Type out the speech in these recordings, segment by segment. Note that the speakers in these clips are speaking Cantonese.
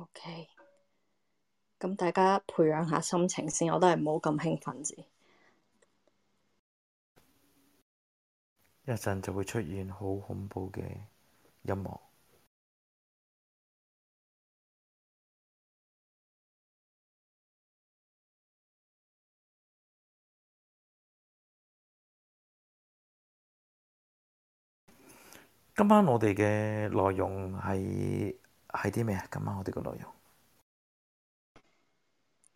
OK，咁大家培養下心情先，我都係唔好咁興奮住。一陣就會出現好恐怖嘅音樂。今晚我哋嘅內容係係啲咩啊？今晚我哋個內容，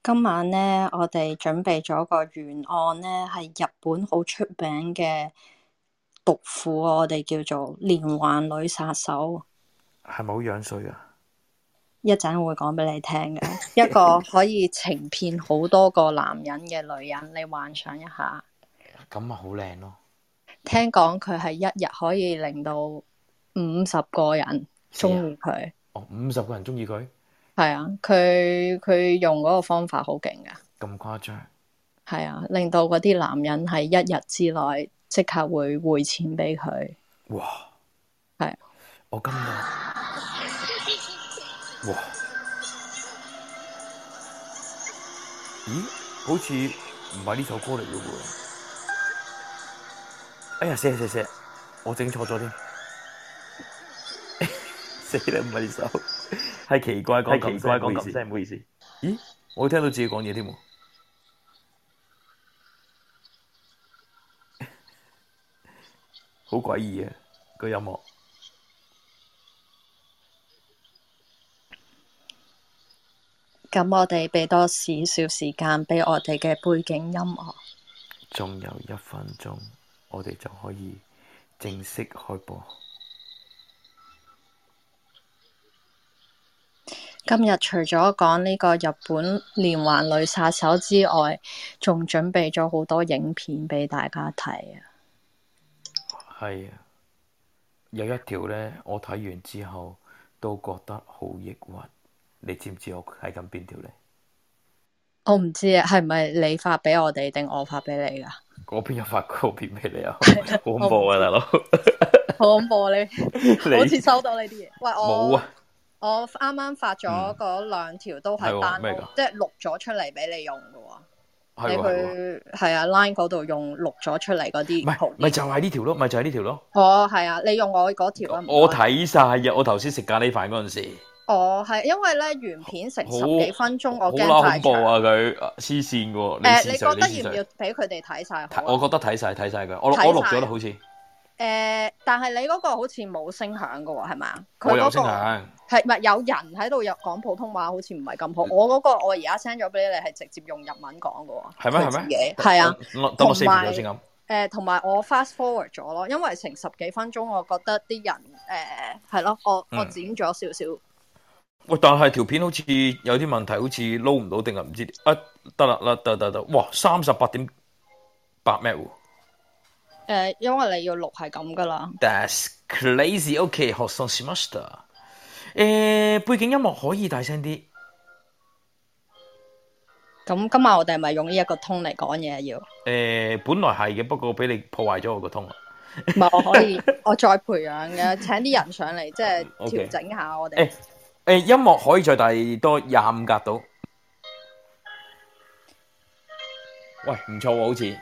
今晚呢，我哋準備咗個原案呢，係日本好出名嘅毒婦，我哋叫做連環女殺手。係咪好樣衰啊！一陣會講俾你聽嘅，一個可以情騙好多個男人嘅女人，你幻想一下。咁咪好靚咯！聽講佢係一日可以令到五十個人鍾意佢。哦，五十個人中意佢，係啊，佢佢用嗰個方法好勁噶，咁誇張？係啊，令到嗰啲男人喺一日之內即刻會匯錢俾佢。哇，係啊，我今日哇，咦、嗯，好似唔係呢首歌嚟嘅喎。哎呀，謝謝謝，我整錯咗添。唔 係手，係奇怪講真係，唔好意思。咦，我聽到自己講嘢添，好詭異啊！個音樂。咁我哋畀多少少時間畀我哋嘅背景音樂。仲有一分鐘，我哋就可以正式開播。今日除咗講呢個日本連環女殺手之外，仲準備咗好多影片俾大家睇啊！係啊，有一條咧，我睇完之後都覺得好抑鬱。你知唔知我睇緊邊條咧？我唔知啊，係唔係你發俾我哋定我發俾你噶？嗰邊有發過片俾你啊！ 好恐怖啊，大佬！ 好恐怖啊， 你 好似收到呢啲嘢。喂，我冇啊。我啱啱發咗嗰兩條都係單、嗯，即係錄咗出嚟俾你用嘅。你去係啊 Line 嗰度用錄咗出嚟嗰啲，唔係就係呢條咯，咪就係呢條咯。哦，係啊，你用我嗰條咯。我睇晒啊！我頭先食咖喱飯嗰陣時，哦，係因為咧原片成十幾分鐘，我驚太長。好恐怖啊！佢黐線嘅。誒、呃，你覺得要唔要俾佢哋睇晒？我覺得睇晒，睇晒佢，我我錄咗啦好似。誒、呃，但係你嗰個好似冇聲響嘅係咪？我有聲響。係咪有人喺度入講普通話？好似唔係咁好。嗯、我嗰個我而家 send 咗俾你，係直接用日文講嘅。係咩？係咩？係啊。同埋誒，同埋我，、呃、我 fast forward 咗咯，因為成十幾分鐘，我覺得啲人誒係咯，我、嗯、我剪咗少少。喂，但係條片好似有啲問題，好似撈唔到定係唔知點？一、啊、得啦啦得得得，哇，三十八點八咩？誒、呃，因為你要錄係咁噶啦。That's crazy. Okay, how strong is Master? 誒、呃，背景音樂可以大聲啲。咁今日我哋係咪用呢一個通嚟講嘢？要誒，本來係嘅，不過俾你破壞咗我個通啊。唔係，我可以， 我再培養嘅，請啲人上嚟，即係調整下我哋。誒、okay. 欸欸，音樂可以再大多廿五格度。喂，唔錯，好似。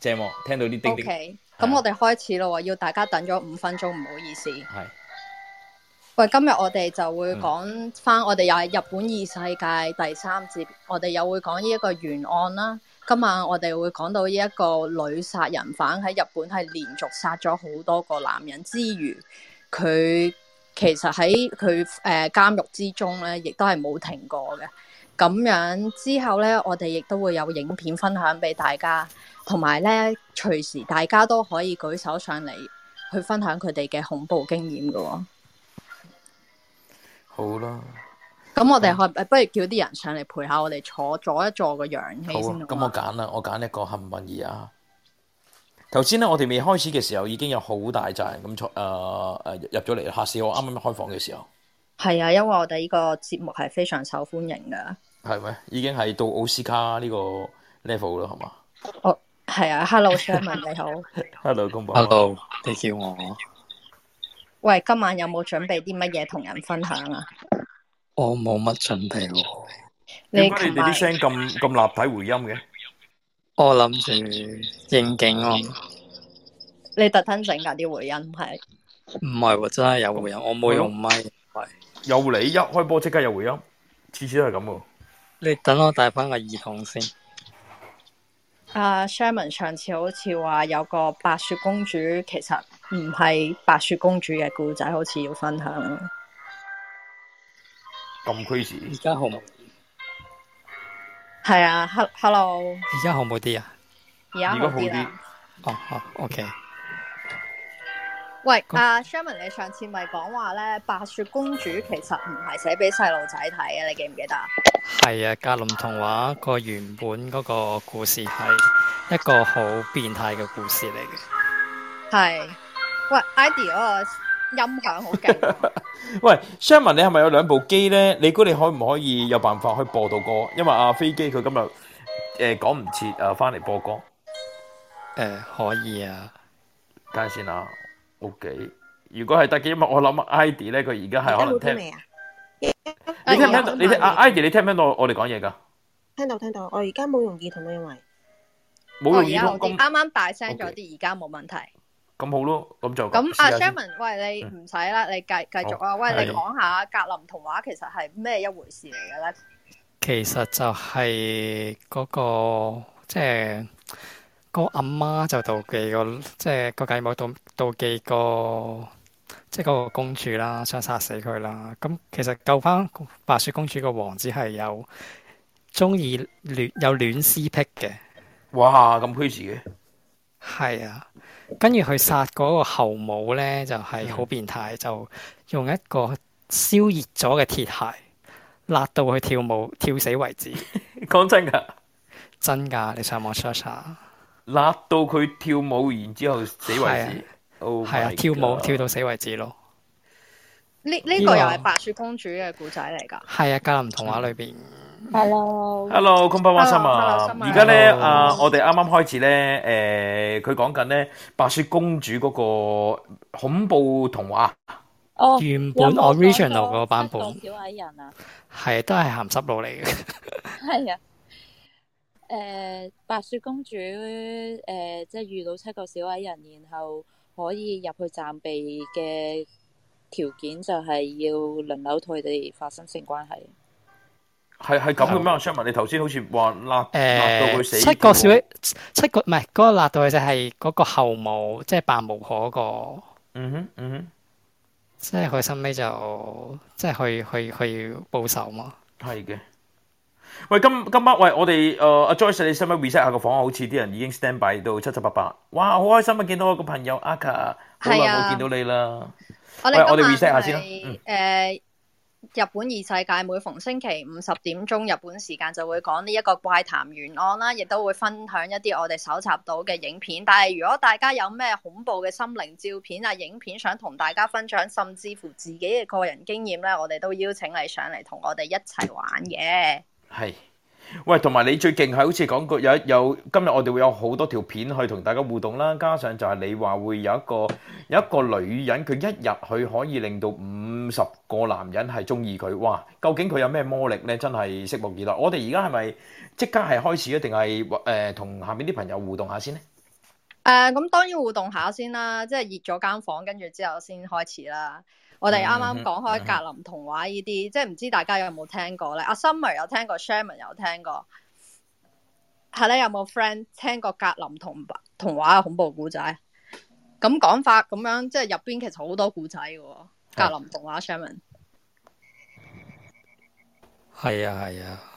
正聽到啲叮叮。咁、okay. 我哋開始咯，要大家等咗五分鐘，唔好意思。係。今日我哋就會講翻，我哋又係日本異世界第三節，我哋又會講呢一個懸案啦。今晚我哋會講到呢一個女殺人犯喺日本係連續殺咗好多個男人之餘，佢其實喺佢誒監獄之中咧，亦都係冇停過嘅。咁樣之後咧，我哋亦都會有影片分享俾大家，同埋咧，隨時大家都可以舉手上嚟，去分享佢哋嘅恐怖經驗㗎喎。好啦，咁、嗯、我哋可不如叫啲人上嚟陪下我哋坐咗一坐個氧氣先，咁我揀啦，我揀一個幸運兒啊！頭先咧，我哋未開始嘅時候已經有好大扎人咁坐誒誒入咗嚟，下次我啱啱開房嘅時候。係啊，因為我哋呢個節目係非常受歡迎噶。係咩？已經係到奧斯卡呢個 level 啦，係嘛？哦、oh, 啊，係啊，Hello Sherman h 你好。Hello 公婆。Hello 你叫我。喂，今晚有冇準備啲乜嘢同人分享啊？我冇乜準備。你買？你哋啲聲咁咁立體回音嘅？我諗住應景咯。你特登整架啲回音係？唔係喎，真係有回音，我冇用咪。有你一開波即刻有回音，次次都係咁。你等我帶翻個耳筒先。阿、uh, Sherman 上次好似話有個白雪公主，其實。唔係白雪公主嘅故仔，好似要分享。咁開始而家好冇？係啊，哈，Hello。而家好唔好啲啊？而家好啲啊？哦，好，OK。喂，阿、uh, Sherman，你上次咪講話咧，白雪公主其實唔係寫俾細路仔睇啊，你記唔記得啊？係啊，格林童話個原本嗰個故事係一個好變態嘅故事嚟嘅，係。喂，Idy，我個音響好勁。 喂，Sherman，你係咪有兩部機咧？你估你可唔可以有辦法去播到歌？因為阿、啊、飛機佢今日誒趕唔切誒翻嚟播歌。誒、呃，可以啊。等下先啊。O、OK、K，如果係得嘅話，因為我諗 Idy 咧，佢而家係可能聽未啊。你聽唔、啊聽，啊、聽，聽到？你阿 Idy 你聽唔聽到我哋講嘢噶？聽到聽到，我而家冇遙控，因為冇遙控。啱啱大聲咗啲，而家冇問題。咁好咯，咁就咁。咁阿 Sherman，喂，你唔使啦，你繼繼續啊，喂，你講下格林童話其實係咩一回事嚟嘅咧？其實就係嗰個即係個阿媽就妒忌個，即係個繼母妒妒忌個，即係嗰個公主啦，想殺死佢啦。咁其實救翻白雪公主個王子係有中意戀有戀屍癖嘅。哇，咁 push 嘅。係啊，跟住佢殺嗰個後母咧，就係好變態，就用一個燒熱咗嘅鐵鞋，辣到佢跳舞跳死為止。講真噶，真噶，你上網 search 下，辣到佢跳舞，然之後死為止。係啊，oh，啊，跳舞跳到死為止咯。呢呢、呢個又係白雪公主嘅故仔嚟噶，係啊，格林童話裏邊。Hello，hello，恐怖先生啊！而家咧，啊，我哋啱啱開始咧，誒、呃，佢講緊咧白雪公主嗰個恐怖童話，哦，原本有有 original 嗰個版本，小矮人啊，係都係鹹濕佬嚟嘅，係 啊，誒、呃，白雪公主誒、呃，即係遇到七個小矮人，然後可以入去暫避嘅條件就係要輪流同佢哋發生性關係。係係咁嘅咩？Shawn，你頭先好似話辣，呃、辣到佢死。七個小，七個唔係嗰個辣到佢，就係嗰個後母，即係扮無辜嗰個。嗯哼，嗯哼。即係佢後尾就即係去去去報仇嘛。係嘅。喂，今今晚喂，我哋誒、uh, Joyce，你使唔使 reset 下個房？好似啲人已經 stand by 到七七八八。哇，好開心啊！見到我個朋友 Aka，好耐冇見到你啦。我哋我哋 reset 下先啦，啊。誒、呃。嗯日本異世界每逢星期五十點鐘日本時間就會講呢一個怪談懸案啦，亦都會分享一啲我哋蒐集到嘅影片。但係如果大家有咩恐怖嘅心靈照片啊、影片想同大家分享，甚至乎自己嘅個人經驗咧，我哋都邀請你上嚟同我哋一齊玩嘅。係。喂，同埋你最勁係好似講過有有今日我哋會有好多條片去同大家互動啦，加上就係你話會有一個有一個女人佢一入去可以令到五十個男人係中意佢，哇！究竟佢有咩魔力咧？真係拭目以待。我哋而家係咪即刻係開始啊？定係誒同下面啲朋友互動下先咧？誒、呃，咁當然互動下先啦，即係熱咗間房，跟住之後先開始啦。我哋啱啱講開格林童話呢啲，即係唔知大家有冇聽過咧？阿 Summer 有聽過，Sherman 有聽過，係咧，有冇 friend 聽過格林同童話嘅恐怖故仔？咁講法咁樣，即係入邊其實好多故仔嘅，格林童話是 Sherman。係啊係啊。是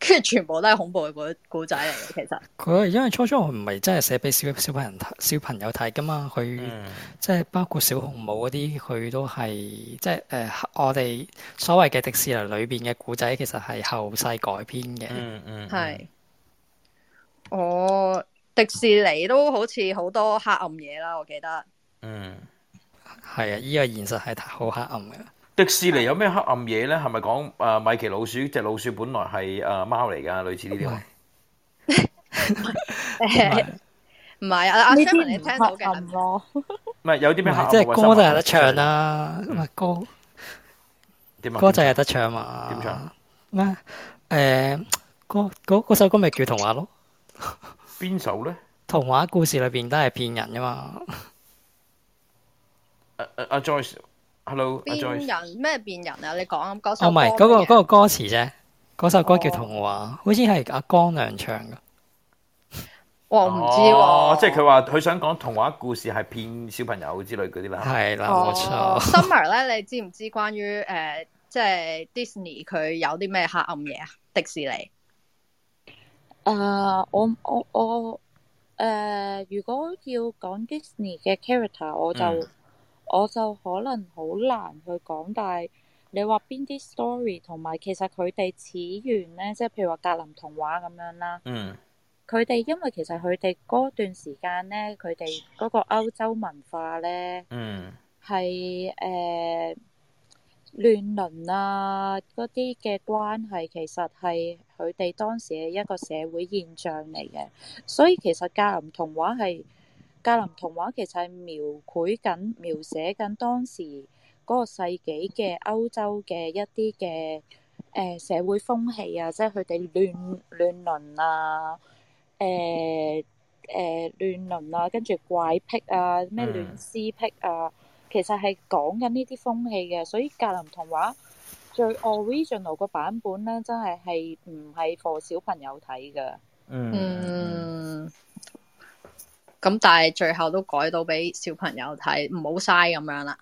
跟住全部都係恐怖嘅古仔嚟嘅，其實佢因為初初我唔係真係寫俾小小朋友睇，小朋友睇㗎嘛，佢即係包括小紅帽嗰啲，佢都係即係誒、呃，我哋所謂嘅迪士尼裏邊嘅古仔，其實係後世改編嘅，嗯嗯係。哦、嗯，迪士尼都好似好多黑暗嘢啦，我記得。嗯，係啊，依、這個現實係好黑暗嘅。迪士尼有咩黑暗嘢咧？係咪講誒米奇老鼠隻老鼠本來係誒貓嚟噶？類似呢啲？唔係啊，阿 Sam 你聽到嘅唔係有啲咩黑暗？即係歌都有得唱啦，唔係歌點啊？歌就有得唱嘛？點唱咩？誒，歌嗰嗰首歌咪叫童話咯？邊首咧？童話故事裏邊都係騙人噶嘛？阿阿 Joyce。Hello，變人咩？變、啊、人啊！你講嗰首歌哦、oh, no, 那個，唔係嗰個個歌詞啫，嗰首歌叫童話，oh. 好似係阿光良唱嘅。Oh, 我唔知喎、哦哦，即係佢話佢想講童話故事係騙小朋友之類嗰啲啦。係 啦，冇錯。Oh. Summer 咧，你知唔知關於誒、呃，即係 Disney 佢有啲咩黑暗嘢啊？迪士尼。誒，我我我誒、呃，如果要講 Disney 嘅 character，我就、嗯。我就可能好難去講，但係你話邊啲 story 同埋，其實佢哋始源咧，即係譬如話格林童話咁樣啦。嗯。佢哋因為其實佢哋嗰段時間咧，佢哋嗰個歐洲文化咧，嗯，係誒亂倫啊嗰啲嘅關係，其實係佢哋當時嘅一個社會現象嚟嘅，所以其實格林童話係。格林童話其實係描繪緊、描寫緊當時嗰個世紀嘅歐洲嘅一啲嘅誒社會風氣啊，即係佢哋亂亂倫啊、誒、呃、誒、呃、亂倫啊，跟住怪癖啊、咩亂屍癖啊，mm. 其實係講緊呢啲風氣嘅，所以格林童話最 original 個版本咧，真係係唔係 for 小朋友睇嘅。嗯、mm. mm. 咁但係最後都改到俾小朋友睇，唔好嘥咁樣啦。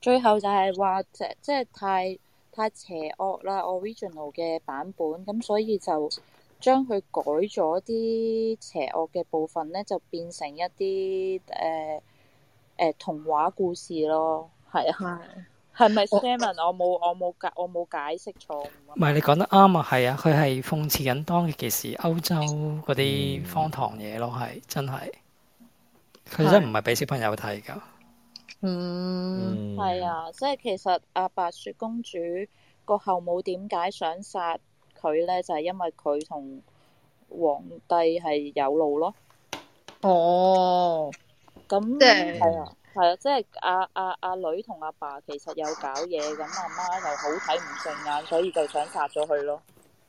最後就係話即即係太太邪惡啦，original 嘅版本，咁所以就將佢改咗啲邪惡嘅部分咧，就變成一啲誒誒童話故事咯。係啊。係。係咪 Simon？我冇我冇解我冇解釋錯。唔係，你講得啱啊，係啊，佢係諷刺緊當其時歐洲嗰啲荒唐嘢咯，係、嗯、真係。佢真唔係俾小朋友睇噶。嗯、係、嗯、啊，即係其實阿白雪公主個後母點解想殺佢咧？就係、是、因為佢同皇帝係有路咯。哦，咁係啊。係啊，即係阿阿阿女同阿爸，爸其實有搞嘢，咁阿媽又好睇唔順眼，所以就想殺咗佢咯。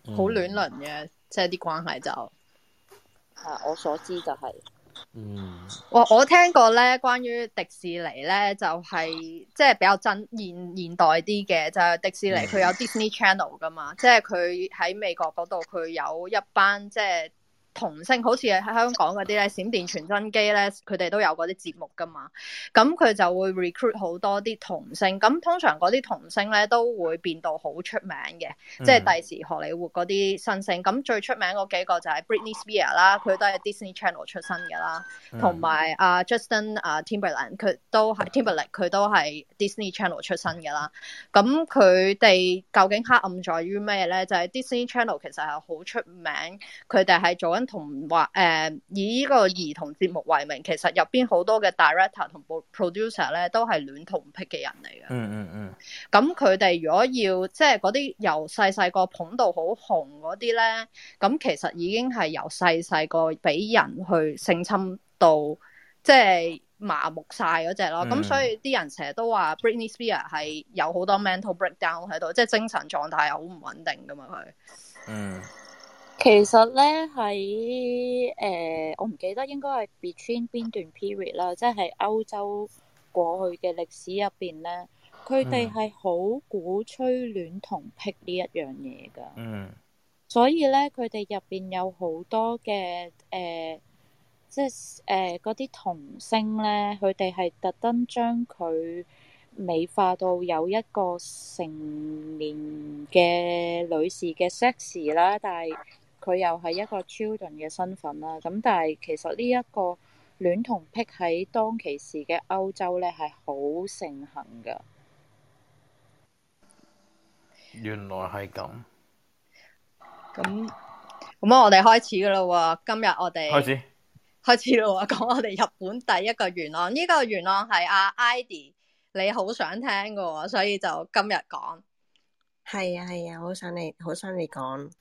嗯、好亂倫嘅，即係啲關係就，啊，我所知就係、是，嗯，哇，我聽過咧關於迪士尼咧就係、是、即係比較真現現代啲嘅就係、是、迪士尼，佢有 Disney Channel 噶嘛，嗯、即係佢喺美國嗰度佢有一班即係。童星好似喺香港嗰啲咧，閃電傳真機咧，佢哋都有嗰啲節目噶嘛。咁佢就會 recruit 好多啲童星。咁通常嗰啲童星咧都會變到好出名嘅、嗯，即係第時荷里活嗰啲新星。咁最出名嗰幾個就係 Britney Spears 啦，佢都係 Disney Channel 出身噶啦。同埋阿 Justin 啊 Timberland，佢都係 Timberland，佢都係 Disney Channel 出身噶啦。咁佢哋究竟黑暗在於咩咧？就係、是、Disney Channel 其實係好出名，佢哋係做緊。同話誒以呢個兒童節目為名，其實入邊好多嘅 director 同 producer 咧都係戀童癖嘅人嚟嘅。嗯嗯嗯。咁佢哋如果要即係嗰啲由細細個捧到好紅嗰啲咧，咁其實已經係由細細個俾人去性侵到，即係麻木晒嗰隻咯。咁、mm-hmm. 所以啲人成日都話 Britney Spears 係有好多 mental breakdown 喺度，即係精神狀態好唔穩定㗎嘛佢。嗯、mm-hmm.。其實咧喺誒，我唔記得應該係 between 邊段 period 啦，即係歐洲過去嘅歷史入邊咧，佢哋係好鼓吹戀童癖呢一樣嘢噶。嗯、mm.。所以咧，佢哋入邊有好多嘅誒，即係誒嗰啲童星咧，佢哋係特登將佢美化到有一個成年嘅女士嘅 sex 啦，但係。佢又係一個 children 嘅身份啦，咁但係其實呢一個戀童癖喺當其時嘅歐洲咧係好盛行噶。原來係咁。咁咁啊，我哋開始噶啦喎！今日我哋開始開始啦喎，講我哋日本第一個元浪。呢、這個元浪係阿、啊、Idy 你好想聽噶，所以就今日講。係啊係啊，好、啊、想你好想你講。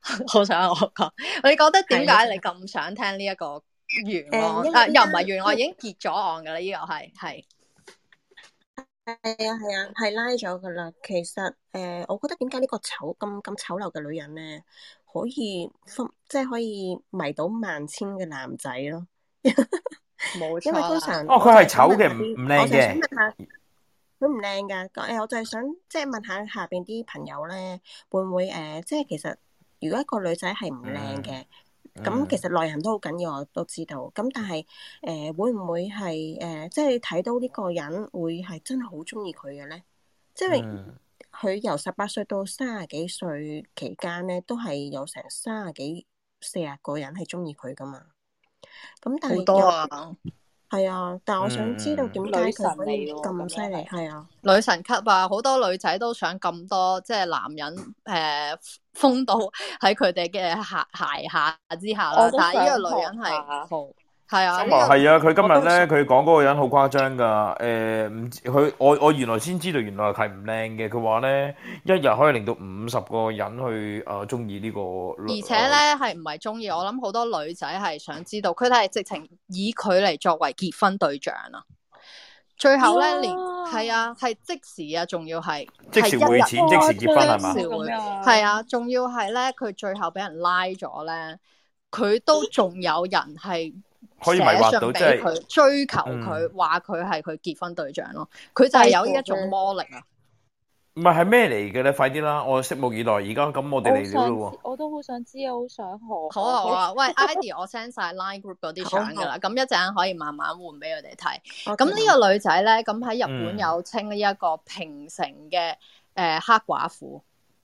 好 想我講，你覺得點解你咁想聽呢一個懸案？誒、啊，又唔係懸案，嗯，已經結咗案噶啦。呢、這個係係係啊，係啊，係拉咗噶啦。其實誒，我覺得點解呢個醜咁咁醜陋嘅女人咧，可以即係、就是、可以迷到萬千嘅男仔咯。冇、 啊、因為通常哦，佢係醜嘅，唔唔靚嘅。我想問下，佢唔靚噶誒，我就係想即係問，下，想問，下，想問下下邊啲朋友咧，會唔會誒，即、呃、係其實。如果一個女仔係唔靚嘅，咁、uh, uh, 其實內涵都好緊要，我都知道。咁但係誒、呃，會唔會係誒，即係睇到呢個人會係真係好中意佢嘅咧？即係佢由十八歲到三十幾歲期間咧，都係有成三十幾四十個人係中意佢㗎嘛？咁但係好多啊！係啊，但我想知道點解佢哋咁犀利？係、嗯、啊、啊，女神級啊，好多女仔都想咁多，即、就、係、是、男人誒、封、呃、到喺佢哋嘅鞋鞋下之下啦。但係呢個女人係。係啊，係、這個、啊，佢、這個、今日咧，佢講嗰個人好誇張噶。誒、欸，唔佢我我原來先知道，原來係唔靚嘅。佢話咧，一日可以令到五十個人去誒中意呢個，而且咧係唔係中意？我諗好多女仔係想知道，佢哋係直情以佢嚟作為結婚對象啊。最後咧、啊，連係啊，係即時啊，仲要係即時會錢，即時結婚係嘛？係啊，仲、啊、要係咧，佢最後俾人拉咗咧，佢都仲有人係。可以迷惑到，即係佢追求佢，話佢係佢結婚對象咯。佢、嗯、就係有呢一種魔力啊，不是什麼來的來來啊！唔係係咩嚟嘅咧？快啲啦，我拭目以待。而家咁我哋嚟到我都好想知啊，好想看。好啊好啊，喂，Idy，我 send 晒 line group 嗰啲相噶啦。咁一陣可以慢慢換俾佢哋睇。咁呢個女仔咧，咁喺日本有稱呢一個平成嘅、誒、嗯、呃、黑寡婦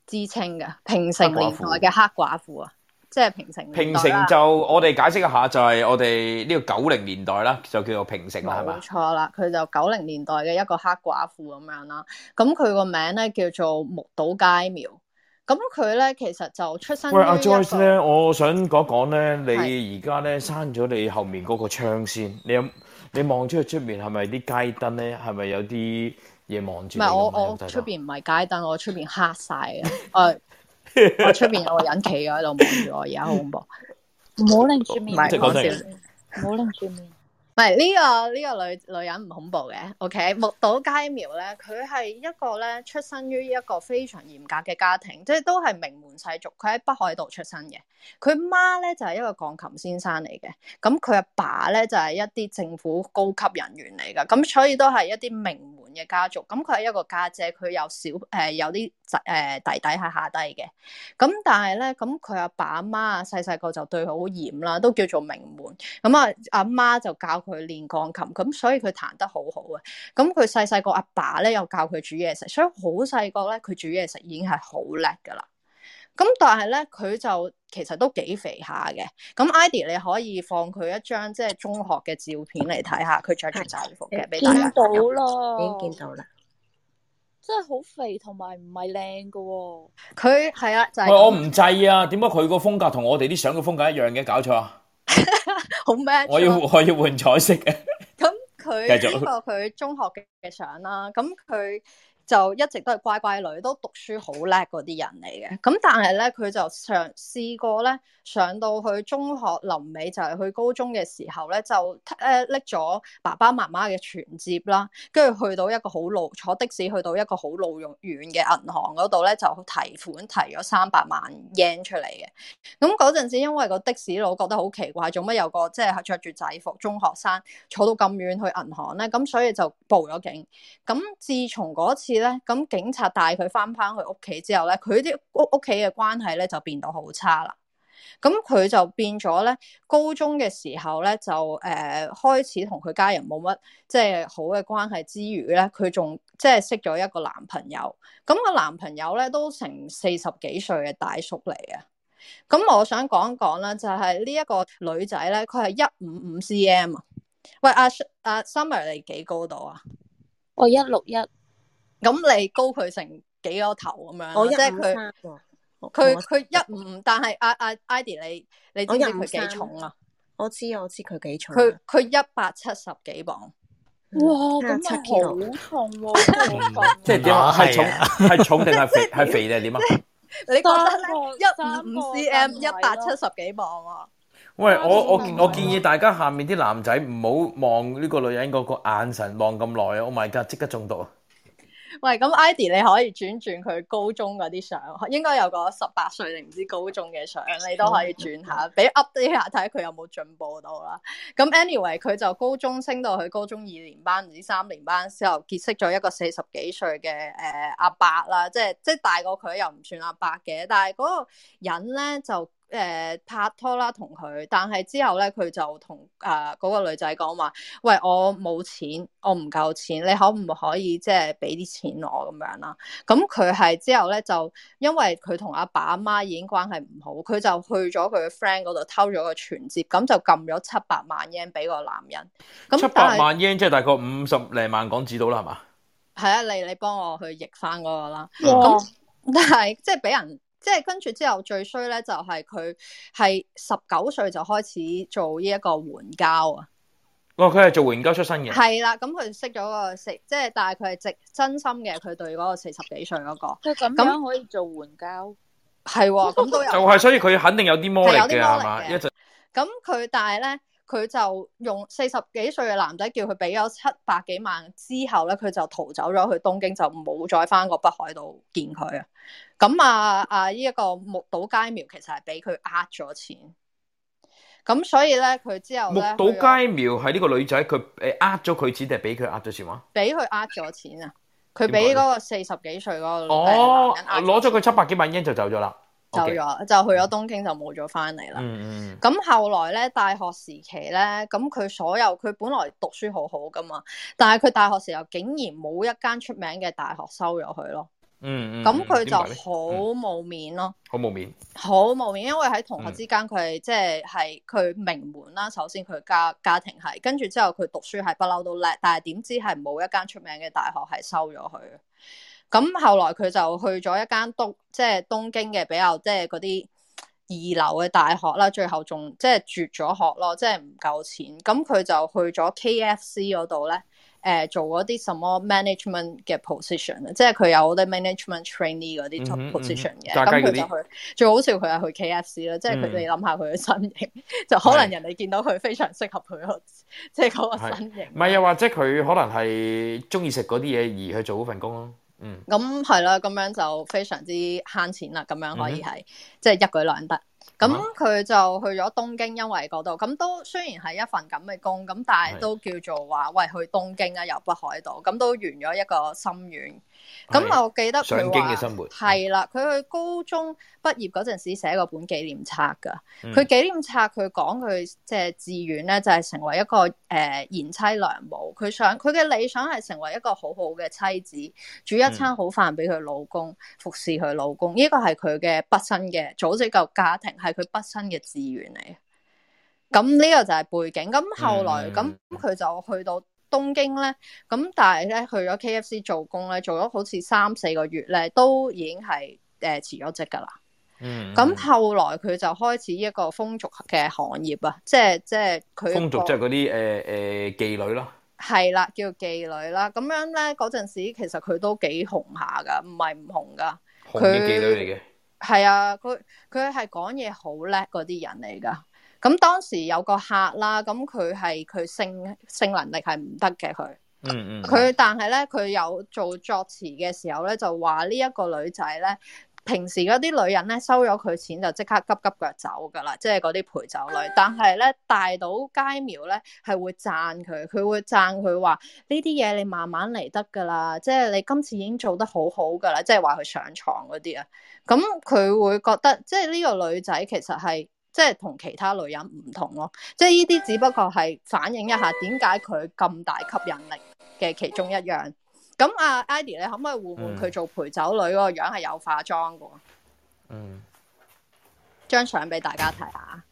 之稱嘅平成年代嘅黑寡婦啊！即係平成，平成就我哋解釋一下，就係我哋呢個九零年代啦，就叫做平成啦，係嘛？冇錯啦，佢就九零年代嘅一個黑寡婦咁樣啦。咁佢個名咧叫做木島佳苗。咁佢咧其實就出生。喂，阿 Joyce 咧，我想講講咧，你而家咧閂咗你後面嗰個窗先，你有你望出去出邊係咪啲街燈咧？係咪有啲嘢望住？唔係我我出邊唔係街燈，我出邊黑晒嘅。我出邊有個人企喺度望住我，而家好恐怖。唔好擰住面，唔係講笑，唔好擰住面。唔係呢個呢個女女人唔恐怖嘅。OK，木島佳苗咧，佢係一個咧出身於一個非常嚴格嘅家庭，即係都係名門世俗。佢喺北海道出生嘅，佢媽咧就係一個鋼琴先生嚟嘅，咁佢阿爸咧就係一啲政府高級人員嚟嘅。咁所以都係一啲名門嘅家族，咁佢係一個家姐，姐，佢有小誒、呃、有啲仔，誒弟弟喺下低嘅，咁但係咧，咁佢阿爸阿媽啊，細細個就對佢好嚴啦，都叫做名門，咁啊阿媽就教佢練鋼琴，咁所以佢彈得很好好啊，咁佢細細個阿爸咧又教佢煮嘢食，所以好細個咧佢煮嘢食已經係好叻噶啦。咁但係咧，佢就其實都幾肥下嘅。咁，Idy 你可以放佢一張即係中學嘅照片嚟睇下，佢着住制服嘅，俾大家睇到啦，已經見到啦，真係好肥同埋唔係靚噶。佢係啊，就係、喂、我唔制啊。點解佢個風格同我哋啲相嘅風格一樣嘅？搞錯啊！好 咩？我要我要換彩色嘅。咁佢呢個，佢中學嘅相啦。咁佢。就一直都係乖乖女，都讀書好叻嗰啲人嚟嘅。咁但係咧，佢就嘗試過咧，上到去中學臨尾就係去高中嘅時候咧，就誒搦咗爸爸媽媽嘅存摺啦，跟住去到一個好路坐的士去到一個好路用遠嘅銀行嗰度咧，就提款提咗三百萬 yen 出嚟嘅。咁嗰陣時，因為個的士佬覺得好奇怪，做乜有個即係、係、着住制服中學生坐到咁遠去銀行咧？咁所以就報咗警。咁自從嗰次。咧咁，警察帶佢返返去屋企之後咧，佢啲屋屋企嘅關係咧就變到好差啦。咁佢就變咗咧，高中嘅時候咧就誒、呃、開始同佢家人冇乜即係好嘅關係之餘咧，佢仲即係識咗一個男朋友。咁個男朋友咧都成四十幾歲嘅大叔嚟嘅。咁我想講講咧，就係呢一個女仔咧，佢係一五五 cm 啊。喂，阿阿 Summer 你幾高度啊？我一六一。咁你高佢成幾多頭咁樣？即係佢佢佢一五，但係阿阿 Eddie，你你知唔知佢幾重啊？我知啊，我知佢幾重。佢佢一百七十幾磅。哇，咁好重喎！即係點啊？係重係重定係肥係肥定係點啊？你覺得咧一五五 cm 一百七十幾磅啊？喂，我我我建議大家下面啲男仔唔好望呢個女人嗰個眼神望咁耐啊！Oh my god，即刻中毒啊！喂，咁 Idy 你可以轉轉佢高中嗰啲相，應該有個十八歲定唔知高中嘅相，你都可以轉下，俾 update 下睇下佢有冇進步到啦。咁 anyway 佢就高中升到去高中二年班，唔知三年班之後結識咗一個四十幾歲嘅、呃、阿伯啦，即係即係大過佢又唔算阿伯嘅，但係嗰個人咧就。誒、呃，拍拖啦，同佢，但係之後咧，佢就同誒嗰個女仔講話，喂，我冇錢，我唔夠錢，你可唔可以即係俾啲錢我咁樣啦？咁佢係之後咧就因為佢同阿爸阿媽已經關係唔好，佢就去咗佢 friend 嗰度偷咗個存摺，咁就撳咗七百萬 yen 俾個男人。咁七百萬 yen 即係大概五十零萬港紙到啦，係嘛？係啊，你你幫我去譯翻嗰個啦。咁、yeah. 但係即係俾人。即係跟住之後最衰咧，就係佢係十九歲就開始做呢一個援交啊！哇、哦，佢係做援交出身嘅。係啦，咁佢識咗個識，即係但係佢係直真心嘅，佢對嗰個四十幾歲嗰、個。咁樣可以做援交？係喎，咁都有， 就係，所以佢肯定有啲魔力嘅，有啲魔力嘅，一陣。咁佢但係咧。佢就用四十幾歲嘅男仔叫佢俾咗七百幾萬之後咧，佢就逃走咗去東京，就冇再翻過北海道見佢啊！咁啊啊，呢、這、一個木島佳苗其實係俾佢呃咗錢，咁所以咧佢之後木島佳苗係呢個女仔，佢誒呃咗佢錢定係俾佢呃咗錢話？俾佢呃咗錢啊！佢俾嗰個四十幾歲嗰個女、哦、男人攞咗佢七百幾萬，已經就走咗啦。走、okay. 咗就去咗東京就冇咗翻嚟啦。咁、mm-hmm. 後來咧大學時期咧，咁佢所有佢本來讀書很好好噶嘛，但係佢大學時候竟然冇一間出名嘅大學收咗佢咯。嗯，咁佢就好冇面咯。好、mm-hmm. 冇、mm-hmm. 面，好冇面， 面，因為喺同學之間佢即係係佢名門啦。首先佢家家庭係，跟住之後佢讀書係不嬲都叻，但係點知係冇一間出名嘅大學係收咗佢。咁後來佢就去咗一間東，即係東京嘅比較，即係嗰啲二流嘅大學啦，最後仲即係絕咗學咯，即係唔夠錢。咁佢就去咗 K F C 嗰度咧，誒、呃、做嗰啲什麼 management 嘅 position 咧，即係佢有啲 management trainee 嗰啲 position 嘅、嗯。咁、嗯、佢就去最好笑佢係去 K F C 啦，即係佢哋諗下佢嘅身形，嗯、 就可能人哋見到佢非常適合佢個即係嗰個身形。唔係又或者佢可能係中意食嗰啲嘢而去做嗰份工咯。嗯，咁係啦，咁樣就非常之慳錢喇，咁樣可以係即係一舉兩得。咁、啊、佢就去咗東京，因為嗰度咁都雖然係一份咁嘅工，咁但係都叫做話喂去東京啊，由北海道，咁都圓咗一個心願。咁我記得佢話係啦，佢去高中畢業嗰陣時寫過本紀念冊噶，佢、嗯、紀念冊佢講佢即係志願咧，就係、是、成為一個誒賢、呃、妻，妻良母。佢想佢嘅理想係成為一個好好嘅妻子，煮一餐好飯俾佢老公，嗯、服侍佢老公。呢個係佢嘅畢生嘅組織個家庭。係佢畢生嘅資源嚟，咁呢個就係背景。咁後來咁佢就去到東京咧，咁但係咧去咗 KFC 做工咧，做咗好似三四個月咧，都已經係誒、呃、辭咗職噶啦。嗯，咁後來佢就開始一個風俗嘅行業啊，即係即係佢、嗰個、風俗即係嗰啲誒誒妓女咯，係啦，叫妓女啦。咁樣咧嗰陣時其實佢都幾紅下噶，唔係唔紅噶，紅嘅妓女嚟嘅。係啊，佢佢係講嘢好叻嗰啲人嚟㗎。咁當時有個客啦，咁佢係佢性性能力係唔得嘅佢。嗯嗯。佢但係咧，佢有做作詞嘅時候咧，就話呢一個女仔咧。.平時嗰啲女人咧，收咗佢錢就即刻急急腳走噶啦，即係嗰啲陪酒女。但係咧，大島佳苗咧係會讚佢，佢會讚佢話呢啲嘢你慢慢嚟得噶啦，即係你今次已經做得好好噶啦，即係話佢上床嗰啲啊。咁、嗯、佢會覺得即係呢個女仔其實係即係同其他女人唔同咯。即係呢啲只不過係反映一下點解佢咁大吸引力嘅其中一樣。咁阿 Eddie，你可唔可以換換佢做陪酒女嗰個樣？係有化妝㗎喎。嗯，張相俾大家睇下，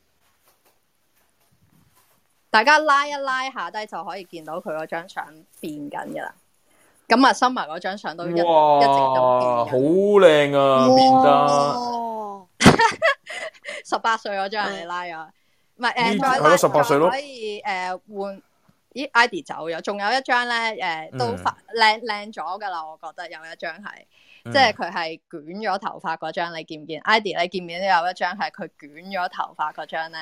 大家拉一拉一下低就可以見到佢嗰張相變緊嘅啦。咁阿 Simba 嗰張相都一哇一直都好靚啊！變得十八歲嗰張嚟拉啊，唔係誒，係十八歲咯，嗯呃、她看看她可以誒、呃、換。咦 Idy 走咗，仲有一張咧，誒、呃，都發靚靚咗噶啦，我覺得有一張係、嗯，即係佢係捲咗頭髮嗰張，你見唔見 Idy 你見唔見？都有一張係佢捲咗頭髮嗰張咧，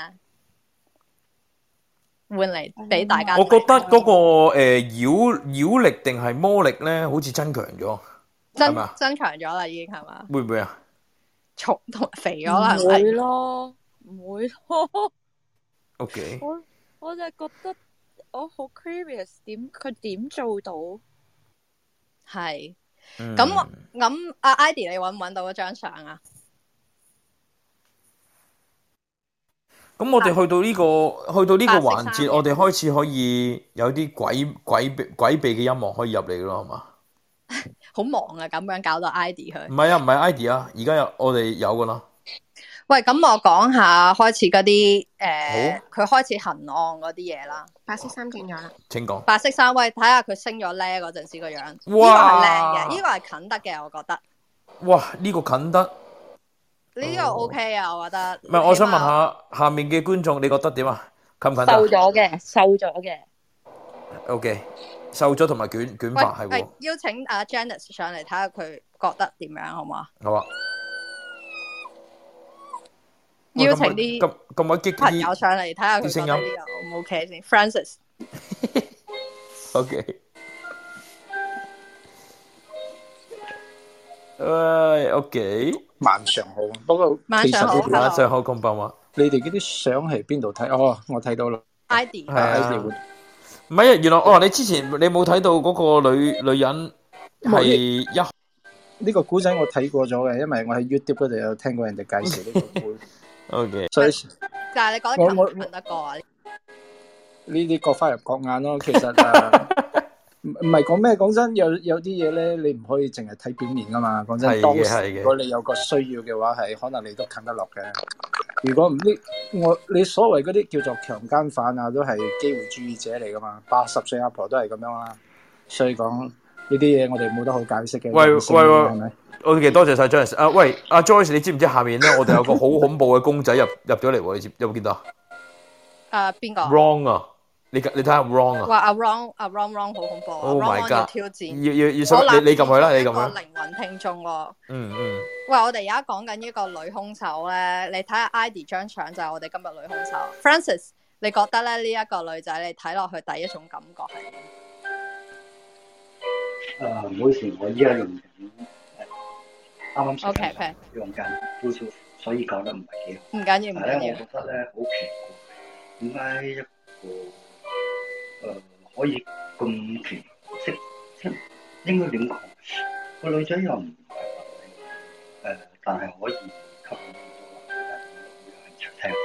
換嚟俾大家睇。我覺得嗰、嗰個誒妖妖力定係魔力咧，好似增強咗，係增強咗啦，已經係嘛？會唔會啊？重同肥咗啦，唔會咯，唔會咯。OK，我我就覺得。我好 curious，點佢點做到？係咁咁，阿 Idy 你搵唔搵到嗰張相啊？咁、嗯、我哋去到呢、這個去到呢個環節，我哋開始可以有啲鬼鬼鬼秘嘅音樂可以入嚟咯，係嘛？好 忙啊！咁樣搞到 Idy 去，唔係啊，唔係 Idy 啊，而家有我哋有噶啦。喂，咁我講下開始嗰啲誒，佢、呃、開始行案嗰啲嘢啦。白色衫點樣啦，請講。白色衫，喂，睇下佢升咗呢嗰陣時個樣。哇，呢、這個係靚嘅，呢、這個係肯德嘅，我覺得。哇，呢、這個肯德？呢、這個 OK 啊、哦，我覺得。唔係，我想問下下面嘅觀眾，你覺得點啊？近唔近？瘦咗嘅，瘦咗嘅。OK，瘦咗同埋捲捲發係。係、呃、邀請阿 Janice 上嚟睇下佢覺得點樣，好唔好啊？好啊。邀請啲咁咁鬼激嘅朋友上嚟睇下佢聲音，O K 先，Francis。O K。唉，O K。晚上好，不過晚上晚上好咁白話。你哋嗰啲相喺邊度睇？哦，我睇到啦。I D 啊，I D。唔係啊，原來哦，你之前你冇睇到嗰個女女人係一呢個古仔，我睇過咗嘅，因為我喺 YouTube 嗰度有聽過人哋介紹呢個古。O K，所以就係你講，我得過啊？呢啲各花入各眼咯，啊，其實唔唔係講咩。講 真，有有啲嘢咧，你唔可以淨係睇表面噶嘛。講真，係嘅當時如果你有個需要嘅話，係可能你都啃得落嘅。如果唔呢，我你所謂嗰啲叫做強姦犯啊，都係機會主義者嚟噶嘛。八十歲阿婆都係咁樣啦，啊，所以講。呢啲嘢我哋冇得好解釋嘅。喂喂喂，我哋多謝晒 Joyce。啊，喂，阿 Joyce，你知唔知下面咧，我哋有個好恐怖嘅公仔入入咗嚟？你有冇見到啊？誒，邊個？Wrong 啊！你你睇下，Wrong 啊！話阿 Wrong，阿 Wrong，Wrong 好恐怖啊！要挑戰。要要要，你你撳佢啦，你撳啦。靈魂聽眾咯，嗯嗯。喂，我哋而家講緊呢個女凶手咧，你睇下 Eddie 張相就係我哋今日女凶手 Francis。你覺得咧，呢一個女仔你睇落去第一種感覺係？呃、唔好意思，我依家，okay, okay. 用緊，啱啱 k 用緊，所以講得唔係幾好。唔緊要，唔緊要。我覺得咧好奇怪。點解一個誒、呃、可以咁奇即即應該點講？個女仔用誒，但係可以吸引到人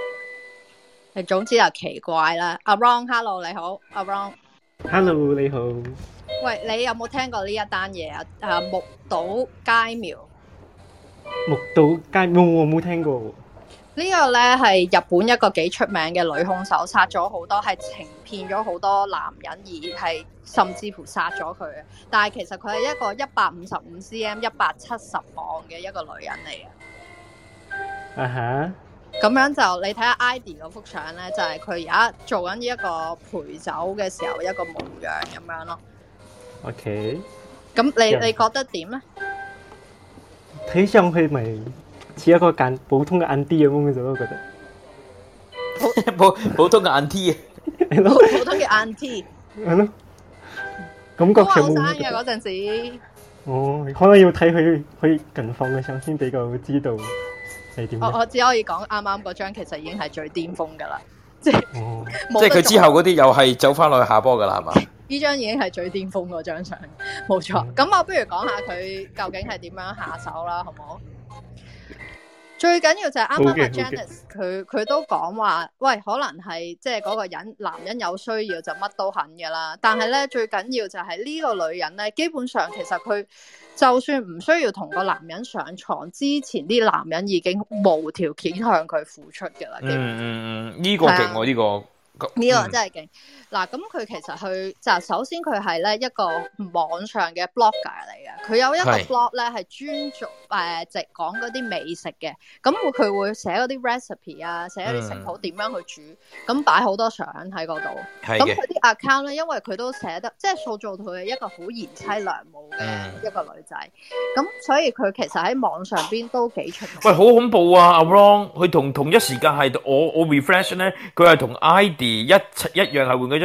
嚟，總之就奇怪啦。阿 Ron，Hello，你好。阿 Ron，Hello，你好。喂，你有冇聽過呢一單嘢啊？誒、啊，木島佳苗。木島佳苗，我冇聽過喎。呢、這個呢，係日本一個幾出名嘅女兇手，殺咗好多，係情騙咗好多男人而係甚至乎殺咗佢。但係其實佢係一個一百五十五 cm、一百七十磅嘅一個女人嚟嘅。啊哈！咁樣就你睇下 Ivy 嗰幅相呢就係佢而家做緊一個陪酒嘅時候一個模樣咁樣咯。OK，咁你你覺得點咧？睇上去咪似一個簡普通嘅 Auntie 咁樣，我覺得普 普通嘅 Auntie，係普通嘅 Auntie，係咯。 感覺佢後生嘅嗰陣時。哦，可能要睇佢佢近況嘅相先比較知道係點。我、哦、我只可以講啱啱嗰張其實已經係最巔峰噶啦、嗯， 即係即係佢之後嗰啲又係走翻落去下坡噶啦，係嘛？呢張已經係最巔峰嗰張相，冇錯。咁、嗯、我不如講下佢究竟係點樣下手啦，好唔好？ 最緊要就係啱啱阿 Janice 佢佢都講話，喂，可能係即係嗰個人男人有需要就乜都肯噶啦。但係咧最緊要就係呢個女人咧，基本上其實佢就算唔需要同個男人上床之前，啲男人已經無條件向佢付出嘅啦。嗯嗯、這個啊這個這個、嗯，呢個勁我呢個呢個真係勁。嗱，咁佢其實佢就首先佢係咧一個網上嘅 blogger 嚟嘅，佢有一個 blog 咧係專做誒直講嗰啲美食嘅，咁佢會寫嗰啲 recipe 啊，寫嗰啲食譜點樣去煮，咁擺好多相喺嗰度。咁佢啲 account 咧，因為佢都寫得即係塑造佢係一個好賢妻良母嘅一個女仔，咁、嗯、所以佢其實喺網上邊都幾出名喂，好恐怖啊！阿 Ron，佢同同一時間係我我 refresh 咧，佢係同 i d 一一,一樣係換換嗰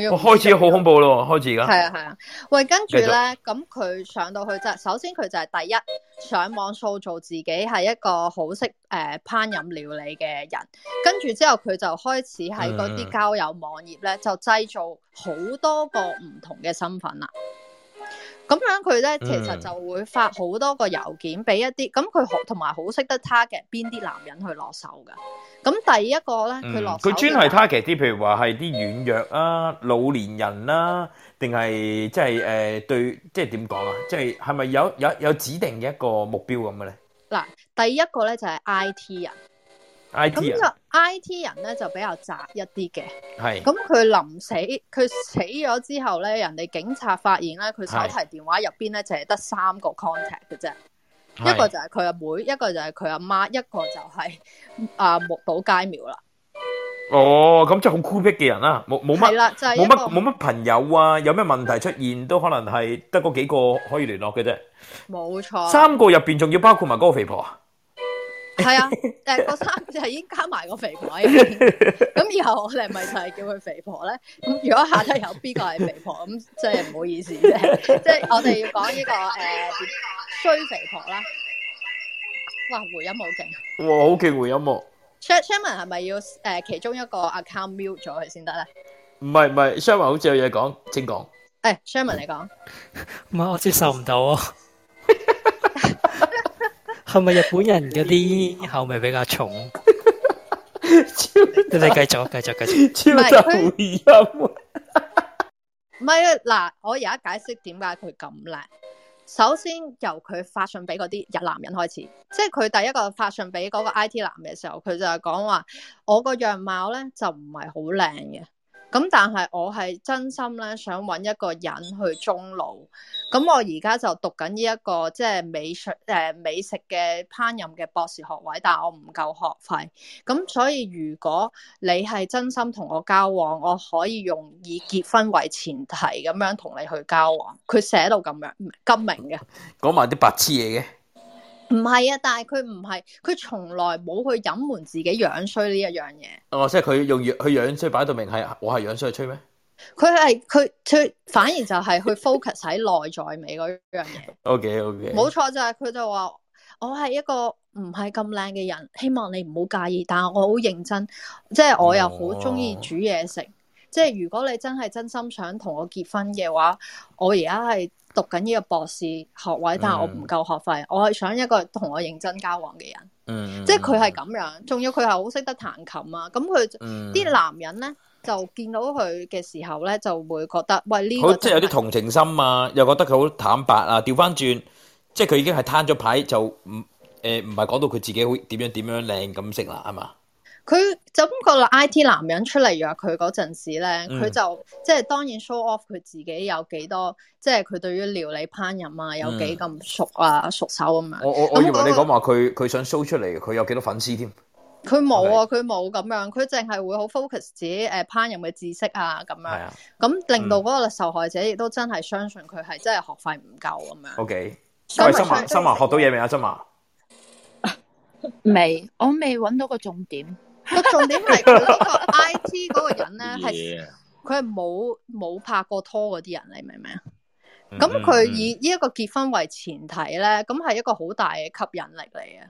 要我開始好恐怖咯，開始而家。係啊係啊，喂，跟住咧，咁佢上到去就係，首先佢就係第一上網塑造自己係一個好識誒烹飪料理嘅人，跟住之後佢就開始喺嗰啲交友網頁咧、嗯，就製造好多個唔同嘅身份啦。咁樣佢咧，其實就會發好多個郵件俾一啲，咁佢同埋好識得 target 邊啲男人去落手噶。咁第一個咧，佢落手佢專係 target 啲，譬如話係啲軟弱啊、老年人啦、啊，定係即係誒對，即係點講啊？即係係咪有有有指定嘅一個目標咁嘅咧？嗱，第一個咧就係、是、I T 人，I T 啊。I T 人咧就比較宅一啲嘅，係咁佢臨死佢死咗之後咧，人哋警察發現咧，佢手提電話入邊咧就係得三個 contact 嘅啫，一個就係佢阿妹，一個就係佢阿媽，一個就係、是、啊木島佳苗啦。哦，咁即係好孤僻嘅人啦，冇冇乜，冇乜冇乜朋友啊？有咩問題出現都可能係得嗰幾個可以聯絡嘅啫。冇錯。三個入邊仲要包括埋嗰個肥婆。係 啊，誒、欸，個三係已經加埋個肥婆，咁以後我哋咪就係叫佢肥婆咧。咁如果一下集有邊個係肥婆，咁即係唔好意思啫。即、就、係、是、我哋要講呢、這個誒、呃、衰肥婆啦。哇，回音好勁！哇，好勁回音幕、啊、Sherman 係咪要誒、呃、其中一個 account mute 咗佢先得咧？唔係唔係，Sherman 好似有嘢講，請講。誒、欸、Sherman 你講。唔係，我接受唔到。啊。 係咪日本人嗰啲口味比較重？ 超你繼續，繼續，繼續，超噪音啊！唔係嗱，我而家解釋點解佢咁靚。首先由佢發信俾嗰啲日男人開始，即係佢第一個發信俾嗰個 IT 男嘅時候，佢就係講話我個樣貌咧就唔係好靚嘅。咁但係我係真心咧想揾一個人去中老。咁我而家就讀緊呢一個即係美術誒美食嘅烹飪嘅博士學位，但係我唔夠學費，咁所以如果你係真心同我交往，我可以用以結婚為前提咁樣同你去交往。佢寫到咁樣咁明嘅，講埋啲白痴嘢嘅。唔係啊，但係佢唔係，佢從來冇去隱瞞自己樣衰呢一樣嘢。哦，即係佢用樣佢樣衰擺到明，係我係樣衰去吹咩？佢係佢，佢反而就係去 focus 喺 內在美嗰樣嘢。OK OK，冇錯，就係佢就話我係一個唔係咁靚嘅人，希望你唔好介意，但係我好認真，即係我又好中意煮嘢食。哦即係如果你真係真心想同我結婚嘅話，我而家係讀緊呢個博士學位，但係我唔夠學費，我係想一個同我認真交往嘅人。嗯，即係佢係咁樣，仲要佢係好識得彈琴啊！咁佢啲男人咧就見到佢嘅時候咧，就會覺得喂呢個即係有啲同情心啊，又覺得佢好坦白啊。調翻轉，即係佢已經係攤咗牌就唔誒，唔係講到佢自己好點樣點樣靚咁成啦，係嘛？佢就咁個 I T 男人出嚟約佢嗰陣時咧，佢、嗯、就即係、就是、當然 show off 佢自己有幾多，即係佢對於料理烹飪啊有幾咁熟啊、嗯、熟手咁、啊、樣。我我我以為你講話，佢、那、佢、個、想 show 出嚟，佢有幾多粉絲添？佢冇啊，佢冇咁樣，佢淨係會好 focus 自己誒烹飪嘅知識啊咁樣。係啊，咁、嗯、令到嗰個受害者亦都真係相信佢係真係學費唔夠咁樣。O K，喂，森華森華學到嘢未啊？森華未， 我未揾到個重點。個 重點係佢呢個 I T 嗰個人咧，係佢係冇冇拍過拖嗰啲人，你明唔明啊？咁、mm-hmm. 佢以呢一個結婚為前提咧，咁係一個好大嘅吸引力嚟啊！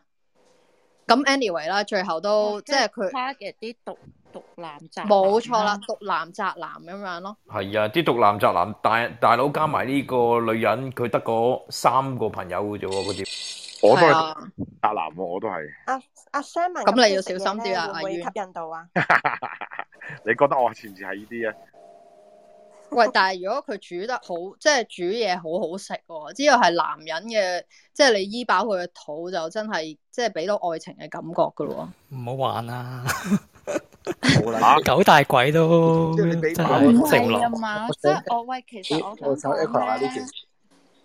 咁 anyway 啦，最後都即係佢，嘅啲毒毒男宅，冇、就、錯、是、啦，毒男宅男咁樣咯。係啊，啲毒男宅男大大佬加埋呢個女人，佢得個三個朋友嘅啫喎，佢點？我都係阿南，我都係阿阿 Sam。咁你要小心啲啊，我要吸引到啊？你覺得我前次係呢啲啊？喂，但係如果佢煮得好，即係煮嘢好好食，只要係男人嘅，即係你醫飽佢嘅肚，就真係即係俾到愛情嘅感覺噶咯。唔好玩啊！ 九大鬼都你的真係正啊嘛！即係我、哦、喂，其實我同你咧，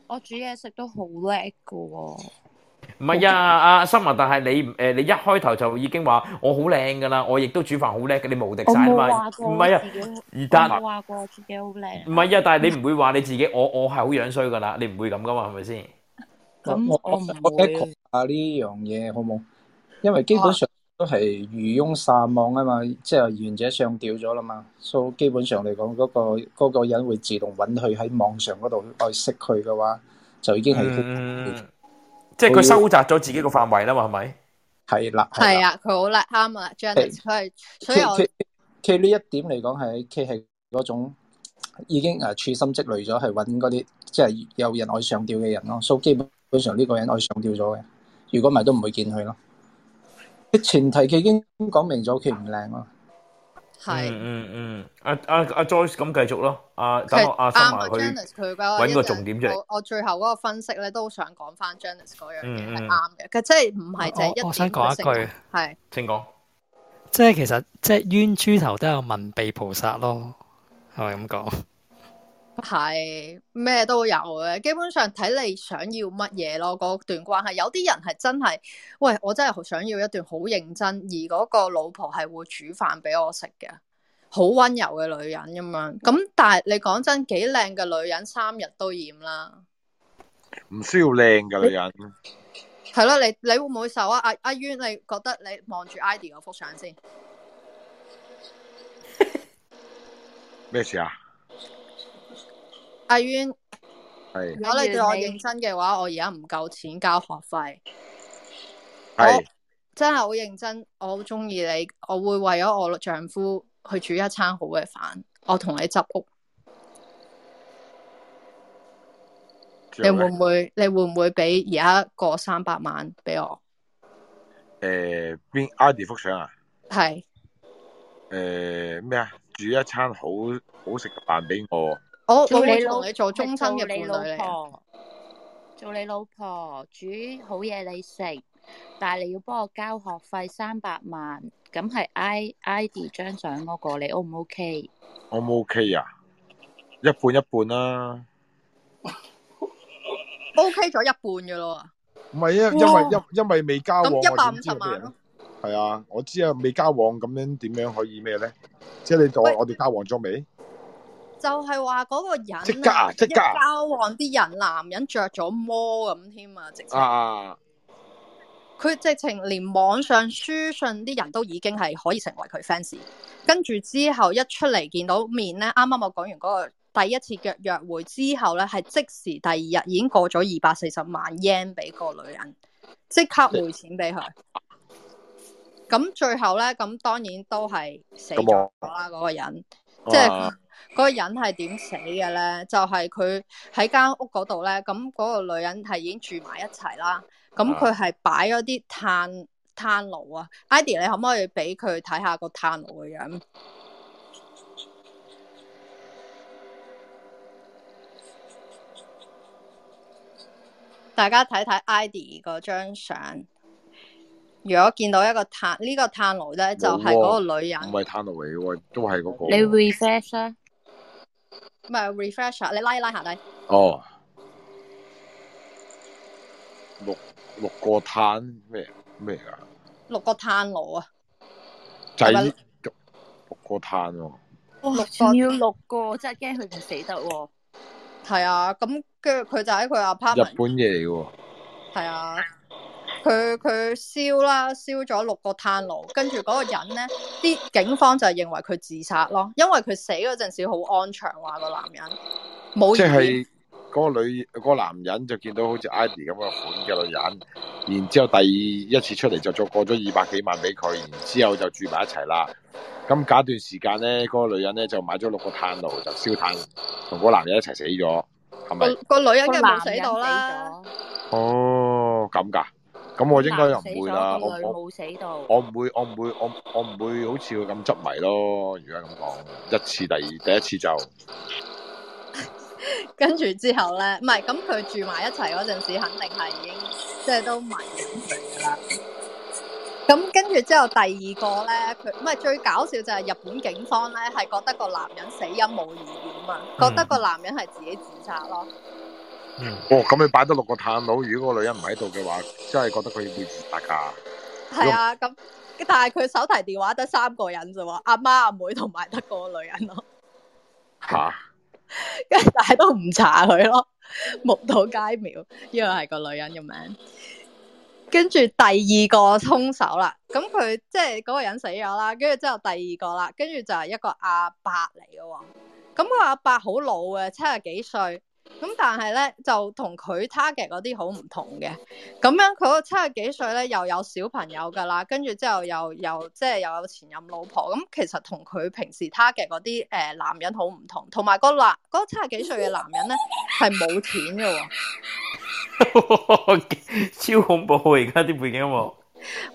我煮嘢食都好叻噶。唔係啊，阿新文，但係你誒，你一開頭就已經話我好靚噶啦，我亦都煮飯好叻嘅，你無敵曬啊嘛！唔係啊，而但唔係啊，但係你唔會話你自己，我我係好樣衰噶啦，你唔會咁噶嘛，係咪先？咁我我確認下呢樣嘢好冇？因為基本上都係漁翁撒網啊嘛，即係願者上吊咗啦嘛，所以基本上嚟講，嗰個嗰個人會自動揾佢喺網上嗰度去識佢嘅話，就已經係。即係佢收集咗自己個範圍啦嘛，係咪？係啦，係啊，佢好叻，啱啊，張力，佢係，所以我佢呢一點嚟講係，佢係嗰種已經誒處心積慮咗，係搵嗰啲即係有人愛上吊嘅人咯，所以基本本上呢個人愛上吊咗嘅，如果唔係都唔會見佢咯。前提佢已經講明咗，佢唔靚咯。係，嗯嗯阿阿阿 Joyce，咁繼續咯，阿阿阿 Janice 佢話搵個重點啫。我最後嗰個分析咧，都想講翻 Janice 嗰樣嘢。係啱嘅。佢即係唔係就係一我。我想講一句，係，請講。即係其實即係冤豬頭都有文秘菩薩咯，係咪咁講？係咩都有嘅，基本上睇你想要乜嘢咯。嗰段關係有啲人係真係，喂，我真係好想要一段好認真，而嗰個老婆係會煮飯俾我食嘅，好溫柔嘅女人咁樣。咁但係你講真，幾靚嘅女人三日都厭啦。唔需要靚嘅女人。係咯，你你，你會唔會受啊？阿阿淵，你覺得你望住 Ivy 個幅相先？咩 事啊？阿淵，如果你對我認真嘅話，我而家唔夠錢交學費。係，真係好認真，我好中意你，我會為咗我丈夫去煮一餐好嘅飯。我同你執屋，你會唔會？你會唔會俾而家個三百萬俾我？誒、呃，邊 idea 幅相啊？係。誒咩啊？煮一餐好好食嘅飯俾我。我、oh, 做你老你做，中做你老婆，做你老婆煮好嘢你食，但係你要幫我交學費三百萬，咁係 I I D 張相嗰個，你 O 唔 O K？O 唔 O K 啊？一半一半啦，O K 咗一半噶咯。唔係因因為因為因為未交往，一百五十萬咯。係啊，我知啊，未交往咁樣點樣可以咩咧？即、就、係、是、你代我哋交往咗未？就係話嗰個人，啊啊、交往啲人，男人着咗魔咁添啊！直情佢，啊、直情連網上書信啲人都已經係可以成為佢 fans，跟住之後一出嚟見到面咧，啱啱我講完嗰個第一次約約會之後咧，係即時第二日已經過咗二百四十萬 yen 俾個女人，即刻匯錢俾佢。咁，啊、最後咧，咁當然都係死咗啦！嗰個人即係。啊就是嗰、那個人係點死嘅咧？就係佢喺間屋嗰度咧，咁、那、嗰個女人係已經住埋一齊啦。咁佢係擺咗啲炭炭爐啊。Idy 你可唔可以俾佢睇下個炭爐嘅樣、啊、大家睇睇 Idy 嗰張相。如果見到一個炭呢、這個炭爐咧，就係、是、嗰個女人唔係、哦、炭爐嚟嘅，都係嗰、那個。你 refresh。唔係 refresh 啊！你拉一拉下底。哦，六六個炭咩咩噶？六個炭爐啊！就係六六個炭喎。哇！全要六個，真係驚佢唔死得喎。係啊，咁跟住佢就喺佢阿 part。日本嘢嚟嘅。係啊。佢佢燒啦，燒咗六個炭爐，跟住嗰個人咧，啲警方就認為佢自殺咯，因為佢死嗰陣時好安詳，話個男人冇。即係個女個男人就見到好似 Idy 咁嘅款嘅女人，然之後第一次出嚟，就做過咗二百幾萬俾佢，然之後就住埋一齊啦。咁隔段時間咧，嗰個女人咧就買咗六個炭爐就燒炭，同個男人一齊死咗，係，個女人梗係冇死到啦。哦，咁噶。咁我應該又唔會啦，冇死到，我我唔會，我唔會，我我唔會好似佢咁執迷咯。如果咁講，一次第二第一次就，跟住之後咧，唔係咁佢住埋一齊嗰陣時，肯定係已經即係都迷緊佢㗎啦。咁跟住之後第二個咧，佢唔係最搞笑就係日本警方咧，係覺得個男人死因冇疑點啊嘛，覺得個男人係自己自殺咯。哦，咁你擺咗六個探佬，如果個女人唔喺度嘅話，真係覺得佢會自白噶。係啊，咁但係佢手提電話得三個人咋喎，阿媽、阿妹同埋得個女人咯。吓、啊，跟 住但係都唔查佢咯，木到街廟，呢個係個女人嘅名。跟住第二個凶手啦，咁佢即係嗰個人死咗啦，跟住之後第二個啦，跟住就係一個阿伯嚟嘅，咁個阿伯好老嘅，七十幾歲。咁但係咧就跟他同佢 target 嗰啲好唔同嘅，咁樣佢個七十幾歲咧又有小朋友噶啦，跟住之後又又即係又有前任老婆，咁其實同佢平時 target 嗰啲，誒男人好唔同，同埋，個男、嗰個、七十幾歲嘅男人咧係冇錢嘅喎， 超恐怖！而家啲背景冇，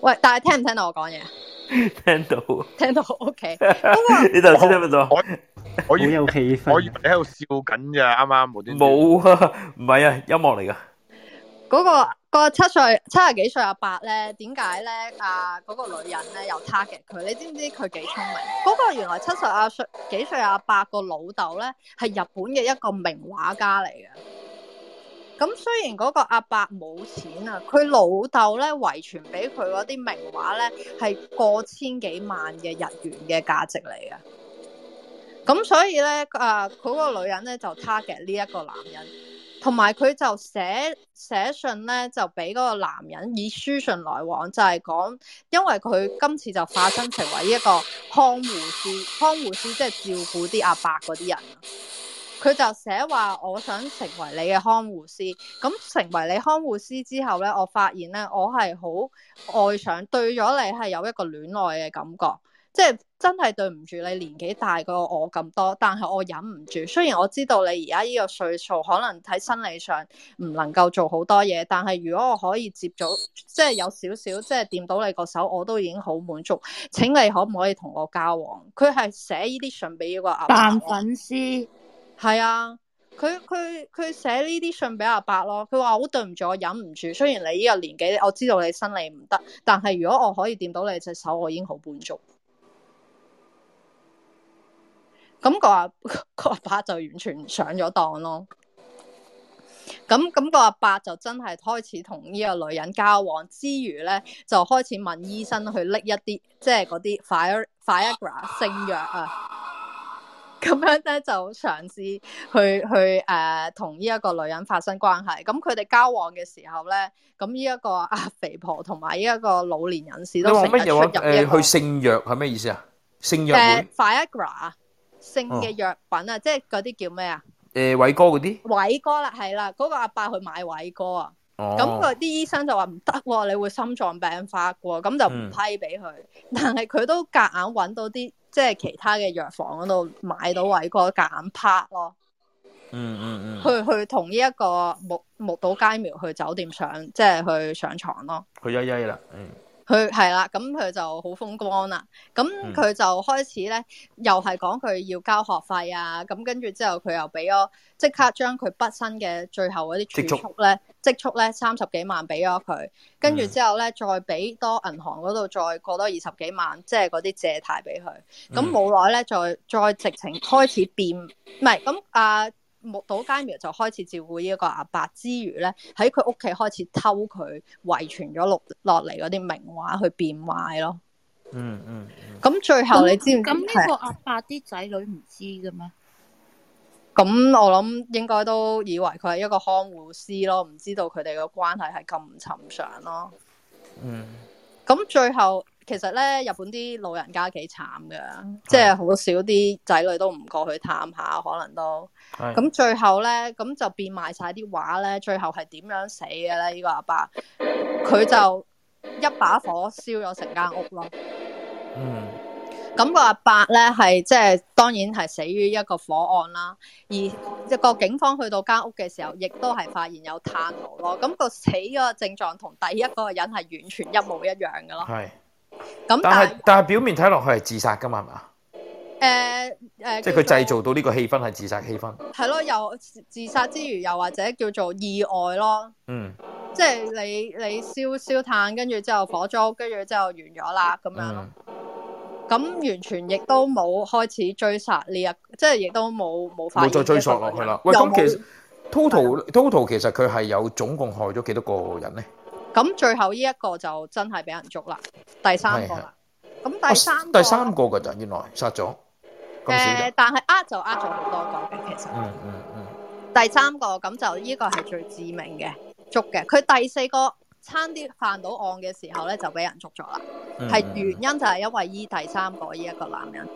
喂，但係聽唔聽到我講嘢？聽到， 聽到，O K。Okay、 你頭先聽唔到？我已我，我 有氣氛，我以為你喺度笑緊咋，啱啱冇端冇唔係啊，音樂嚟噶。嗰、嗰個、嗰個七歲、七廿幾歲阿伯咧，點解咧？啊，嗰、嗰個女人咧，又 target 佢。你知唔知佢幾聰明？嗰 個原來七十阿歲、幾歲阿伯個老豆咧，係日本嘅一個名畫家嚟嘅。咁雖然嗰個阿伯冇錢啊，佢老豆咧遺傳俾佢嗰啲名畫咧，係過千幾萬嘅日元嘅價值嚟嘅。咁所以咧，啊、呃，佢嗰個女人咧就 target 呢一個男人，同埋佢就寫寫信咧，就俾嗰個男人以書信來往，就係、是、講因為佢今次就化身成為一個看護師，看護師即係照顧啲阿伯嗰啲人。佢就寫話，我想成為你嘅看護師。咁成為你看護師之後咧，我發現咧，我係好愛上對咗你，係有一個戀愛嘅感覺。即係真係對唔住你年紀大過我咁多，但係我忍唔住。雖然我知道你而家呢個歲數可能喺生理上唔能夠做好多嘢，但係如果我可以接早，即係有少少即係掂到你個手，我都已經好滿足。請你可唔可以同我交往？佢係寫呢啲信俾呢個阿伯。粉絲。係啊，佢佢佢寫呢啲信俾阿伯咯。佢話好對唔住，我忍唔住。雖然你呢個年紀，我知道你生理唔得，但係如果我可以掂到你隻手，我已經好滿足。咁個阿個阿伯就完全上咗當咯。咁咁個阿伯就真係開始同呢個女人交往，之餘咧就開始問醫生去拎一啲，即係嗰啲 fire Viagra 性藥啊。咁樣咧就嘗試去去誒同呢一個女人發生關係，咁佢哋交往嘅時候咧，咁呢一個阿肥婆同埋呢一個老年人士都成日出入嘅。去性藥係咩意思啊？性藥誒，Viagra 性嘅藥品啊，即係嗰啲叫咩啊？誒，偉哥嗰啲？偉哥啦，係啦，嗰個阿伯去買偉哥啊。咁佢啲醫生就話唔得喎，你會心臟病發喎，咁就唔批俾佢，嗯。但係佢都夾硬揾到啲即係其他嘅藥房嗰度買到偉哥，夾硬拍咯。嗯嗯嗯。去去同呢一個木木島佳苗去酒店上，即係去上床咯。佢曳曳啦，佢係啦，咁，嗯，佢就好風光啦。咁佢就開始咧，又係講佢要交學費啊。咁跟住之後，佢又俾咗即刻將佢畢生嘅最後嗰啲積蓄咧，積蓄咧，三十幾萬俾咗佢，跟住之後咧，再俾多銀行嗰度再過多二十幾萬，即係嗰啲借貸俾佢。咁冇耐咧，再再直情開始變，唔係咁啊，木島佳苗就開始照顧呢個阿伯，伯之餘咧，喺佢屋企開始偷佢遺傳咗落落嚟嗰啲名畫去變壞咯。嗯嗯。咁、嗯、最後你知唔知道？咁呢個阿伯啲仔女唔知噶咩？咁我諗應該都以為佢係一個看護師咯，唔知道佢哋嘅關係係咁尋常咯。嗯。咁最後其實咧，日本啲老人家幾慘噶，即係好少啲仔女都唔過去探下，可能都。係。咁最後咧，咁就變賣晒啲畫咧。最後係點樣死嘅咧？呢個阿爸，佢就一把火燒咗成間屋咯。嗯。咁、那個阿伯咧係即係當然係死於一個火案啦，而一個警方去到間屋嘅時候，亦都係發現有炭爐咯。咁、那個死個症狀同第一個人係完全一模一樣噶咯。係咁，但係但係表面睇落去係自殺噶嘛？係、呃、嘛？誒、呃、誒，即係佢製造到呢個氣氛係自殺氣氛。係咯，又自殺之餘，又或者叫做意外咯。嗯，即、就、係、是、你你燒燒炭，跟住之後火燭跟住之後完咗啦，咁樣咯。嗯咁完全亦都冇開始追殺呢一，即係亦都冇冇再追溯落去啦。喂，咁其實 total total 其實佢係有總共害咗幾多個人咧？咁最後呢一個就真係俾人捉啦。哦嗯嗯，第三個。咁第三第三個嘅就原來殺咗。誒，但係呃就呃咗好多個嘅，其實。嗯嗯嗯。第三個咁就呢個係最致命嘅，捉嘅。佢第四個。差啲犯到案嘅時候咧，就俾人捉咗啦。係、嗯、原因就係因為依第三個依一個男人，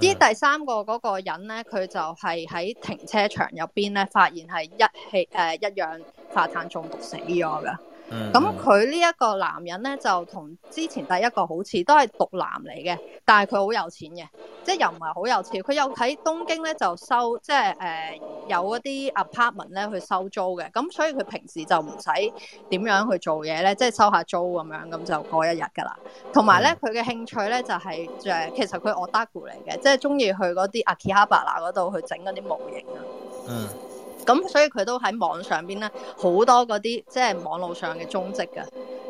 依、嗯、第三個嗰個人咧，佢就係喺停車場入邊咧，發現係一氣誒、呃、一氧化碳中毒死咗噶。咁佢呢一個男人咧，就同之前第一個好似，都係獨男嚟嘅，但係佢好有錢嘅，即係又唔係好有錢。佢又喺東京咧就收，即係、呃、有嗰啲 apartment 咧去收租嘅。咁所以佢平時就唔使點樣去做嘢咧，即係收下租咁樣，咁就過一日噶啦。同埋咧，佢嘅興趣咧就係其實佢 otaku 嚟嘅，即係中意去嗰啲 Akihabara 嗰度去整嗰啲模型啊。嗯。咁所以佢都喺網上邊咧，好多嗰啲即係網路上嘅蹤跡嘅。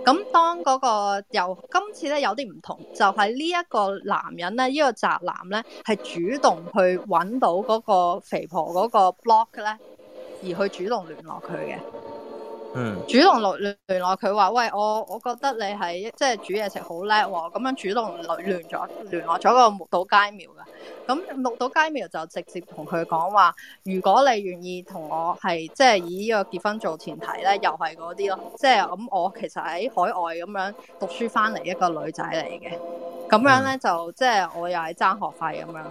咁當嗰、嗰個又今次咧有啲唔同，就係呢一個男人咧，呢個、呢個宅男咧，係主動去揾到嗰個肥婆嗰個 blog 咧，而去主動聯絡佢嘅。嗯，主動聯聯絡佢話，喂，我我覺得你係即係煮嘢食好叻喎，咁樣主動聯聯絡咗個木島佳苗嘅，咁木島佳苗就直接同佢講話，如果你願意同我係即係以呢個結婚做前提咧，又係嗰啲咯，即係咁、嗯、我其實喺海外咁樣讀書翻嚟一個女仔嚟嘅，咁樣咧、嗯、就即係我又係爭學費咁樣。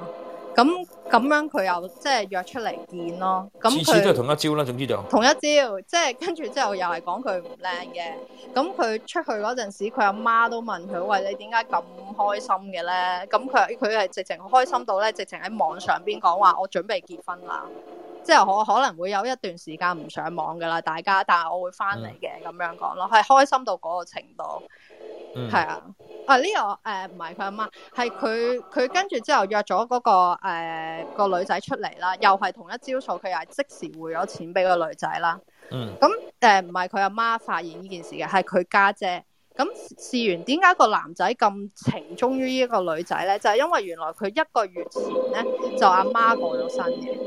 咁咁樣佢又即係約出嚟見咯，咁佢次次都係同一招啦，總之就同一招，即係跟住之後又係講佢唔靚嘅。咁佢出去嗰陣時，佢阿媽都問佢，喂，你點解咁開心嘅咧？咁佢佢係直情好開心到咧，直情喺網上邊講話，我準備結婚啦。即係我可能會有一段時間唔上網噶啦，大家，但係我會翻嚟嘅，咁、嗯、樣講咯，係開心到嗰個程度，係、嗯、啊，啊呢、這個誒唔係佢阿媽，係佢佢跟住之後約咗嗰、那個誒、呃、個女仔出嚟啦，又係同一招數，佢又係即時匯咗錢俾個女仔啦，嗯，咁誒唔係佢阿媽發現呢件事嘅，係佢家姐，咁試完點解個男仔咁情忠於呢個女仔咧？就係、是、因為原來佢一個月前咧就阿媽過咗身嘅。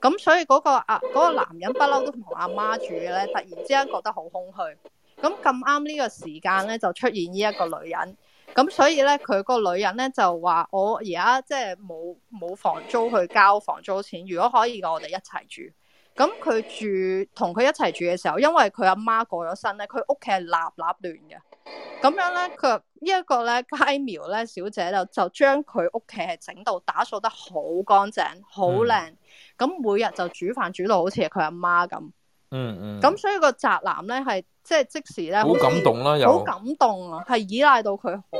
咁所以嗰個阿、啊嗰個男人不嬲都同阿媽住嘅咧，突然之間覺得好空虛好空虛。咁咁啱呢個時間咧，就出現呢一個女人。咁所以咧，佢個女人咧就話：我而家即係冇冇房租去交房租錢，如果可以嘅，我哋一齊住。咁佢住同佢一齊住嘅時候，因為佢阿媽過咗身咧，佢屋企係立立亂嘅。咁樣咧，佢呢一個咧，佳苗咧小姐呢就就將佢屋企係整到打掃得好乾淨，好靚。嗯咁每日就煮飯煮到好似係佢阿媽咁，咁、嗯嗯、所以個宅男咧係。即係即，即時咧，好感動啦！又好感動啊，係依賴到佢好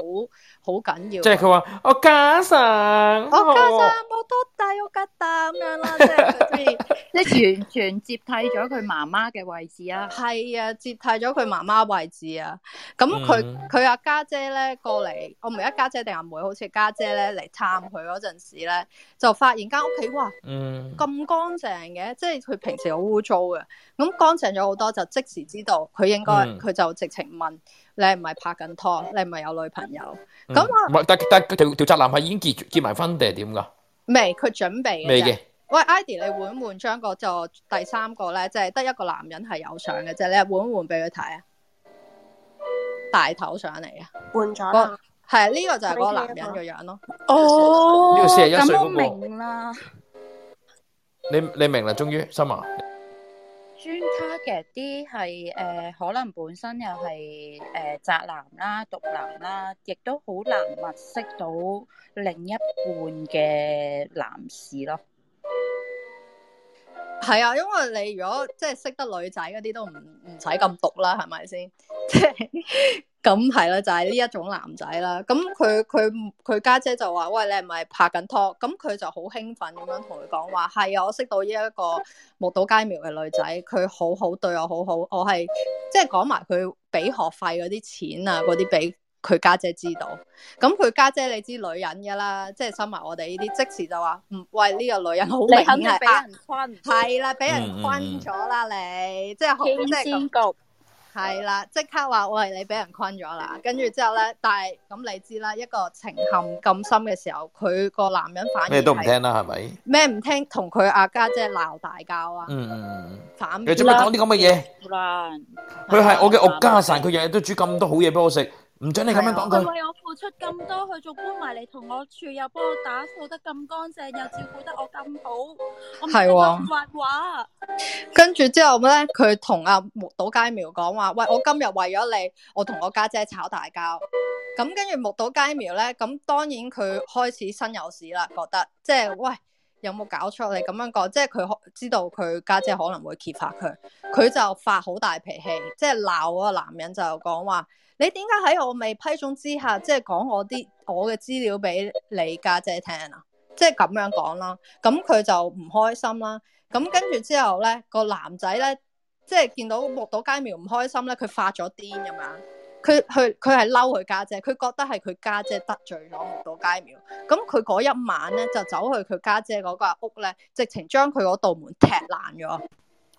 好緊要。即係佢話：我、哦、家神，我、哦、家神摩、哦、多大沃吉達咁樣啦。即係佢中意，即係完全接替咗佢媽媽嘅位置啊！係 啊，接替咗佢媽媽位置啊！咁佢佢阿家姐咧過嚟，我唔係一家姐定阿妹，好似家姐咧嚟探佢嗰陣時咧，就發現間屋企哇，咁乾淨嘅、嗯，即係佢平時好污糟嘅，咁乾淨咗好多，就即時知道佢。應該佢就直情問你係唔係拍緊拖，嗯、你唔係有女朋友？咁、嗯、啊，但但佢條條宅男係已經結結埋婚定係點噶？未，佢準備未嘅？喂，Idy，你換唔換張個就第三個咧，即係得一個男人係有相嘅啫，你換唔換俾佢睇啊？大頭上嚟啊？換咗啦，係啊，呢、這個就係嗰個男人嘅樣咯，就是。哦，咁都明啦。你你明啦，終於 s a 專卡嘅啲係誒，可能本身又係誒宅男啦、毒男啦，亦都好難物色到另一半嘅男士咯。係啊，因為你如果即係識得女仔嗰啲都唔唔使咁毒啦，係咪先？即係咁係啦，是 就係呢一種男仔啦。咁佢佢佢家姐就話喂，你唔係拍緊拖？咁佢就好興奮咁樣同佢講話，係啊，我識到呢一個木島佳苗嘅女仔，佢好好對我，好好，我係即係講埋佢俾學費嗰啲錢啊，嗰啲俾。佢家姐，姐知道咁，佢家姐，姐你知女人噶啦，即係收埋我哋呢啲即時就話嗯喂呢、這個女人好你肯定俾人困係、啊啊、啦，俾、嗯嗯、人困咗啦，你即係好即係咁係啦，即刻話喂你俾人困咗啦，跟住之後咧，但係咁你知啦，一個情陷咁深嘅時候，佢個男人反而咩都唔聽啦，係咪咩唔聽？同佢阿家姐鬧大交啊，嗯嗯嗯，你做咩講啲咁嘅嘢？佢係、嗯嗯、我嘅屋家神，佢日日都煮咁多好嘢俾我食，唔准你咁樣講佢。佢為我付出咁多，佢仲搬埋嚟同我住，又幫我打掃得咁乾淨，又照顧得我咁好。我唔信跟住之後咧，佢同阿木島佳苗講話：喂，我今日為咗你，我同我家姐炒大交。咁跟住木島佳苗咧，咁、嗯、當然佢開始身有事啦，覺得即係喂。有冇搞錯？你咁樣講，即係佢知道佢家姐可能會揭發佢，佢就發好大脾氣，即係鬧嗰個男人就講話：你點解喺我未批准之下，即係講我啲我嘅資料俾你家姐聽啊？即係咁樣講啦，咁佢就唔開心啦。咁跟住之後咧，個男仔咧，即係見到木島佳苗唔開心咧，佢發咗癲咁樣。佢佢佢係嬲佢家姐，佢覺得係佢家姐得罪咗唔到街廟。咁佢嗰一晚咧，就走去佢家姐嗰個屋咧，直情將佢嗰道門踢爛咗。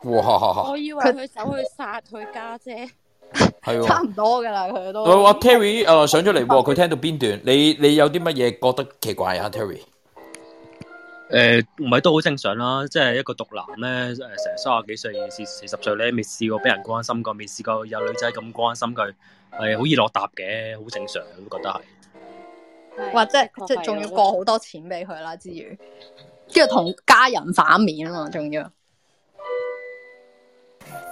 哇！我以為佢走去殺佢家姐，係 差唔多噶啦，佢都。佢、啊、我、啊、Terry 誒、呃、上咗嚟，佢、呃、聽到邊段？你你有啲乜嘢覺得奇怪啊？Terry，誒唔係都好正常啦，即、就、係、是、一個毒男咧，誒成三十幾歲，四四十歲咧，未試過俾人關心過，未試過有女仔咁關心佢。係好易落答嘅，好正常，我覺得係。或者即係仲要過好多錢俾佢啦，之餘，跟住同家人反面啊嘛，仲要。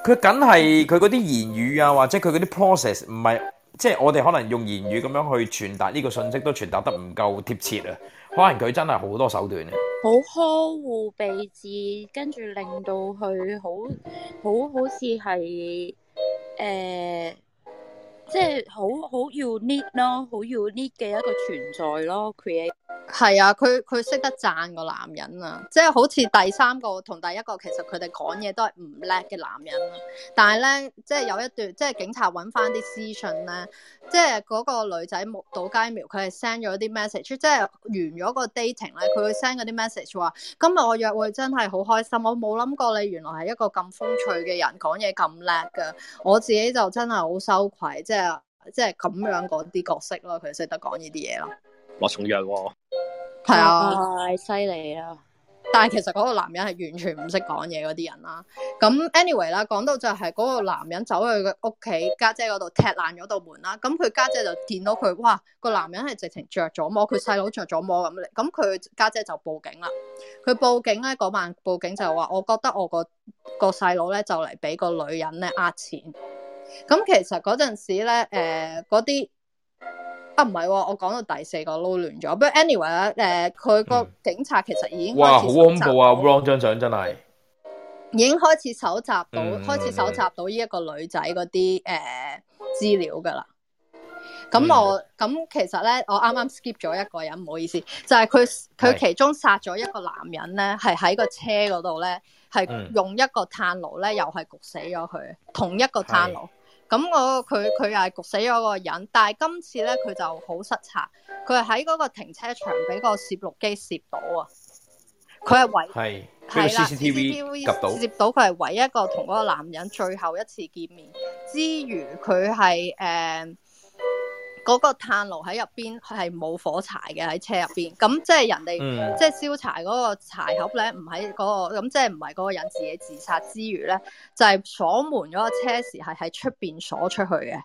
佢梗係佢嗰啲言語啊，或者佢嗰啲 process，唔係即係我哋可能用言語咁樣去傳達呢個信息，都傳達得唔夠貼切啊！可能佢真係好多手段啊！好呵護備至，跟住令到佢好好好似係誒。即係好好要 unique 咯，好要 unique 嘅一個存在咯，create 係啊，佢佢識得讚個男人啊，即係好似第三個同第一個，其實佢哋講嘢都係唔叻嘅男人啊，但係咧，即係有一段，即係警察揾翻啲私信咧，即係個女仔冇倒街苗，佢係 send 咗啲 message，即係完咗個 dating 咧，佢 send 嗰啲 message 話：今日我約會真係好開心，我冇諗過你原來係一個咁風趣嘅人，講嘢咁叻噶，我自己就真係好羞愧，即係。即係即係咁樣嗰啲角色咯，佢識得講呢啲嘢咯。落重藥喎、哦，係啊，太犀利啦！但係其實嗰個男人係完全唔識講嘢嗰啲人啦。咁 anyway 啦，講到就係嗰個男人走去佢屋企家姐嗰度踢爛咗道門啦。咁佢家姐就見到佢，哇，個男人係直情着咗魔，佢細佬着咗魔咁嚟。咁佢家姐就報警啦。佢報警咧，嗰晚，報警就話，我覺得我個個細佬咧就嚟俾個女人咧呃錢。咁其實嗰陣時咧，誒、呃，嗰啲啊唔係、哦，我講到第四個撈亂咗。不過 anyway，誒、呃，佢個警察其實已經哇，好恐怖啊！烏龍張相真係已經開始搜集到，嗯啊、開始搜集到呢一、嗯嗯、個女仔啲誒資料噶啦。咁、嗯、我咁其實咧，我啱啱 skip 咗一個人，唔好意思，就係佢佢其中殺咗一個男人咧，係喺個車嗰度咧，係用一個炭爐咧，又係焗死咗佢，同一個炭爐。咁我佢佢又係焗死咗個人，但係今次呢，佢就好失察，佢係喺嗰個停車場俾個攝錄機攝到啊！佢係唯係係 CCTV 攝到，攝到佢係唯一個同嗰個男人最後一次見面之餘，佢係誒。嗰、那個炭爐喺入邊係冇火柴嘅，喺車入邊，咁即係人哋即係燒柴嗰個柴盒咧，唔喺嗰個，咁即係唔係嗰個人自己自殺之餘咧，就係、是、鎖門嗰個車匙係喺出邊鎖出去嘅，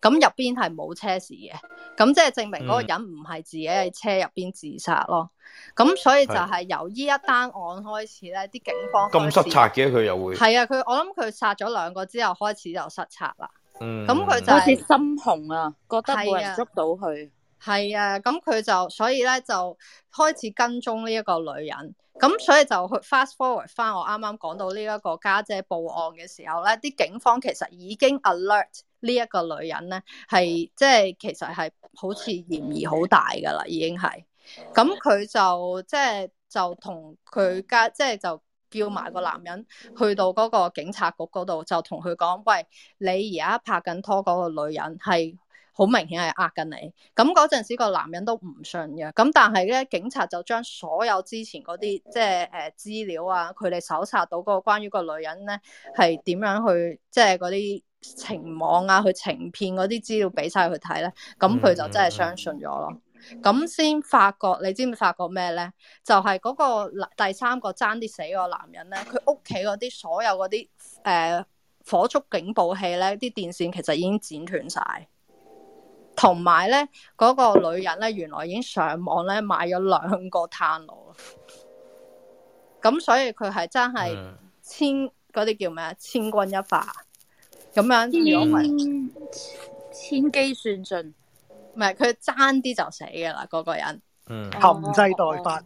咁入邊係冇車匙嘅，咁即係證明嗰個人唔係自己喺車入邊自殺咯。咁、嗯、所以就係由呢一單案開始咧，啲警方咁失策嘅，佢又會係啊，佢我諗佢殺咗兩個之後開始就失策啦。嗯，咁佢就好似心紅啊，啊，覺得冇人捉到佢。係啊，咁佢就所以咧就開始跟蹤呢一個女人。咁所以就去 fast forward 翻我啱啱講到呢一個家姐、姐報案嘅時候咧，啲警方其實已經 alert 呢一個女人咧，係即係其實係好似嫌疑好大噶啦，已經係。咁佢就即係就同佢家即係就。就是就叫埋個男人去到嗰個警察局嗰度，就同佢講：喂，你而家拍緊拖嗰個女人係好明顯係呃緊你。咁嗰陣時個男人都唔信嘅。咁但係咧，警察就將所有之前嗰啲即係誒資料啊，佢哋搜查到嗰個關於個女人咧係點樣去即係嗰啲情網啊，去情騙嗰啲資料俾晒佢睇咧。咁佢就真係相信咗囉。咁先發覺，你知唔知發覺咩咧？就係、是、嗰個第三個爭啲死個男人咧，佢屋企嗰啲所有嗰啲誒火燭警報器咧，啲電線其實已經剪斷晒，同埋咧嗰個女人咧，原來已經上網咧買咗兩個炭爐，咁所以佢係真係千嗰啲，嗯、叫咩啊？千鈞一髮，咁樣兩萬千機算盡。唔係佢爭啲就死噶啦，嗰個人，嗯，含妻待發，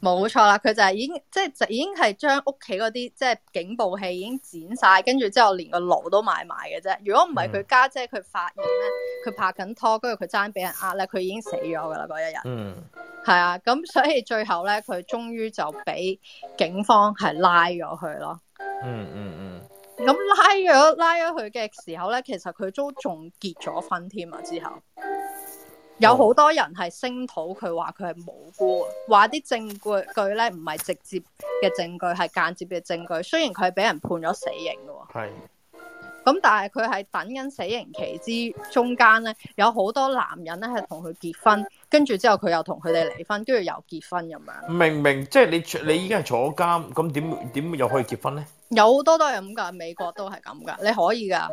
冇錯啦。佢就係已經即係、就、已經係將屋企嗰啲即係警報器已經剪晒，跟住之後連個爐都買埋嘅啫。如果唔係佢家姐、姐，佢發現咧，佢拍緊拖，跟住佢爭俾人呃咧，佢已經死咗噶啦。嗰一日，嗯，係啊，咁所以最後咧，佢終於就俾警方係拉咗佢咯。嗯嗯嗯，咁拉咗拉咗佢嘅時候咧，其實佢都仲結咗婚添啊。之後。有好多人係聲討佢，話佢係無辜，話啲證據咧唔係直接嘅證據，係間接嘅證據。雖然佢係俾人判咗死刑嘅，係。咁但係佢係等緊死刑期之中間咧，有好多男人咧係同佢結婚，跟住之後佢又同佢哋離婚，跟住又結婚咁樣。明明即係你你依家係坐監，咁點點又可以結婚咧？有好多都係咁噶，美國都係咁噶，你可以噶，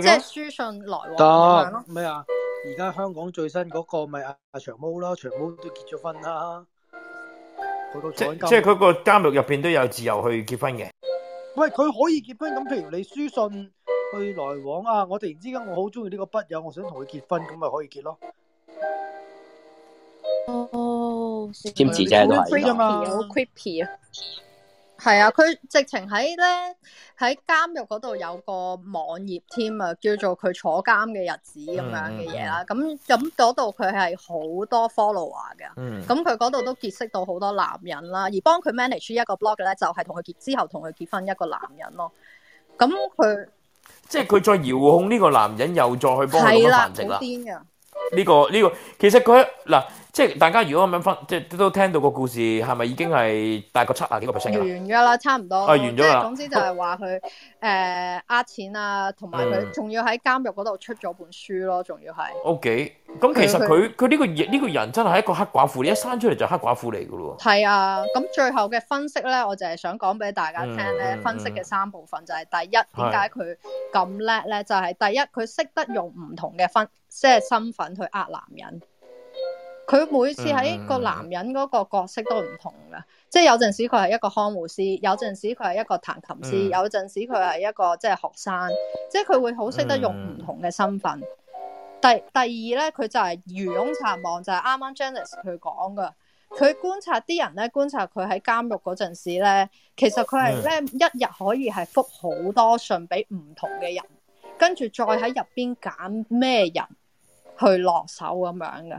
即係書信來往咁樣咯。咩啊？而家香港最新嗰個咪阿長毛啦，長毛都結咗婚啦，即即係佢個監獄入邊都有自由去結婚嘅。喂，佢可以結婚咁，譬如你書信去來往啊！我突然之間我好中意呢個筆友，我想同佢結婚，咁咪可以結咯。哦，oh，幾唔似都係來㗎嘛，好 creepy 啊！係啊，佢直情喺咧喺監獄嗰度有個網頁添啊，叫做佢坐監嘅日子咁樣嘅嘢啦。咁咁嗰度佢係好多 follower 嘅，咁佢嗰度都結識到好多男人啦。而幫佢 manage 一個 blog 咧，就係同佢結之後同佢結婚一個男人咯。咁佢即係佢再遙控呢個男人，又再去幫佢繁殖啦。好癲㗎。呢個呢個其實佢嗱。即係大家如果咁樣分，即係都聽到個故事係咪已經係大概七啊幾個 percent？完咗啦，差唔多。啊、哦，完咗啦！總之就係話佢誒呃錢啊，同埋佢仲要喺監獄嗰度出咗本書咯，仲要係。OK，咁其實佢佢呢個呢、這個人真係一個黑寡婦，你一生出嚟就黑寡婦嚟㗎咯喎。係啊，咁最後嘅分析咧，我就係想講俾大家聽咧，分析嘅三部分、嗯嗯、就係、是、第一，點解佢咁叻咧？就係、是、第一，佢識得用唔同嘅分即係身份去呃男人。佢每次喺個男人嗰個角色都唔同㗎。Mm-hmm. 即係有陣時佢係一個看護師，有陣時佢係一個彈琴師，mm-hmm. 有陣時佢係一個即係學生，即係佢會好識得用唔同嘅身份、mm-hmm.。第第二咧，佢就係魚翁撒網，就係啱啱 Janice 佢講噶，佢觀察啲人咧，觀察佢喺監獄嗰陣時咧，其實佢係咧一日可以係覆好多信俾唔同嘅人，跟住再喺入邊揀咩人去落手咁樣㗎。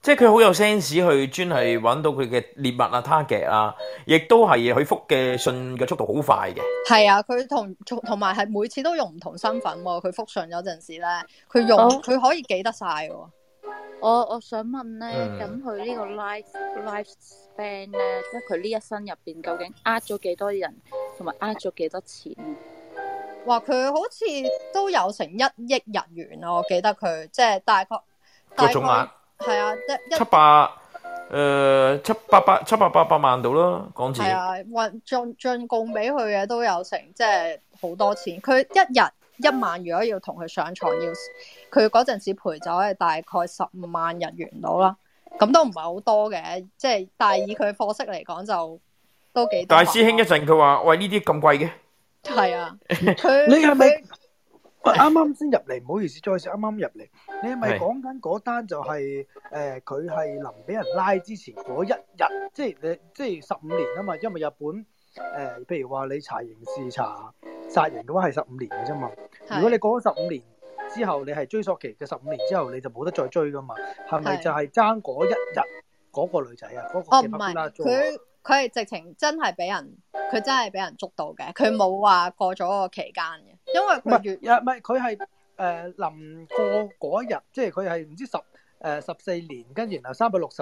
即係佢好有 sense 去專係揾到佢嘅獵物啊，target 啊，亦都係佢復嘅信嘅速度好快嘅。係啊，佢同同埋係每次都用唔同身份喎。佢復信有陣時咧，佢用佢可以記得晒喎。我我想問咧，咁佢呢個 life lifespan 咧，即係佢呢一生入邊究竟呃咗幾多人，同埋呃咗幾多錢啊？哇！佢好似都有成一億日元咯，我記得佢即係大概個係啊，一，七百，誒、呃，七八百，七八百八,八萬到啦，港紙。係啊，運進進貢俾佢嘅都有成，即係好多錢。佢一日一萬，如果要同佢上床要，佢嗰陣時陪酒係大概十五萬日元到啦，咁都唔係好多嘅，即係，但係以佢貨色嚟講就都幾多多。大師兄一陣佢話喂呢啲咁貴嘅。係啊，佢。 你係咪？」啱啱先入嚟，唔好意思，再次啱啱入嚟。你係咪講緊嗰單就係誒佢係臨俾人拉之前嗰一日，即係你即係十五年啊嘛？因為日本誒、呃，譬如話你查刑事查殺人嘅話係十五年嘅啫嘛。如果你過咗十五年之後，你係追索期嘅十五年之後，你就冇得再追噶嘛。係咪就係爭嗰一日嗰、嗰個女仔啊？嗰、嗰個佢係直情真係俾人，佢真係俾人捉到嘅，佢冇話過咗個期間嘅，因為個月唔係佢係誒臨過嗰一日，即係佢係唔知十誒、呃、十四年，跟住然後三百六十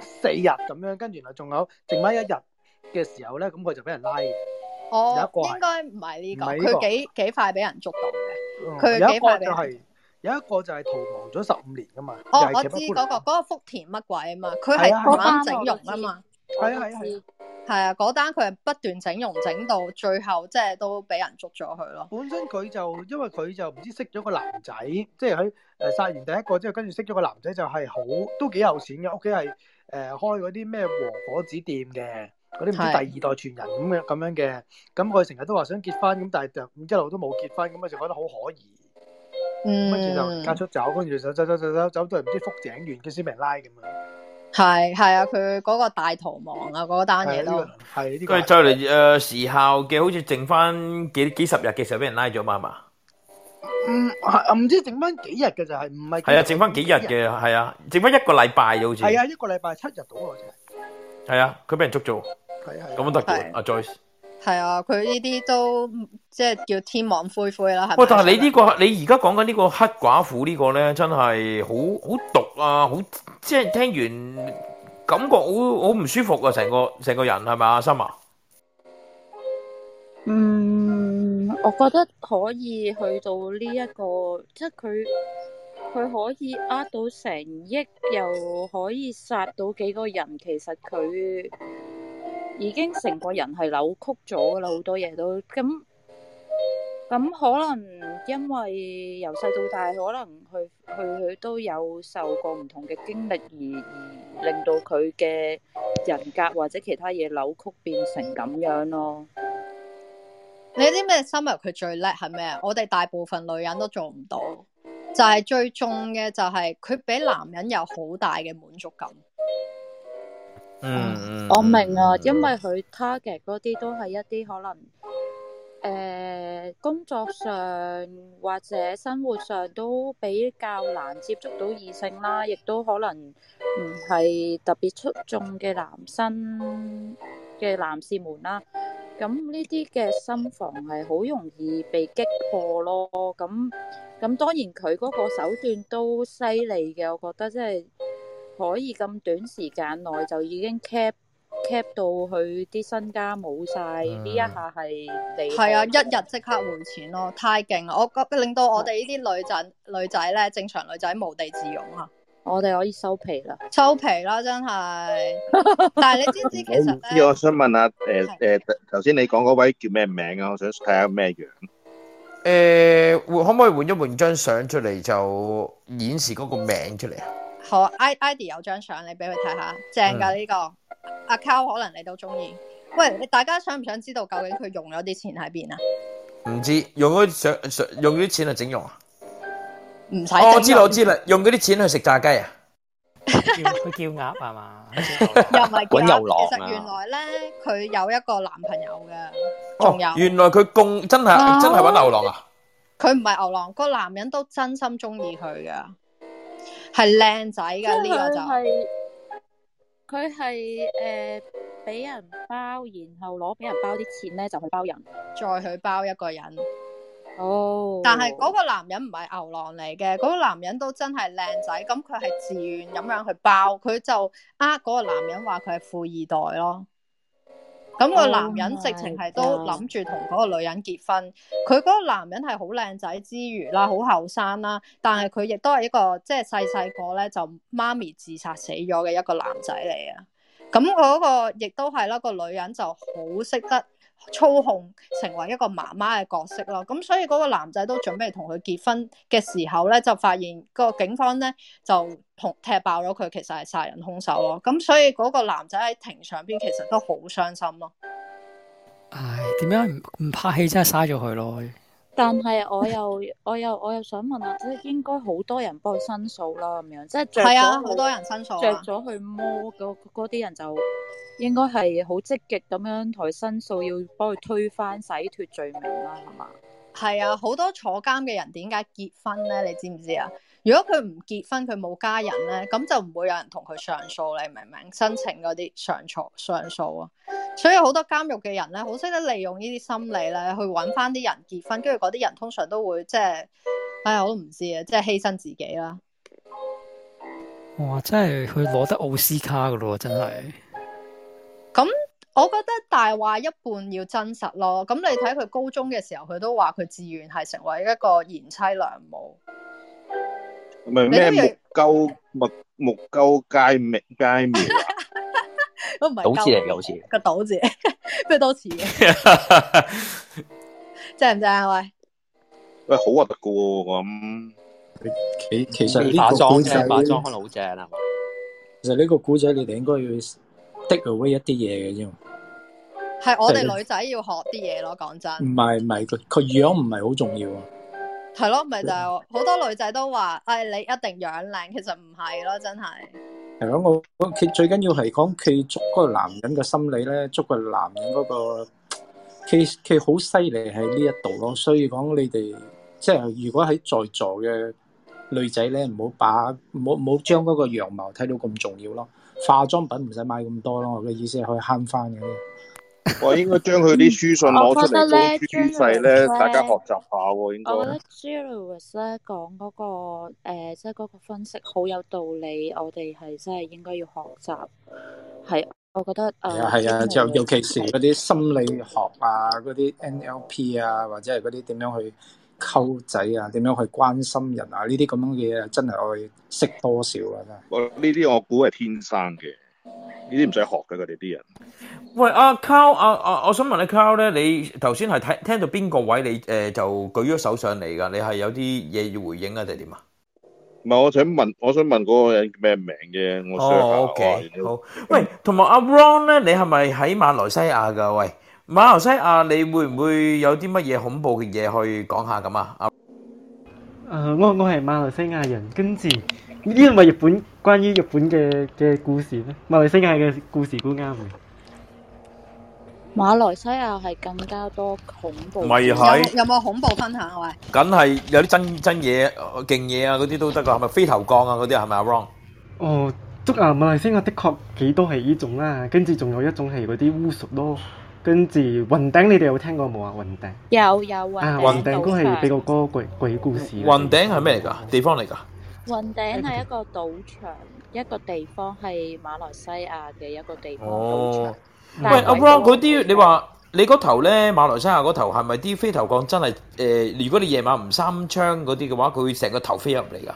四日咁樣，跟住然後仲有剩翻一日嘅時候咧，咁佢就俾人拉嘅。哦，有一個是應該唔係呢個，佢、這個、幾幾快俾人捉到嘅，佢、嗯、幾快係有一個就係、是、逃亡咗十五年噶嘛。哦，我知嗰、那個、那個福田乜鬼啊嘛，佢係慢整容啊嘛。係啊係啊係，係啊，嗰單佢係不斷整容整到最後，即係都俾人捉咗佢咯。本身佢就因為佢就唔知識咗個男仔，即係喺誒，殺完第一個之後，跟住識咗個男仔就係好都幾有錢嘅，屋企係誒開嗰啲咩和果子店嘅，嗰啲唔知第二代傳人咁樣咁樣嘅。咁佢成日都話想結婚，咁但係就一路都冇結婚，咁咪就覺得好可疑。嗯，跟住就加速走，跟住就走走走走走，走到嚟唔知福井縣，叫啲人拉咁啊。係係啊，佢嗰個大逃亡啊，嗰單嘢咯。係呢個。佢再嚟誒，時效嘅好似剩翻幾幾十日嘅時候俾人拉咗嘛？係嘛？唔係唔知剩翻幾日嘅就係，唔係。係啊，剩翻幾日嘅係啊，剩翻一個禮拜嘅好似。係啊，一個禮拜七日到啊。係啊，佢俾人捉咗。係啊係。咁樣都得嘅，阿 Joyce。係啊，佢呢啲都即係叫天網恢恢啦，係咪？喂、哦，但係你呢、這個，你而家講緊呢個黑寡婦呢個咧，真係好好毒啊，好即係聽完感覺好好唔舒服啊，成個成個人係咪阿心啊？是是 Summer? 嗯，我覺得可以去到呢、這、一個，即係佢佢可以呃到成億，又可以殺到幾個人，其實佢。已經成個人係扭曲咗噶啦，好多嘢都咁，咁可能因為由細到大，可能佢佢佢都有受過唔同嘅經歷，而而令到佢嘅人格或者其他嘢扭曲，變成咁樣咯。你啲咩心入佢最叻係咩啊？我哋大部分女人都做唔到，就係最重嘅就係佢俾男人有好大嘅滿足感。嗯，我明啊，因為佢 target 嗰啲都係一啲可能，誒，工作上或者生活上都比較難接觸到異性啦，亦都可能唔係特別出眾嘅男生嘅男士們啦。咁呢啲嘅心防係好容易被擊破咯。咁咁，當然佢嗰個手段都犀利嘅，我覺得真係。可以咁短時間內就已經 cap cap 到佢啲身家冇晒。呢、mm-hmm. 一下係你係啊，一日即刻換錢咯，太勁啦！我覺得令到我哋呢啲女仔女仔咧，正常女仔無地自容啊！我哋可以收皮啦，收皮啦，真係。 但係你知唔知其實咧？唔知，我想問下誒誒，頭先、呃、你講嗰位叫咩名啊？我想睇下咩樣。誒、呃，可唔可以換一換張相出嚟就演示嗰個名出嚟啊？好，I ID 有張相，你俾佢睇下，正噶呢、呢個阿、嗯、cow 可能你都中意。喂，你大家想唔想知道究竟佢用咗啲錢喺邊啊？唔知用嗰啲錢去整容啊？唔使、哦。我知道，我知啦，用嗰啲錢去食炸雞啊？佢叫鴨係嘛？ 又唔係滾牛郎？其實原來咧，佢有一個男朋友嘅。仲有、哦，原來佢共真係真係搵牛郎啊？佢唔係牛郎，個男人都真心中意佢嘅。係靚仔㗎呢、就是這個就，佢係誒俾人包，然後攞俾人包啲錢咧就去包人，再去包一個人。哦、oh.，但係嗰個男人唔係牛郎嚟嘅，嗰、那個男人都真係靚仔，咁佢係自願咁樣去包，佢就呃嗰個男人話佢係富二代咯。咁、個男人直情係都諗住同嗰個女人結婚，佢、oh、嗰個男人係好靚仔之餘啦，好後生啦，但係佢亦都係一個即係細細個咧就媽、是、咪自殺死咗嘅一個男仔嚟啊！咁、那、嗰個亦都係啦，個女人就好識得。操控，成為一個媽媽嘅角色咯，咁所以嗰個男仔都準備同佢結婚嘅時候咧，就發現個警方咧就同踢爆咗佢，其實係殺人兇手咯。咁所以嗰個男仔喺庭上邊其實都好傷心咯。唉，點樣唔唔拍戲真係嘥咗佢咯？ 但係我又我又我又想問下，即、就、係、是、應該好多人幫佢申訴啦，咁樣即係著啊，好多人申訴，着 咗去摸嗰啲人就應該係好積極咁樣同申訴，要幫佢推翻洗脱罪名啦，係 嘛是吧？係啊，好多坐監嘅人點解結婚咧？你知唔知啊？如果佢唔結婚，佢冇家人呢，咁就唔會有人同佢上訴，你明唔明？申請嗰啲上訴上訴啊！所以好多監獄嘅人呢，好識得利用呢啲心理呢，去揾翻啲人結婚，跟住嗰啲人通常都會，即係，哎呀，我都唔知啊，即係犧牲自己啦。哇！真係佢攞得奧斯卡噶咯，真係。咁我覺得大話一半要真實咯。咁你睇佢高中嘅時候，佢都話佢自願係成為一個賢妻良母。唔係咩木鳩木木鳩街面街面，都唔係賭字嚟，好似個賭字，咩多似嘅？正唔正啊？喂喂，好核突噶咁。其其實呢個古仔化妝，化妝好正係嘛？其實呢個古仔，你哋應該要 take away 一啲嘢嘅啫。係我哋女仔要學啲嘢咯，講真。唔係唔係，佢佢樣唔係好重要。係咯，咪就係、是、好多女仔都話，誒、哎，你一定樣靚，其實唔係咯，真係。係咯，我佢最緊要係講佢捉個男人嘅心理咧，捉個男人嗰、那個佢佢好犀利喺呢一度咯，所以講你哋即係如果喺在，在座嘅女仔咧，唔好把唔好唔好將嗰個樣貌睇到咁重要咯，化妝品唔使買咁多咯，我嘅意思係可以慳翻嘅。 我應該將佢啲書信攞出嚟做宣誓咧，大家學習下喎。應該我覺得 Jerry Lewis 咧講嗰個誒，即、呃、係、嗰、個分析好有道理，我哋係真係應該要學習。係，我覺得誒，係、呃、啊，啊，就尤其是嗰啲心理學啊，嗰啲 NLP 啊，或者係嗰啲點樣去溝仔啊，點樣去關心人啊，呢啲咁樣嘅嘢真係我識多少啊。真係我呢啲我估係天生嘅。呢啲唔使學嘅佢哋啲人。喂，阿 cow 阿阿，我想問你 cow 咧，你頭先係聽聽到邊個位你誒就舉咗手上嚟噶？你係有啲嘢要回應啊定係點啊？唔係，我想問，我想問嗰個人叫咩名嘅？我哦，O K，好。喂，同埋阿 Ron 咧，你係咪喺馬來西亞噶？喂，馬來西亞你會唔會有啲乜嘢恐怖嘅嘢去講下咁啊？誒，我我係馬來西亞人，跟住。呢啲係咪日本關於日本嘅嘅故事咩？馬來西亞嘅故事都啱嘅。馬來西亞係更加多恐怖，有冇恐怖分享係咪？梗係有啲真真嘢、勁嘢啊，嗰啲都得噶，係咪飛頭降啊？嗰啲係咪阿 Ron？哦，捉啊！馬來西亞的確幾多係呢種啦，跟住仲有一種係嗰啲巫術咯，跟住雲頂你哋有聽過冇啊？雲頂有有雲啊！雲頂都係比較多鬼鬼故事。雲頂係咩嚟噶？地方嚟噶？雲頂係一個賭場，一個地方係馬來西亞嘅一個地方、哦、個賭場喂，阿 Ron，嗰啲你話你嗰頭咧，馬來西亞嗰頭係咪啲飛頭降真？真係？誒，如果你夜晚唔閂窗嗰啲嘅話，佢會成個頭飛入嚟噶。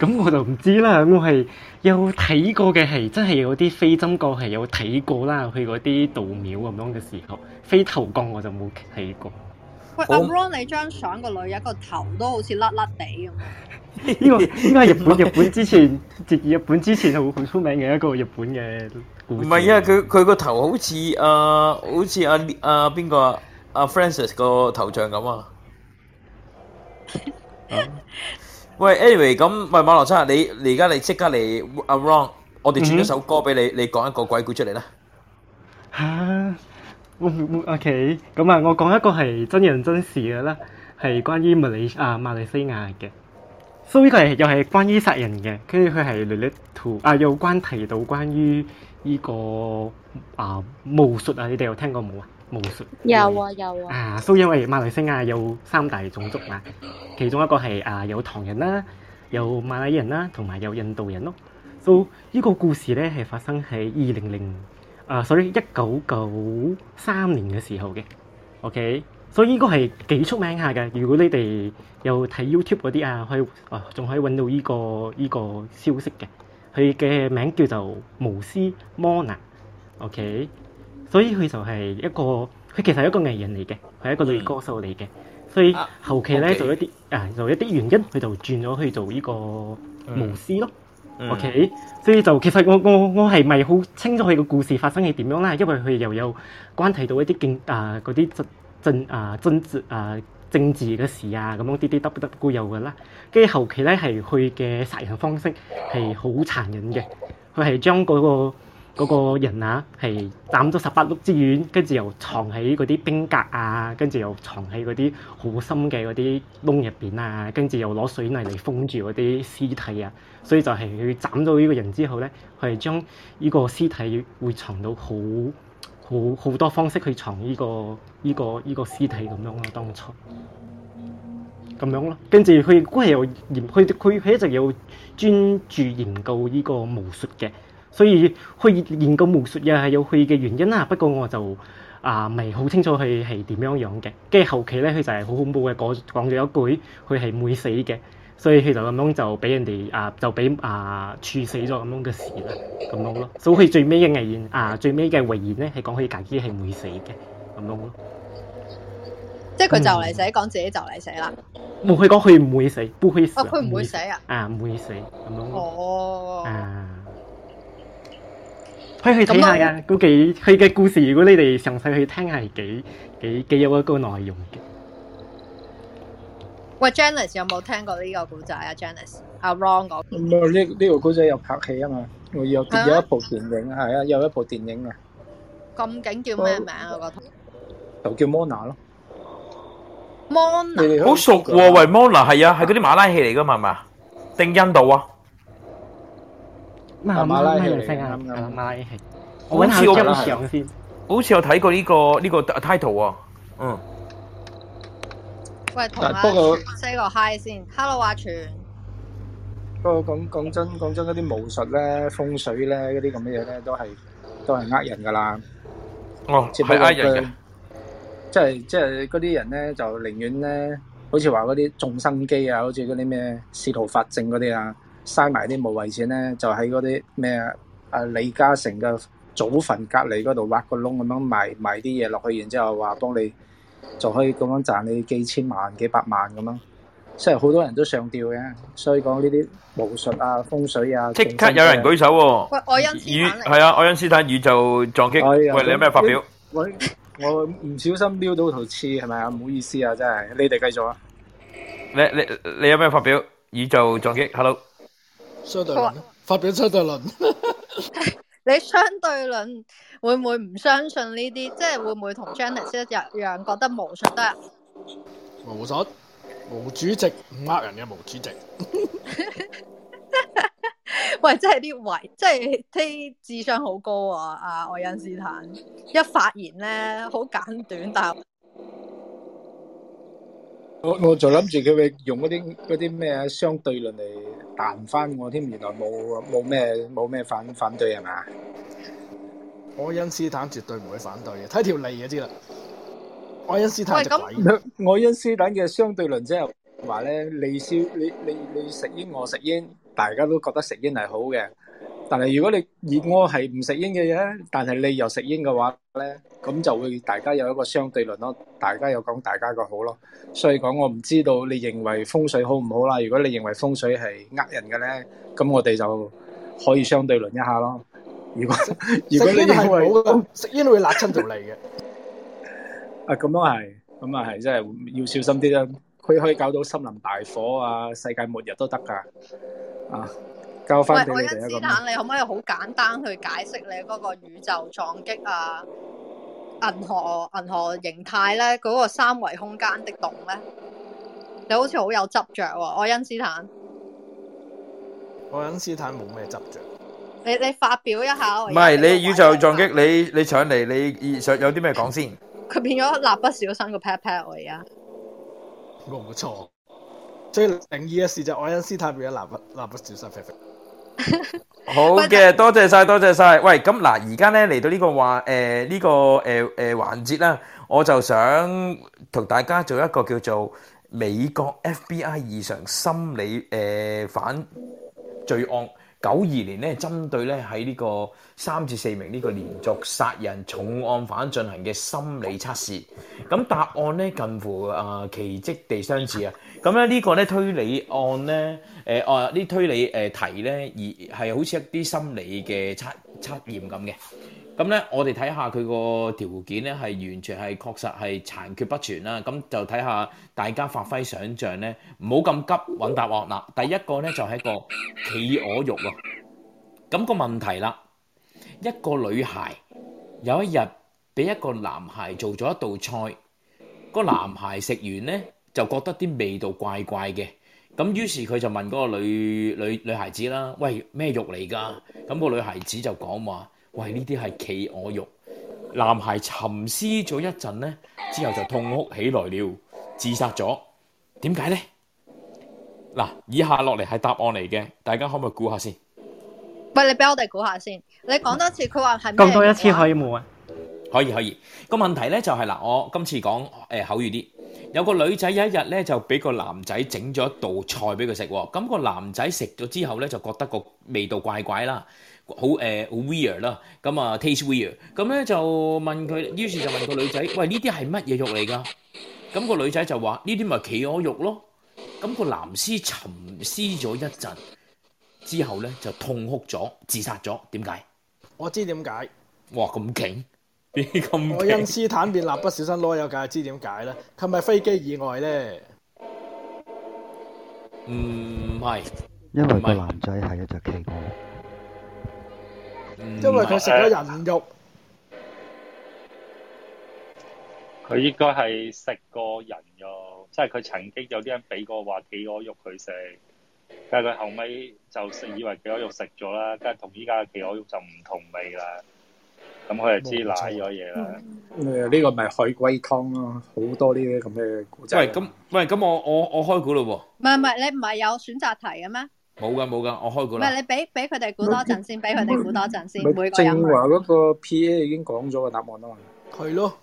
咁我就唔知啦。我係有睇過嘅，係真係有啲飛針降，係有睇過啦。去嗰啲道廟咁樣嘅時候，飛頭降我就冇睇過。喂，哦、阿 Ron，你張相個女一個頭都好似甩甩地咁。呢個呢個係日本，日本之前，日日本之前係好出名嘅一個日本嘅故事。唔係啊，佢佢個頭好似阿好似阿阿邊個阿 Francis 個頭像咁啊。喂，Anyway，咁喂馬羅生，你你而家你即刻嚟 Around，我哋轉一首歌俾你，你講一個鬼故事出嚟啦。吓，我我 OK，咁啊，我講一個係真人真事嘅啦，係關於馬來啊馬來西亞嘅。所以呢個係又係關於殺人嘅，跟住佢係嚟嚟圖啊，有關提到關於呢、這個啊巫術啊，你哋有聽過冇啊？巫術有啊有啊。啊，所、so, 以因為馬來西亞有三大種族啊，其中一個係啊、呃、有唐人啦，有馬來人啦，同埋有，有印度人咯。所以呢個故事咧係發生喺二零零啊，所以一九九三年嘅時候嘅，OK。所以依個係幾出名下嘅。如果你哋有睇 YouTube 嗰啲啊，可以啊，仲可以揾到依個依個消息嘅。佢嘅名叫做巫師莫娜，OK。所以佢就係一個，佢其實係一個藝人嚟嘅，係一個女歌手嚟嘅。所以後期咧就一啲啊，就一啲原因，佢就轉咗去做依個巫師咯，OK。所以就其實我我我係咪好清楚佢個故事發生係點樣咧？因為佢又有關係到一啲競啊嗰啲。政啊政治啊政治嘅事啊，咁樣啲啲得不得孤有嘅啦。跟住後，後期咧係佢嘅殺人方式係好殘忍嘅，佢係將嗰個嗰個人啊係斬咗十八碌之遠，跟住又藏喺嗰啲冰格啊，跟住又藏喺嗰啲好深嘅嗰啲窿入邊啊，跟住又攞水泥嚟封住嗰啲屍體啊。所以就係佢斬咗呢個人之後咧，佢係將呢個屍體會藏到好。好好多方式去藏呢個呢個呢個屍體咁樣咯，當初咁樣咯，跟住佢都係有研，佢佢佢一直有專注研究呢個巫術嘅，所以去研究巫術又係有佢嘅原因啦。不過我就啊未好清楚佢係點樣樣嘅，跟住後期咧，佢就係好恐怖嘅講講咗一句，佢係會死嘅。所以佢就咁樣就俾人哋啊，就俾啊處死咗咁樣嘅事啦，咁樣咯，咯。所以佢最尾嘅危言啊，最尾嘅遺言咧，係講佢自己係唔會死嘅，咁樣咯，咯。即係佢就嚟死，講、嗯、自己就嚟死啦。冇佢講，佢唔會死，不佢唔會死啊！啊，唔會死咁樣咯咯、啊。哦。啊。可以去睇下噶，估計佢嘅故事，如果你哋詳細去聽下，係幾幾，幾有一個內容嘅。喂，Janice 有冇聽過呢個古仔啊？Janice 阿 Ron 講，呢呢個古仔又拍戲啊嘛，有有一部電影係啊，有一部電影啊。咁勁，叫咩名啊？我睇，就叫 Mona 咯。Mona 好熟喎，喂 Mona 係啊，係嗰啲馬拉戲嚟噶嘛，係嘛，定印度啊？馬拉戲嚟噶，馬拉戲。搵下音場先。好似有睇過呢個呢個 title 啊，嗯。喂，同阿西哥 hi 先，hello 阿全。不過講講真，講真嗰啲巫術咧、風水咧、嗰啲咁嘅嘢咧，都係都係呃人噶啦。哦、oh，係呃人嘅，即係即係嗰啲人咧，就寧願咧，好似話嗰啲種生機啊，好似嗰啲咩仕途法正嗰啲啊，嘥埋啲無謂錢咧，就喺嗰啲咩啊李嘉誠嘅祖墳隔離嗰度挖個窿咁樣埋埋啲嘢落去，然之後話幫你。就可以咁樣賺你幾千萬、幾百萬咁樣，即係好多人都上吊嘅，所以講呢啲巫術啊、風水啊，即刻有人舉手。喂，愛因斯坦嚟？係啊，愛因斯坦宇宙撞擊。喂，你有咩發表？喂，我唔小心瞄到條刺，係咪啊？唔好意思啊，真係。你哋繼續啊。你你你有咩發表？宇宙撞擊。Hello。相對論，發表相對論。你相對論。會唔會唔相信呢啲？即係會唔會同 Janice 一樣覺得無信得？無信，毛主席唔呃人嘅，毛主席。主席 喂，真係啲維，即係啲智商好高啊！阿愛因斯坦一發言咧，好簡短，答。我我仲諗住佢會用嗰啲啲咩相對論嚟彈翻我添，原來冇冇咩冇咩反反對，係咪？愛因斯坦絕對唔會反對嘅，睇條脷就知啦。愛因斯坦就懷疑。愛因斯坦嘅相對論即係話咧，你你你，你，你食煙我食煙，大家都覺得食煙係好嘅。但係如果你熱我係唔食煙嘅嘢，但係你又食煙嘅話咧，咁就會大家有一個相對論咯。大家有講大家嘅好咯。所以講我唔知道你認為風水好唔好啦。如果你認為風水係呃人嘅咧，咁我哋就可以相對論一下咯。如果如果你食煙係好嘅，食煙會辣親條脷嘅。啊，咁都係，咁啊係，真係要小心啲啦。佢可以搞到森林大火啊，世界末日都得㗎。啊，教翻俾你哋一個。喂，愛因斯坦，你可唔可以好簡單去解釋你嗰個宇宙撞擊啊、銀河銀河形態咧，嗰個三維空間的洞咧？你好似好有執着，我愛因斯坦。我愛因斯坦冇咩執着。你你發表一下，唔係你宇宙撞擊你你搶嚟，你想有啲咩講先？佢變咗蠟筆小新個 pat pat 我而家，我唔會錯。最靈異嘅事就愛因斯坦變咗蠟筆蠟筆小新 pat pat。好嘅，多謝晒，多謝晒。喂，咁嗱，而家咧嚟到呢個話，誒呢個誒誒環節啦，我就想同大家做一個叫做美國 FBI 異常心理，誒反罪案。九二年咧，針對咧喺呢個三至四名呢個連續殺人重案犯進行嘅心理測試，咁答案咧近乎啊、呃、奇蹟地相似啊！咁咧呢個咧推理案咧，誒啊呢推理誒、呃、題咧，而係好似一啲心理嘅測測驗咁嘅。咁咧，我哋睇下佢個條件咧，係完全係確實係殘缺不全啦。咁就睇下大家發揮想像咧，唔好咁急揾答案啦。第一個咧就係個企鵝肉喎。咁個問題啦，一個女孩有一日俾一個男孩做咗一道菜，個男孩食完咧就覺得啲味道怪怪嘅。咁於是佢就問嗰個女女女孩子啦：喂，咩肉嚟㗎？咁個女孩子就講話。喂，呢啲係企鵝肉。男孩沉思咗一陣呢，之後就痛哭起來了，自殺咗。點解呢？嗱，以下落嚟係答案嚟嘅，大家可唔可以估下先？喂，你俾我哋估下先。你講多次，佢話係咩？講多一次可以冇啊？可以，可以。個問題呢就係、是、嗱，我今次講誒、呃、口語啲。有個女仔有一日呢，就俾個男仔整咗一道菜俾佢食，咁、那個男仔食咗之後呢，就覺得個味道怪怪啦。好誒，weir 啦，咁啊 taste weir，咁咧就問佢，於是就問女是、嗯那個女仔，喂，呢啲係乜嘢肉嚟噶？咁個女仔就話呢啲咪企鵝肉咯。咁、嗯那個男屍沉思咗一陣之後咧，就痛哭咗，自殺咗。點解？我知點解。哇，咁勁，點解咁？愛因斯坦變蠟筆，小新攞有架，知點解咧？係咪飛機意外咧？唔係，因為個男仔係一隻企鵝。因為佢食咗人肉，佢、嗯呃、應該係食過人肉，即係佢曾經有啲人俾過話企鵝肉佢食，但係佢後屘就以為企鵝肉食咗啦，跟住同依家嘅企鵝肉就唔同味啦。咁佢就知奶咗嘢啦。呢、嗯嗯嗯這個咪海龜湯咯、啊，好多呢啲咁嘅古仔。喂，咁喂，咁我我我開估嘞喎。唔係唔係，你唔係有選擇題嘅咩？冇噶冇噶，我開估啦。唔係，你俾俾佢哋估多陣先，俾佢哋估多陣先。每個人正華嗰個 P A 已經講咗個答案啦嘛。係咯。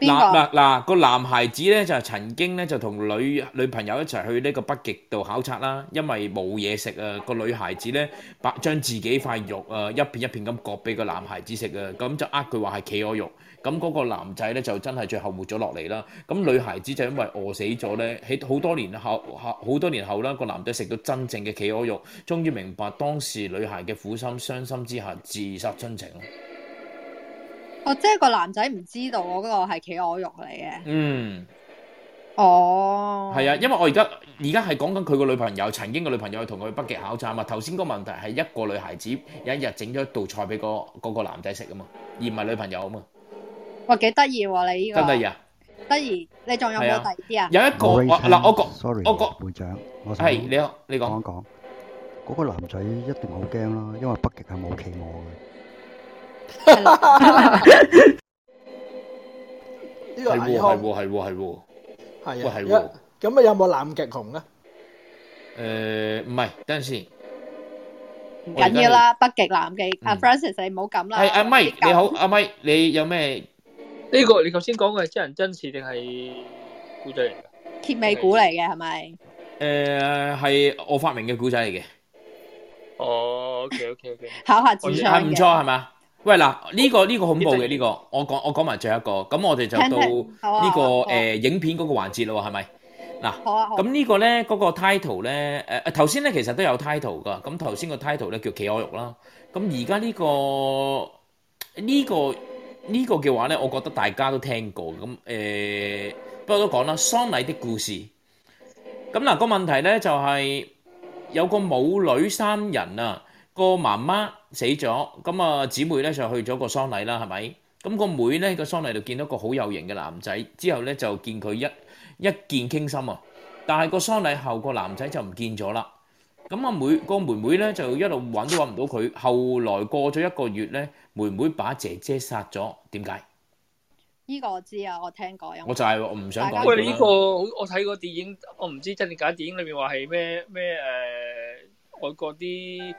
嗱嗱嗱，個男孩子咧就曾經咧就同女女朋友一齊去呢個北極度考察啦，因為冇嘢食啊，個女孩子咧把將自己塊肉啊一片一片咁割俾個男孩子食啊，咁就呃佢話係企鵝肉。咁、那、嗰個男仔咧就真係最後活咗落嚟啦。咁女孩子就因為餓死咗咧，喺好多年後好多年後啦，個男仔食到真正嘅企鵝肉，終於明白當時女孩嘅苦心。傷心之下自殺殉情哦，即係個男仔唔知道嗰個係企鵝肉嚟嘅。嗯。哦。係啊，因為我而家而家係講緊佢個女朋友，曾經個女朋友同佢去北極考察嘛。頭先個問題係一個女孩子有一日整咗一道菜俾個嗰個男仔食啊嘛，而唔係女朋友啊嘛。哇，幾得意喎！你呢個真得意啊！得意，你仲有冇第二啲啊？有一個，嗱，我國，sorry，我國，會長，係你好，你講。嗰個男仔一定好驚囉，因為北極係冇企鵝嘅。呢個係喎，係喎，係喎，係喎，係啊，係喎。咁啊，有冇南極熊啊？誒，唔係，等陣先。唔緊要啦，北極、南極，阿 Francis，你唔好咁啦。係阿 May，你好，阿 May，你有咩？呢個你頭先講嘅係真人真事定係故仔嚟噶？揭尾故嚟嘅係咪？誒，係我發明嘅故仔嚟嘅。哦，OK OK OK。好吓，唔錯係咪？喂，嗱，呢個呢個恐怖嘅呢個，我講我講埋最後一個，咁我哋就到呢個誒影片嗰個環節咯，係咪？嗱，好啊。咁呢個咧，嗰個 title 咧，誒，頭先咧其實都有 title 噶，咁頭先個 title 咧叫《企鵝肉》啦。咁而家呢個呢個。呢個嘅話咧，我覺得大家都聽過咁，誒。不過都講啦，喪禮的故事。咁嗱，個問題咧就係有個母女三人啊，個媽媽死咗，咁啊姊妹咧就去咗個喪禮啦，係咪？咁個妹咧，個喪禮就見到個好有型嘅男仔，之後咧就見佢一一見傾心啊。但係個喪禮後個男仔就唔見咗啦。咁啊妹個妹妹咧就一路揾都揾唔到佢。後來過咗一個月咧。會唔會把姐姐殺咗？點解？呢個我知啊，我聽過。我就係，我唔想講。喂，你呢個我睇過電影，我唔知真定假。電影裏面話係咩咩誒，外國啲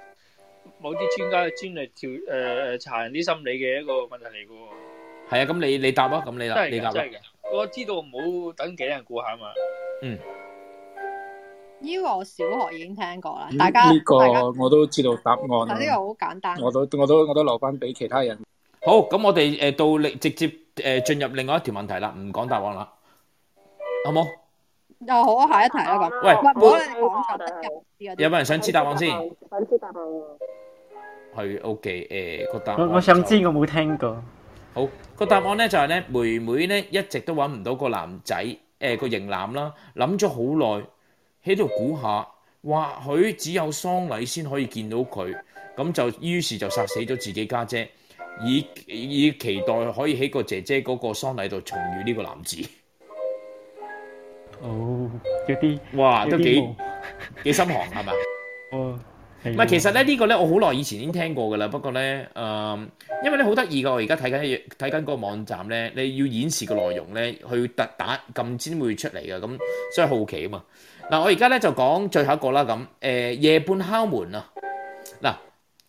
某啲專家專嚟調誒查人啲心理嘅一個問題嚟噶。係啊，咁你你答啊，咁你答，你答啊。我知道，唔好等幾人估下啊嘛。嗯。呢個我小學已經聽過啦，大家呢個我都知道答案啦。呢個好簡單，我都我都我都留翻俾其他人。好，咁我哋誒到嚟直接誒進入另外一條問題啦，唔講答案啦，好冇？又好啊，下一題啦咁。喂，冇你講就得嘅。有冇人想知答案先？想知答案。係，OK，誒個答案。我我想知，我冇聽過。好，個答案咧就係咧，妹妹咧一直都揾唔到個男仔，誒個型男啦，諗咗好耐。喺度估下，或許只有喪禮先可以見到佢咁，就於是就殺死咗自己家姐，姐，以以期待可以喺個姐姐嗰個喪禮度重遇呢個男子。哦、oh,，有啲哇都幾幾心寒係嘛？哦，唔、oh, yes. 其實咧呢個咧，我好耐以前已經聽過㗎啦。不過咧，誒、嗯，因為你好得意㗎。我而家睇緊睇緊嗰個網站咧，你要演示嘅內容咧，佢特打撳先會出嚟㗎，咁所以好奇啊嘛。嗱，我而家咧就講最後一個啦。咁，誒夜半敲門啊！嗱，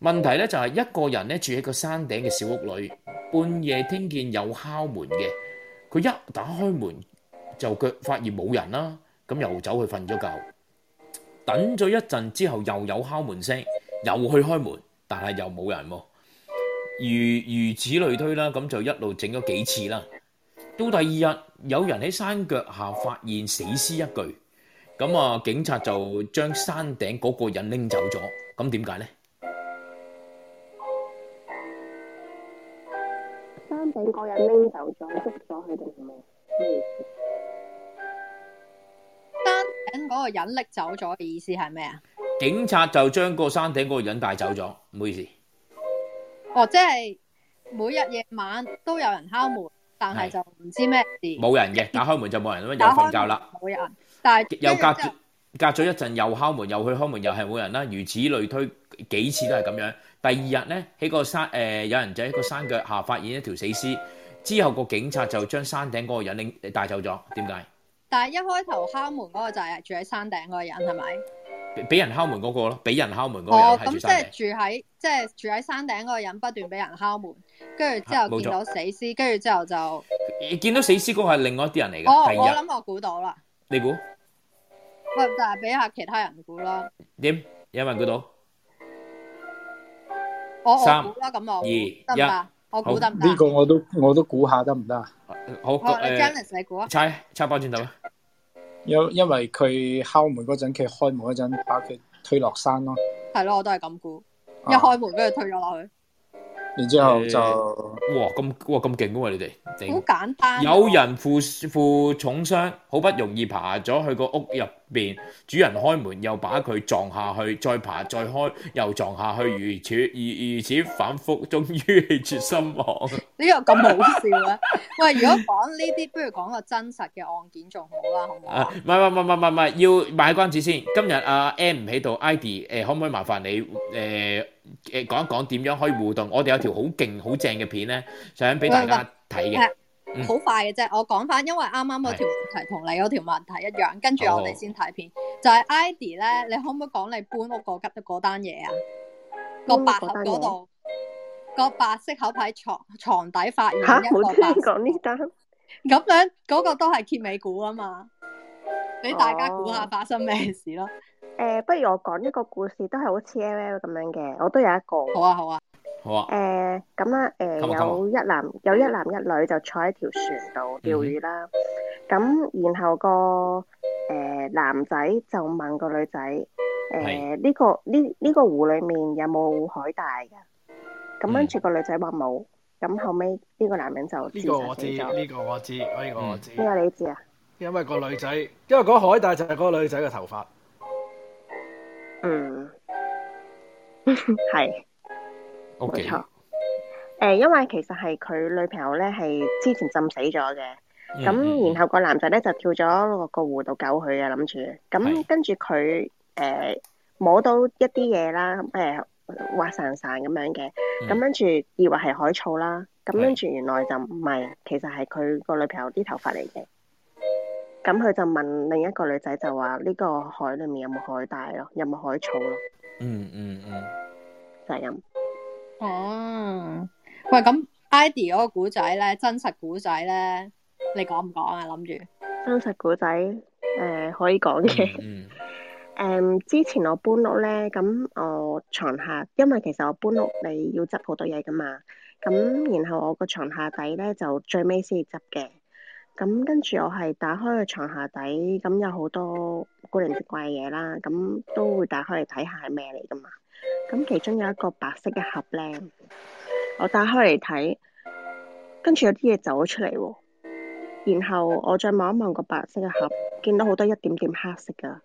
問題咧就係一個人咧住喺個山頂嘅小屋裏，半夜聽見有敲門嘅，佢一打開門就腳發現冇人啦，咁又走去瞓咗覺。等咗一陣之後又有敲門聲，又去開門，但係又冇人喎。如如此類推啦，咁就一路整咗幾次啦。到第二日，有人喺山腳下發現死屍一具。咁啊，警察就將山頂嗰個人拎走咗。咁點解咧？山頂嗰個人拎走咗，捉咗佢哋係咪？嗯。山頂嗰個人拎走咗嘅意思係咩啊？警察就將個山頂嗰個人帶走咗。唔好意思。哦，即係每日夜晚都有人敲門，但係就唔知咩事。冇人嘅，打開門就冇人，因為人瞓覺啦。冇人。但係又隔隔咗一陣，又敲門，又去開門，又係冇人啦。如此類推幾次都係咁樣。第二日咧，喺個山誒、呃，有人就喺個山腳下發現一條死屍。之後個警察就將山頂嗰個人拎帶走咗。點解？但係一開頭敲門嗰個就係住喺山頂嗰個人係咪？俾人敲門嗰、那個咯，俾人敲門嗰個人。哦，咁即係住喺即係住喺、就是、山頂嗰個人不斷俾人敲門，跟住之後見到死屍，跟住之後就見到死屍嗰個係另外一啲人嚟嘅。哦，我諗我估到啦。你估？喂，但係俾下其他人估啦。點？有人估到？我好猜我估啦。咁二行行我估得唔得？呢、這個我都我都估下得唔得啊？好，好你估啊、uh,，猜猜翻轉頭啦。因因為佢敲門嗰陣，佢開門嗰陣，把佢推落山咯。係咯，我都係咁估。一開門，俾佢推咗落去，然之後就、欸、哇咁哇咁勁噶喎！你哋好簡單、啊，有人負負重傷，好不容易爬咗去個屋入。邊主人開門又把佢撞下去，再爬再開又撞下去，如此如此，如此反復，終於決心亡。呢、這個咁好笑咧。 喂，如果講呢啲，不如講個真實嘅案件仲好啦，好唔好？唔係唔係唔係唔係，要賣關子先。今日阿、啊、M 喺度，I D 誒，可唔可以麻煩你誒誒講一講點樣可以互動？我哋有一條好勁好正嘅片咧，想俾大家睇嘅。好、嗯、快嘅啫，我講翻，因為啱啱嗰條題同你嗰條問題一樣，跟住我哋先睇片，好好就係、是、Idy 咧，你可唔可以講你搬屋過急嘅嗰單嘢啊？個白口嗰度，個白色口喺床床底發現一個白。吓、啊，講呢單，咁 樣嗰、那個都係揭尾股啊嘛，俾大家估下發生咩事咯。誒、哦呃，不如我講一個故事，都係好似 L L 咁樣嘅，我都有一個。好啊，好啊。誒，咁啊，誒、呃呃啊，有一男有一男一女就坐喺條船度釣魚啦。咁、嗯、然後、個誒、呃、男仔就問個女仔：誒、呃、呢、呢個呢呢、呢個湖裏面有冇海帶噶？咁跟住個女仔話冇。咁後尾呢個男人就呢、呢個我知，呢、呢個我知，呢、呢個我知。呢、嗯呢個你知啊？因為個女仔，因為個海帶就係個女仔嘅頭髮。嗯，係。 冇錯，誒、okay.，因為其實係佢女朋友咧係之前浸死咗嘅，咁、mm-hmm. 然後個男仔咧就跳咗落個湖度救佢嘅諗住，咁、mm-hmm. 跟住佢誒摸到一啲嘢啦，誒、呃、滑潺潺咁樣嘅，咁、mm-hmm. 跟住以為係海草啦，咁跟住原來就唔係、mm-hmm.，其實係佢個女朋友啲頭髮嚟嘅，咁佢就問另一個女仔就話呢、這個海裏面有冇海帶咯，有冇海草咯，嗯嗯嗯，就係咁。哦，喂，咁 Ivy 嗰個古仔咧，真實古仔咧，你講唔講啊？諗住真實古仔，誒、呃，可以講嘅。誒、嗯嗯嗯，之前我搬屋咧，咁我床下，因為其實我搬屋你要執好多嘢噶嘛，咁然後我個床下底咧就最尾先至執嘅，咁跟住我係打開個床下底，咁有好多古靈精怪嘅嘢啦，咁都會打開嚟睇下係咩嚟噶嘛。咁其中有一個白色嘅盒咧，我打開嚟睇，跟住有啲嘢走咗出嚟，哦，然後我再望一望個白色嘅盒，見到好多一點點黑色噶，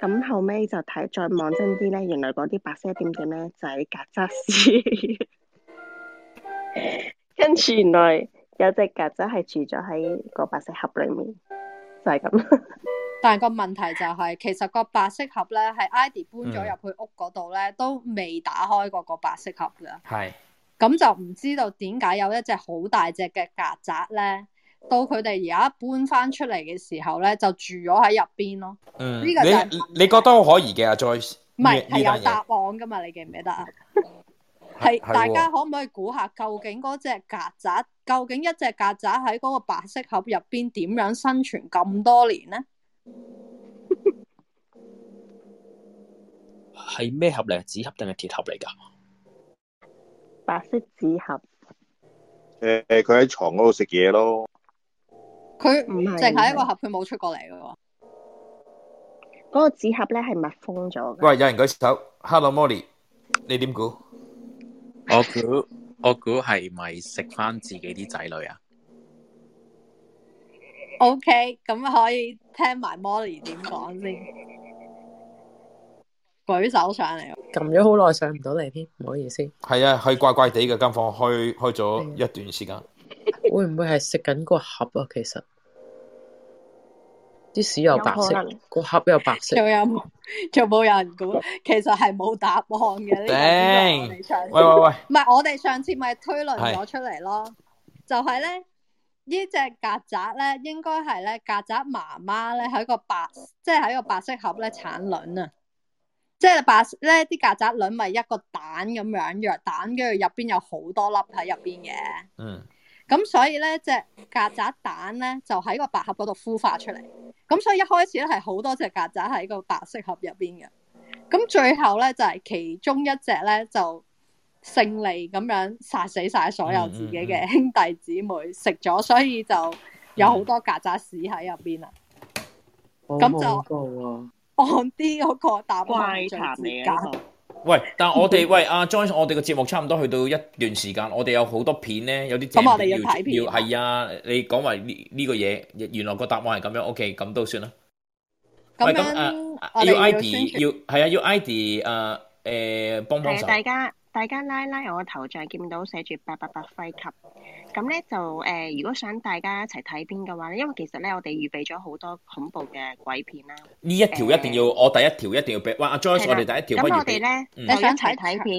咁後尾就睇再望真啲咧，原來嗰啲白色一點點咧就係曱甴屎， 跟住原來有隻曱甴係住咗喺個白色盒裏面，就係、是、咁。 但個問題就係、是，其實個白色盒咧，係 Eddie 搬咗入去屋嗰度咧，都未打開過個白色盒噶。係咁就唔知道點解有一隻好大隻嘅曱甴咧，到佢哋而家搬翻出嚟嘅時候咧，就住咗喺入邊咯。嗯，這個、你你覺得可疑嘅啊，Joyce？唔係，係有答案噶嘛？你記唔記得啊？係 大家可唔可以估下，究竟嗰隻曱甴，究竟一隻曱甴喺嗰個白色盒入邊點樣生存咁多年咧？係 咩盒嚟？紙盒定係鐵盒嚟噶？白色紙盒。佢、欸、喺床嗰度食嘢咯。佢淨係一個盒，佢冇出過嚟嘅。嗰、那個紙盒咧係密封咗。喂、right,，有人舉手？Hello，Molly，你點估？我估， 我估係咪食返自己啲仔女啊？OK，咁可以聽埋 Molly 點講先， 舉手上嚟，撳咗好耐上唔到嚟添，唔好意思。係啊，係怪怪地嘅，間房開開咗一段時間， 會唔會係食緊個盒啊？其實啲屎又白色，個盒又白色，仲有冇？仲冇有人估？其實係冇答案嘅。定、 這個，這個、 喂喂喂，唔係我哋上次咪推論咗出嚟咯，就係、是、咧。這隻呢隻曱甴咧，應該係咧曱甴媽媽咧喺個白，即係喺個白色盒咧產卵啊！即係白咧啲曱甴卵咪一個蛋咁樣，若蛋跟住入邊有好多粒喺入邊嘅。嗯，咁所以咧隻曱甴蛋咧就喺個白盒嗰度孵化出嚟。咁所以一開始咧係好多隻曱甴喺個白色盒入邊嘅。咁最後咧就係、是、其中一隻咧就。勝利咁樣殺死晒所有自己嘅兄弟姊妹，食、嗯、咗、嗯嗯，所以就有好多曱甴屎喺入邊啦。咁、嗯、就放啲嗰個答案嚟解。喂，但係我哋 喂阿、啊、John，我哋個節目差唔多去到一段時間，我哋有好多片咧，有啲節目要睇要係啊。你講埋呢呢個嘢，原來個答案係咁樣。OK，咁都算啦。咁咁要 ID 要係啊，要 ID 誒誒幫幫手。大家大家拉拉我頭像，見到寫住八八八輝級，咁咧就誒、呃，如果想大家一齊睇片嘅話，因為其實咧我哋預備咗好多恐怖嘅鬼片啦。呢一條一定要，呃、我第一條一定要俾，哇、啊！阿 Joyce，我哋第一條俾。咁我哋咧、嗯，你想一齊睇片，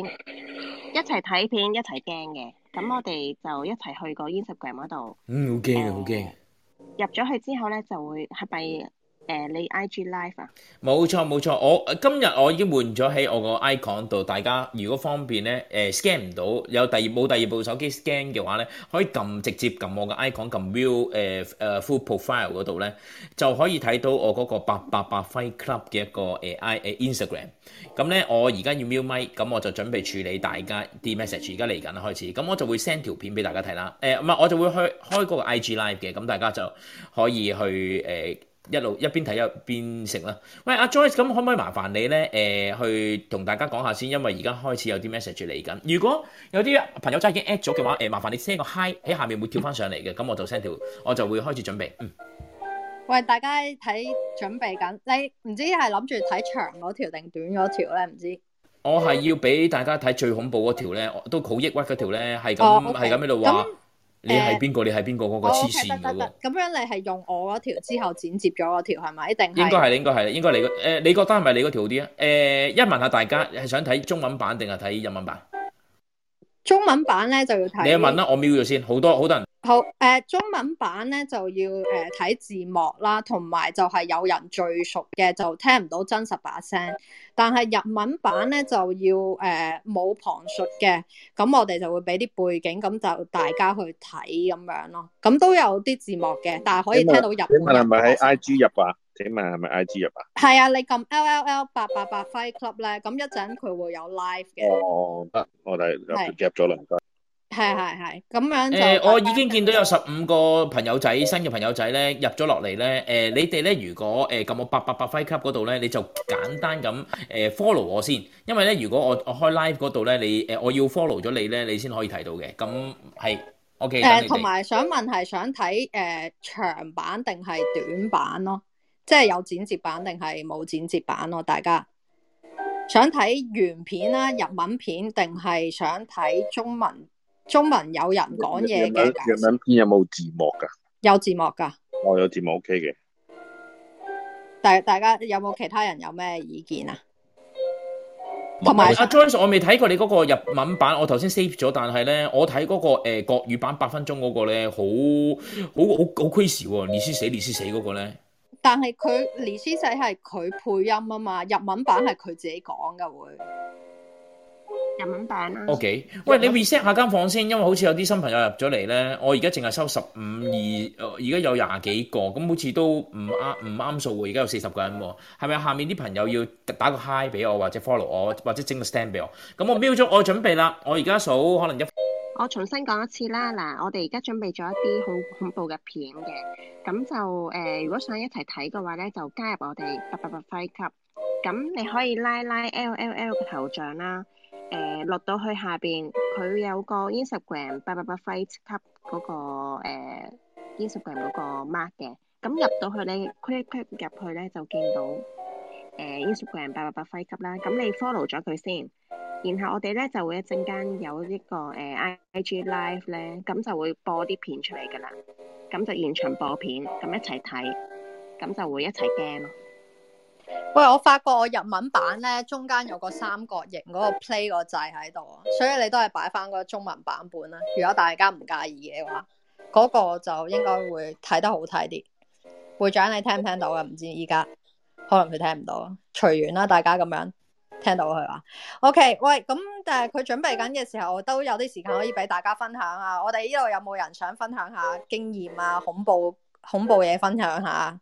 一齊睇片，一齊驚嘅，咁我哋就一齊去個 Instagram 嗰度。嗯，好驚好驚！入、呃、咗去之後咧，就會係咪？誒，你 IG Live 啊？冇錯冇錯，我今日我已經換咗喺我個 icon 度。大家如果方便咧，誒、呃、scan 唔到有第二部冇第二部手機 scan 嘅話咧，可以撳直接撳我個 icon 撳 view 誒、呃、誒、呃、full profile 嗰度咧，就可以睇到我嗰個八八八 Fight Club 嘅一個誒、呃、I 誒、呃、Instagram。咁咧，我而家要 mute mic，咁我就準備處理大家啲 message。而家嚟緊開始，咁我就會 send 條片俾大家睇啦。誒唔係，我就會去開開個 IG Live 嘅，咁大家就可以去誒。呃一路一邊睇一邊食啦。喂，阿 Joyce，咁可唔可以麻煩你咧？誒，去同大家講下先，因為而家開始有啲 message 嚟緊。如果有啲朋友真係已經 add 咗嘅話，誒，麻煩你 send 個 hi 喺下面會跳翻上嚟嘅。咁我就 send 條，我就會開始準備。嗯。喂，大家睇準備緊，你唔知係諗住睇長嗰條定短嗰條咧？唔知。我係要俾大家睇最恐怖嗰條咧，都好抑鬱嗰條咧，係咁係咁喺度話。你係邊個？你係邊個？嗰個黐線咁樣你係用我嗰條之後剪接咗嗰條係咪？定應該係，應該係，應該你嗰誒？你覺得係咪你嗰條好啲、呃、一問下大家係想睇中文版定係睇日文版？中文版咧就要睇，你一問啦，我瞄咗先，好多好多人。好，誒，中文版咧就要誒睇字幕啦，同埋就係有人最熟嘅，就聽唔到真實把聲。但係日文版咧就要誒冇旁述嘅，咁我哋就會俾啲背景，咁就大家去睇咁樣咯。咁都有啲字幕嘅，但係可以聽到日文係咪喺 IG 入啊？請問係咪 IG 入啊？係啊，你撳 L L L 八八八 Fight Club 咧，咁一陣佢會有 live 嘅。哦，得，我哋入咗啦，唔該。係係係，咁樣就、欸、我已經見到有十五個朋友仔，新嘅朋友仔咧入咗落嚟咧。誒、呃，你哋咧如果誒撳、呃、我八八八 Fight Club 嗰度咧，你就簡單咁誒 follow 我先，因為咧如果我我開 live 嗰度咧，你誒我要 follow 咗你咧，你先可以睇到嘅。咁係 O K。誒，同、OK，埋、欸、想問係想睇誒、呃、長版定係短版咯？即係有剪接版定係冇剪接版咯、啊？大家想睇原片啦、啊，日文片定係想睇中文？中文有人講嘢嘅。日文片有冇字幕噶？有字幕噶。我、哦、有字幕 OK 嘅。大大家有冇其他人有咩意見啊？同埋阿 John，我未睇過你嗰個日文版，我頭先 save 咗，但係咧我睇嗰、嗰個誒、呃、國語版八分鐘嗰個咧，好好好好 crazy，亂死死亂死死嗰個咧。但係佢連師仔係佢配音啊嘛，日文版係佢自己講噶會日文版啦、啊。OK，喂，喂，你 reset 下間房先，因為好似有啲新朋友入咗嚟咧。我而家淨係收十五二，呃、而家有廿幾個咁，好似都唔啱唔啱數喎。而家有四十個人喎，係咪下面啲朋友要打個 hi 俾我，或者 follow 我，或者整個 stand 俾我。咁我瞄咗，我準備啦。我而家數可能一。我重新講一次啦，嗱，我哋而家準備咗一啲好恐怖嘅片嘅，咁就誒、呃，如果想一齊睇嘅話咧，就加入我哋八八八 Fight Club。咁你可以拉拉 LLL 嘅頭像啦，誒、呃，落到去下面，佢有個、嗰個呃、Instagram 八八八 Fight Club 嗰個誒，Instagram 嗰個 mark 嘅，咁入到去你 click click 入去咧，就見到。誒，Instagram 八八八輝吉啦，咁你 follow 咗佢先，然後我哋咧就會一陣間有呢個誒、呃、IG Live 咧，咁就會播啲片出嚟噶啦，咁就現場播片，咁一齊睇，咁就會一齊 game。喂，我發覺我日文版咧中間有個三角形嗰個 play 個掣喺度，所以你都係擺翻嗰個中文版本啦。如果大家唔介意嘅話，嗰、嗰個就應該會睇得好睇啲。會長你聽唔聽到啊？唔知依家。可能佢聽唔到，隨緣啦，大家咁樣聽到佢話。OK，喂，咁但係佢準備緊嘅時候，都有啲時間可以俾大家分享下。我哋呢度有冇人想分享下經驗啊？恐怖恐怖嘢分享下。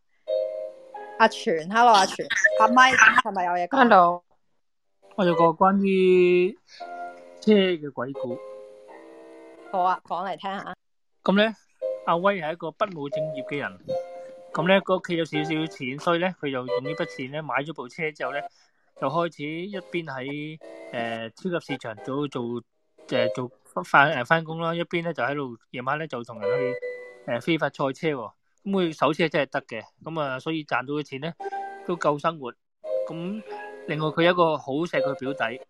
阿全，hello，阿全， 阿 Mike 係咪有嘢講？Hello. 我有個關於車嘅鬼故，好啊，講嚟聽下。咁咧，阿威係一個不務正業嘅人。咁咧，個屋企有少少錢，所以咧，佢就用呢筆錢咧買咗部車之後咧，就開始一邊喺誒超級市場度做誒做翻誒翻工啦，一邊咧就喺度夜晚咧就同人去誒非法賽車，咁佢手車真係得嘅，咁啊所以賺到嘅錢咧都夠生活。咁另外佢有一個好錫佢表弟，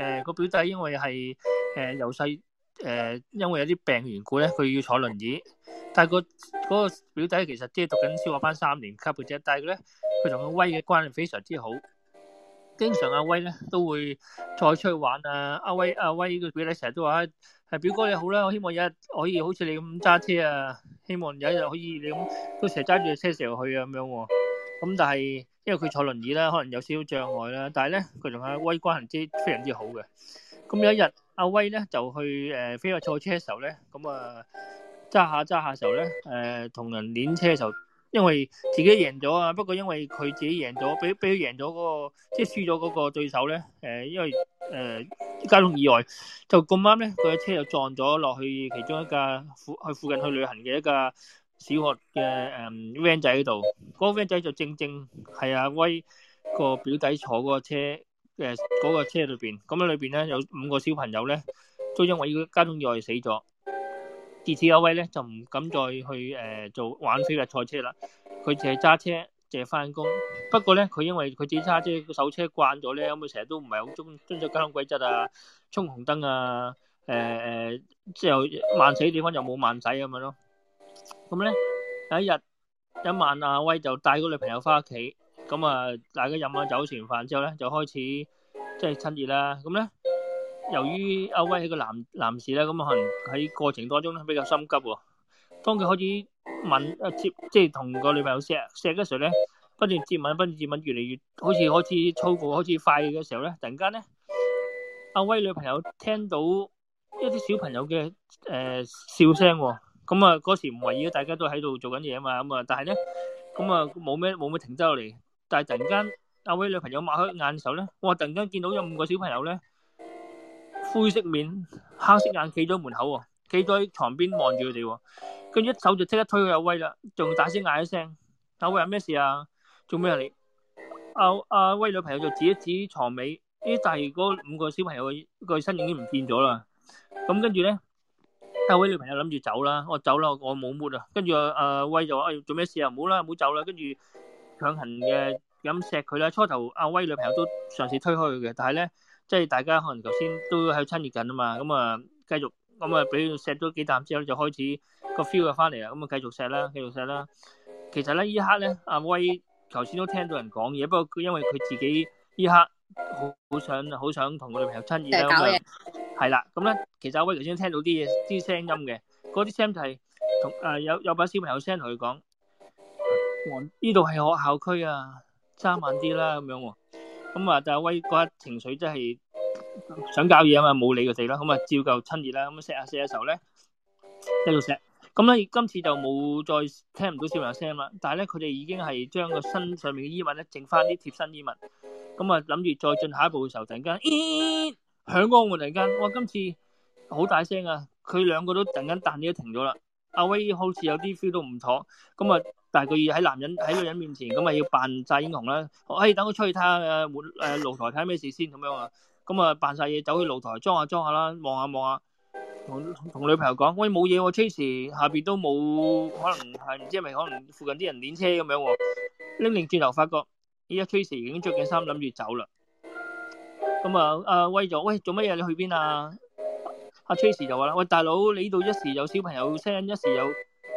誒個表弟因為係誒由細。誒、呃，因為有啲病嘅緣故咧，佢要坐輪椅。但係、嗰個、嗰個表弟其實即係讀緊小學班三年級嘅啫。但係佢咧，佢同阿威嘅關係非常之好，經常阿威咧都會再出去玩啊。阿、啊、威阿、啊、威個表弟成日都話：誒表哥你好啦，我希望有一日可以好似你咁揸車啊，希望有一日可以你咁都成日揸住隻車成日去啊咁樣。咁但係因為佢坐輪椅啦，可能有少少障礙啦。但係咧，佢同阿威關係非常之好嘅。咁有一日，阿威咧就去誒飛去坐車嘅時候咧，咁啊揸下揸下嘅時候咧，誒、呃、同人練車嘅時候，因為自己贏咗啊，不過因為佢自己贏咗，俾俾佢贏咗嗰個即係輸咗嗰個對手咧，誒、呃、因為誒交通意外就咁啱咧，佢嘅車又撞咗落去其中一架去附近去旅行嘅一架小學嘅誒 van 仔度，嗰、嗯嗰個 van 仔就正正係阿威個表弟坐嗰個車。誒、呃，嗰、那個車裏邊，咁啊裏邊咧有五個小朋友咧，都因為要交通意外死咗。自此阿威咧就唔敢再去誒、呃、做玩飛嘅賽車啦，佢淨係揸車，淨係翻工。不過咧，佢因為佢自己揸車，個手車慣咗咧，咁佢成日都唔係好中遵守交通規則啊，衝紅燈啊，誒、呃、誒，之後慢駛嘅地方就冇慢駛咁樣咯。咁咧，有一日一晚，阿威就帶個女朋友翻屋企。咁啊！大家飲下酒，食完飯之後咧，就開始即係親熱啦。咁咧，由於阿威係個男男士咧，咁啊，可能喺過程當中咧比較心急喎。當佢開始吻啊接，即係同個女朋友錫錫嘅時候咧，不斷接吻，不斷接吻，越嚟越好似開始粗暴，開始快嘅時候咧，突然間咧，阿威女朋友聽到一啲小朋友嘅誒笑聲喎。咁啊，嗰時唔為意啊，大家都喺度做緊嘢啊嘛。咁啊，但係咧，咁啊冇咩冇咩停低落嚟。但係突然間，阿威女朋友擘開眼嘅時候咧，我突然間見到有五個小朋友咧，灰色面、黑色眼，企咗門口，企咗喺床邊望住佢哋，跟住一手就即刻推阿威啦，仲大聲嗌一聲：阿威有咩事啊？做咩啊你？阿阿威女朋友就指一指床尾，咦但係嗰五個小朋友嘅個身影已經唔見咗啦。咁跟住咧，阿威女朋友諗住走啦，我走啦，我冇末啊。跟住阿阿威就話：哎，做咩事啊？唔好啦，唔好走啦。跟住。強行嘅咁錫佢啦，初頭阿威女朋友都嘗試推開佢嘅，但係咧即係大家可能頭先都喺度親熱緊啊嘛，咁啊繼續咁啊俾佢錫咗幾啖之後就開始個 feel 就翻嚟啦，咁啊繼續錫啦，繼續錫啦。其實咧呢刻咧阿威頭先都聽到人講嘢，不過佢因為佢自己呢刻好想好想同個女朋友親熱啦，係啦，咁咧其實阿威頭先聽到啲嘢啲聲音嘅，嗰啲聲就係同誒有有把小朋友聲同佢講。呢度係學校區啊，揸慢啲啦，咁樣咁啊。但阿威嗰情緒真係想搞嘢啊嘛，冇理佢哋啦。咁啊，照舊親熱啦。咁錫下錫嘅時候咧，喺度錫。咁咧，今次就冇再聽唔到小朋友聲啦。但係咧，佢哋已經係將個身上面嘅衣物咧，整翻啲貼身衣物。咁啊，諗住再進下一步嘅時候，突然間咦響個門，突然間哇，今次好大聲啊！佢兩個都突然間彈啲都停咗啦。阿威好似有啲 feel 都唔妥，咁啊。但係佢要喺男人喺女人面前，咁啊要扮晒英雄啦。我可以等佢出去睇下誒門露台睇咩事先咁樣啊。咁啊，扮晒嘢走去露台裝下裝下啦，望下望下，同同女朋友講：喂，冇嘢喎，Tracy 下邊都冇，可能係唔知係咪可能附近啲人練車咁樣喎。拎嚟轉頭發覺，依家 Tracy 已經着緊衫諗住走啦。咁啊，阿、呃、威就，喂，做乜嘢？你去邊啊？阿、啊啊、Tracy 就話啦：喂，大佬，你呢度一時有小朋友聲，一時又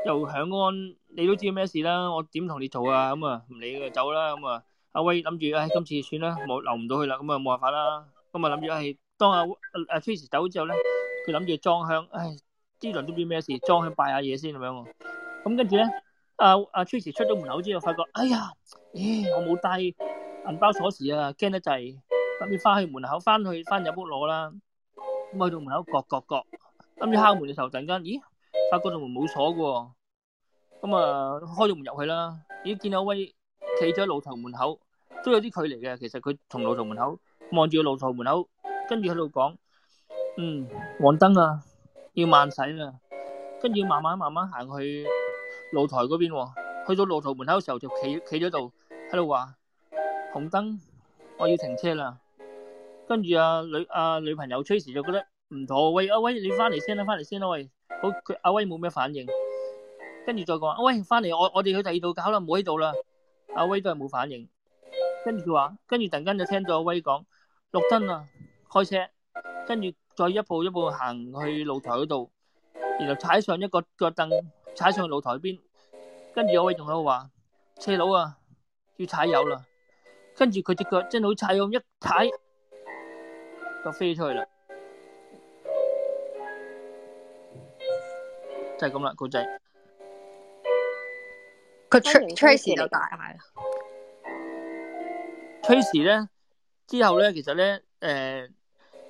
又響安。你都知咩事啦，我點同你嘈啊？咁啊唔理佢走啦。咁啊，阿威諗住，唉，今次算啦，冇留唔到佢啦。咁啊，冇辦法啦。咁啊，諗住唉，當阿阿 Trace 走之後咧，佢諗住裝香。唉，呢輪都唔知咩事，裝香拜下嘢先咁樣。咁跟住咧，阿阿 Trace 出咗門口之後，發覺，哎呀，咦，我冇帶銀包鎖匙啊，驚得滯，跟住翻去門口，翻去翻入屋攞啦。咁啊，到門口角角角，諗住敲門嘅時候，突然間，咦，發覺棟門冇鎖嘅。咁啊，開咗門入去啦，已經，見到阿威企咗喺露台門口，都有啲距離嘅。其實佢從露台門口望住個露台門口，跟住喺度講：嗯，黃燈啊，要慢駛啦。跟住慢慢慢慢行去露台嗰邊，去到露台門口嘅時候就企企咗喺度，喺度話紅燈，我要停車啦。跟住阿女阿女朋友崔時就覺得唔妥，喂，阿威你翻嚟先啦，翻嚟先啦，喂，好，阿威冇咩反應。跟住再講，喂，翻嚟，我我哋去第二度搞啦，唔好喺度啦。阿威都係冇反應，跟住佢話，跟住突然間就聽到阿威講，綠燈啊，開車，跟住再一步一步行去露台嗰度，然後踩上一個腳凳，踩上露台邊，跟住阿威仲喺度話，車佬啊，要踩油啦，跟住佢隻腳真係好踩，咁一踩就飛出去啦，就係咁啦，古仔。佢追 Trace 就大嗌 Trace 咧，之後咧，其實咧，誒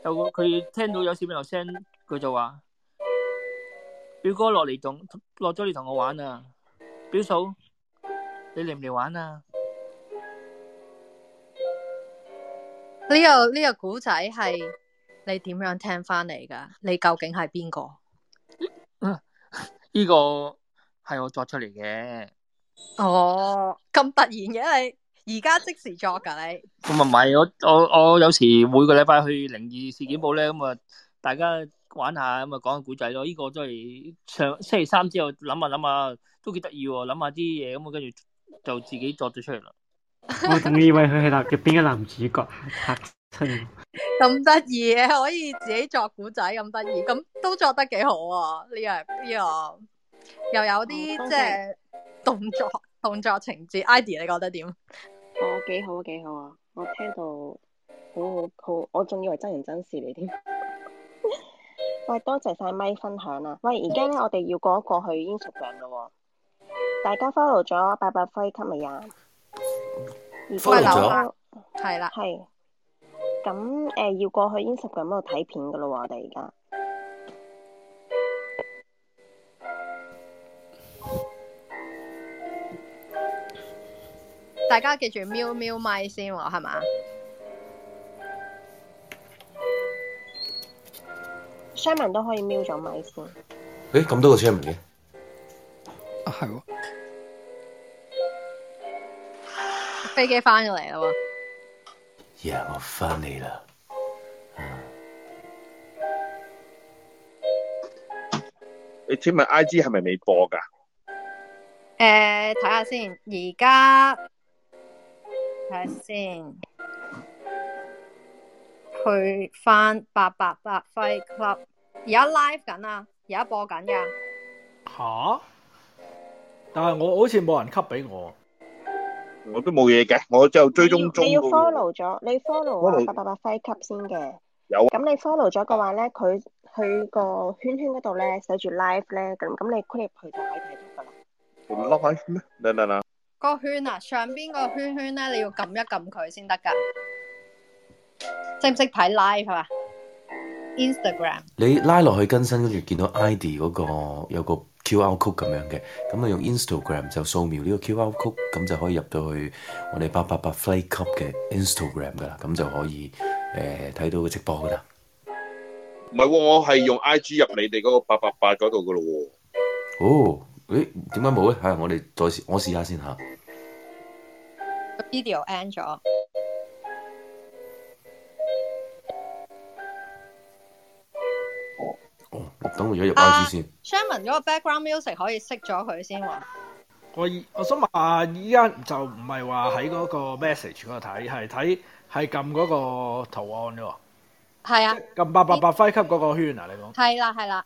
有佢聽到有小朋友聲，佢就話，表哥落嚟同落咗嚟同我玩啊，表嫂你嚟唔嚟玩啊？呢個，呢個古仔係你點樣聽翻嚟噶？你究竟係邊個？啊，這個？呢個係我作出嚟嘅。哦，咁突然嘅你，而家即時作㗎你？咁啊唔係，我我我有時每個禮拜去靈異事件簿咧，咁啊大家玩下，咁啊講下古仔咯。呢、呢個真係上星期三之後諗下諗下都幾得意，諗下啲嘢，咁啊跟住就自己作咗出嚟啦。我 仲、哦、以為佢係男叫邊個男主角？咁得意，可以自己作古仔咁得意，咁都作得幾好啊！呢個呢個。呢個又有啲即係動作動作情節 ，Idy 你覺得點？我、哦、幾好幾好啊！我聽到好好好，我仲以為真人真事嚟添。 喂，多謝晒咪分享啊！喂，而家咧我哋要過一過去 Instagram 嘅咯，大家 follow 咗八八輝及咪啊？而 follow 係啦，係咁誒，要過去 Instagram 度睇片噶啦，話我哋而家。大家記住瞄瞄咪,、哦、咪先，係嘛 Simon 都可以瞄中咪先。誒，咁多個 s i 嘅？啊，係喎、哦。飛機翻咗嚟啦喎。爺、yeah, 我翻嚟啦。你請問 IG 係咪未播噶？誒、呃，睇下先，而家。睇下先，去翻八八八輝 club，而家 live 緊啊，而家播緊噶。吓？但係我好似冇人吸俾我，我都冇嘢嘅，我就追蹤中。你要 follow 咗，你 follow 八八八輝 club 先嘅。有。咁你 follow 咗嘅話咧，佢去個圈圈嗰度咧寫住 live 咧，咁咁你可以去 click 佢就睇到噶啦。我唔 lock 翻，嚟嚟嚟。個圈啊，上邊個圈圈咧，你要撳一撳佢先得噶。識唔識睇 live 係、啊、嘛？Instagram，你拉落去更新，跟住見到 ID 嗰、嗰個有個 QR Code 咁樣嘅，咁啊用 Instagram 就掃描呢個 QR Code，咁就可以入到去我哋八八八 Fly Club 嘅 Instagram 噶啦，咁就可以誒睇、呃、到個直播噶啦。唔係、哦，我係用 IG 入你哋嗰個八八八嗰度噶咯喎。哦。誒，點解冇咧？係我哋再試，我試下先吓。個 video end 咗、哦。等我而家入 I G 先。Sharon 嗰個 background music 可以熄咗佢先喎。我我想問下，依家就唔係話喺嗰個 message 嗰度睇，係睇係撳嗰個圖案啫。係啊，撳八八八輝級嗰個圈啊！你講。係啦、啊，係啦、啊。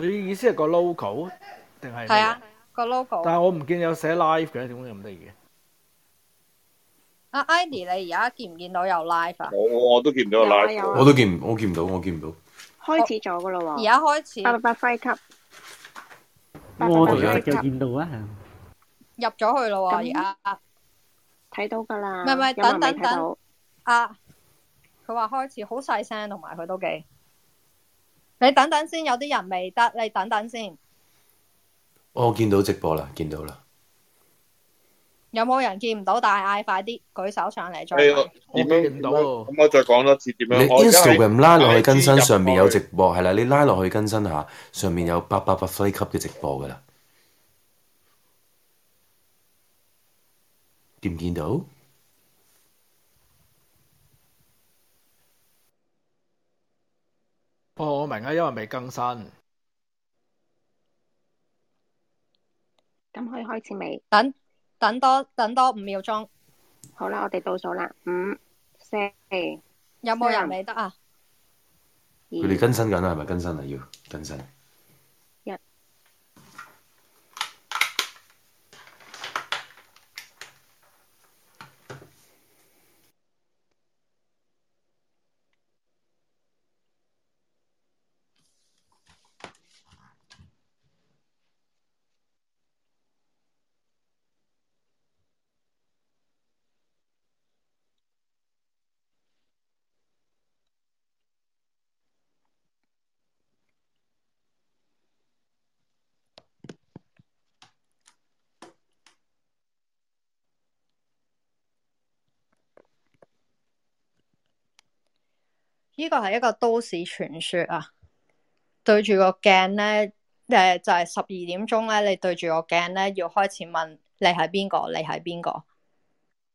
你意思係個 logo 定係？係啊，個 logo。但係我唔見有寫 live 嘅，點解咁得意嘅？阿 e d i e 你而家見唔見到有 live 啊、哦？我我都見唔到有 live，有有我都見唔，我見唔到，我見唔到。開始咗噶啦喎，而家開始。八八細級。我就又見到啊！入咗去咯喎、啊，而家睇到噶啦。唔係唔等等等，有有看到啊，佢話開始好細聲，同埋佢都記。你等等先，有啲人未得，你等等先。我見到直播啦，見到啦。有冇人見唔到但係嗌快啲舉手上嚟？係我，我見唔到，咁、嗯、我再講多次點樣。你 Instagram 拉落去更新，上面有直播，係啦，你拉落去更新下，上面有八八八四級嘅直播噶啦。見唔見到？哦，我明啊，因為未更新。咁可以開始未？等等多等多五秒鐘。好啦，我哋倒數啦，五、四，四有冇人未得啊？佢哋更新緊啊，係咪更新啊？要更新。呢個係一個都市傳說啊！對住個鏡咧，誒就係十二點鐘咧，你對住個鏡咧，要開始問你係邊個？你係邊個？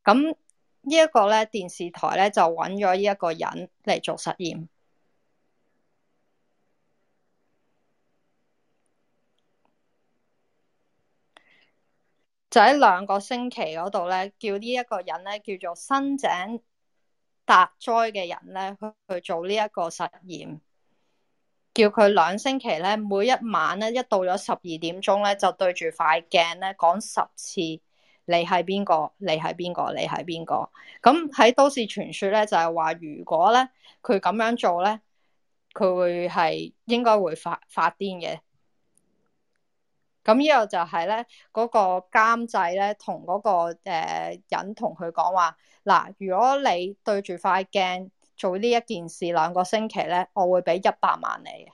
咁呢一個咧，電視台咧就揾咗呢一個人嚟做實驗，就喺兩個星期嗰度咧，叫呢一個人咧叫做新井。達災嘅人咧，去去做呢一個實驗，叫佢兩星期咧，每一晚咧一到咗十二點鐘咧，就對住塊鏡咧講十次，你係邊個，你係邊個，你係邊個。咁喺都市傳說咧就係話，如果咧佢咁樣做咧，佢會係應該會發發癲嘅。咁呢個就係咧嗰個監製咧，同嗰個誒人同佢講話，嗱，如果你對住塊鏡做呢一件事兩個星期咧，我會俾一百萬你嘅。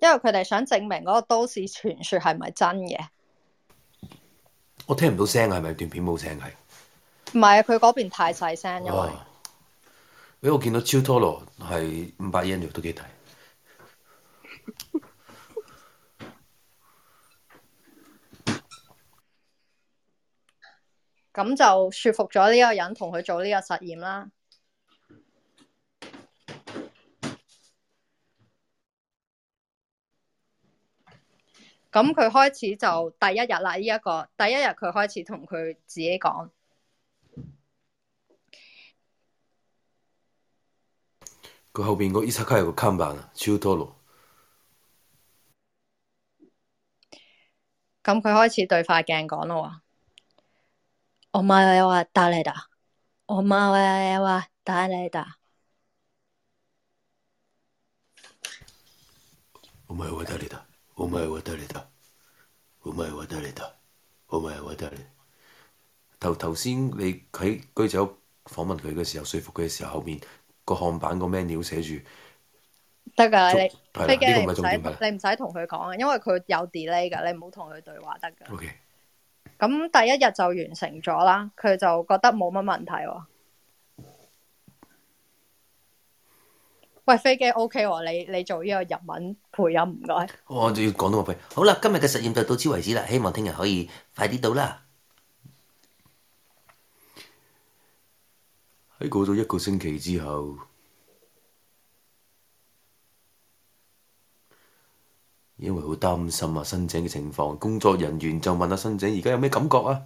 因為佢哋想證明嗰個都市傳說係咪真嘅？我聽唔到聲，係咪段片冇聲？係唔係啊？佢嗰邊太細聲，因為誒，我見到超陀螺係五百英里都幾大，咁 就說服咗呢個人同佢做呢個實驗啦。咁佢開始就第一日啦，呢、這、一個第一日佢開始同佢自己講。佢後面有個看板啊，超多咯。咁佢開始對塊鏡講咯，我冇嘢話打你的，我冇嘢話打你的。我咪話得你得，唔咪話得你得，唔咪話得你！頭頭先你喺居酒屋訪問佢嘅時候，說服佢嘅時候，後面個看版個 menu 寫住得噶，你飛機你唔、這個、你唔使同佢講啊，因為佢有 delay 噶，你唔好同佢對話得噶。OK。咁第一日就完成咗啦，佢就覺得冇乜問題。喂，飛機 OK 喎，你，你做呢個日文配音唔該。我仲要廣東話配音。好啦，今日嘅實驗就到此為止啦，希望聽日可以快啲到啦。喺過咗一個星期之後，因為好擔心啊，申請嘅情況，工作人員就問下申請而家有咩感覺啊？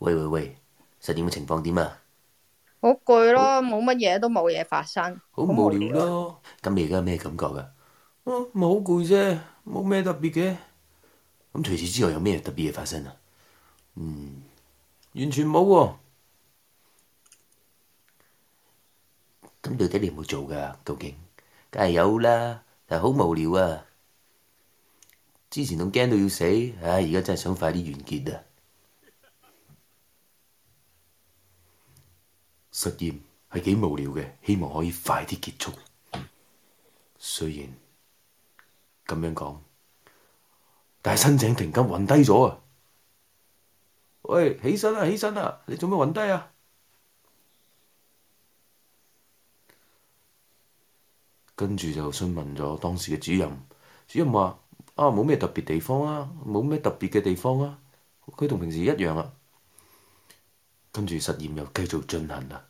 喂喂喂，實驗嘅情況點啊？好攰咯，冇乜嘢都冇嘢發生，好無聊咯。咁你而家有咩感覺噶？啊，好攰啫，冇咩特別嘅。咁除此之外有咩特別嘢發生啊？嗯，完全冇喎。咁到底你有冇做噶？究竟梗係有啦，但係好無聊啊。之前仲驚到要死，啊而家真係想快啲完結啊！實驗係幾無聊嘅，希望可以快啲結束。雖然咁樣講，但係申請停急暈低咗啊！喂，起身啦、啊，起身啦、啊！你做咩暈低啊？跟住就詢問咗當時嘅主任，主任話：啊，冇咩特別地方啊，冇咩特別嘅地方啊，佢同平時一樣啊。跟住實驗又繼續進行啦，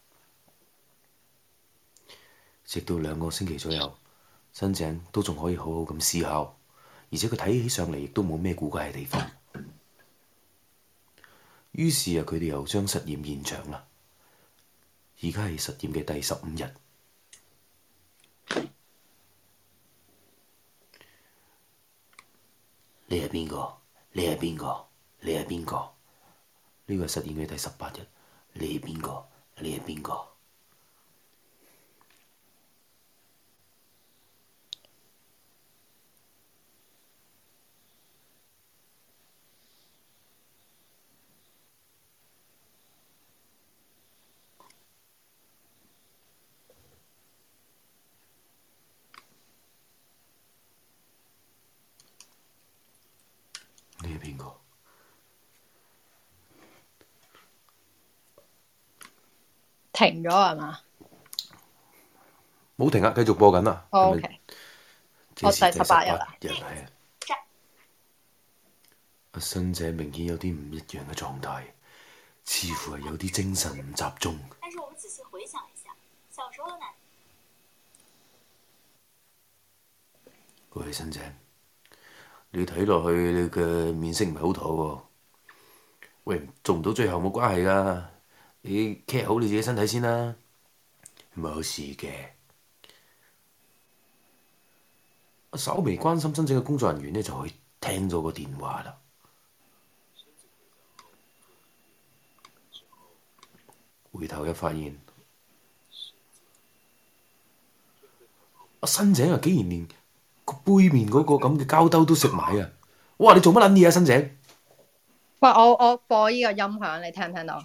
直到兩個星期左右，新井都仲可以好好咁思考，而且佢睇起上嚟亦都冇咩古怪嘅地方於。於是啊，佢哋又將實驗延長啦。而家係實驗嘅第十五日。你係邊個？你係邊個？你係邊個？呢個實驗嘅第十八日，你係邊個？你係邊個？停咗係嘛？冇停啊，繼續播緊啊、oh, okay.！我第十八日啦阿、hey. 啊、新姐明顯有啲唔一樣嘅狀態，似乎係有啲精神唔集中。喂，新姐，你睇落去你嘅面色唔係好妥喎。喂，做唔到最後冇關係噶。你 care 好你自己身體先啦，冇事嘅。稍微關心新井嘅工作人員呢，就可以聽到個電話啦。回頭一發現，阿新井啊，竟然連個杯麵嗰個咁嘅膠兜都食埋啊！哇，你做乜捻嘢啊，新井？喂，我我播呢個音響，你聽唔聽到？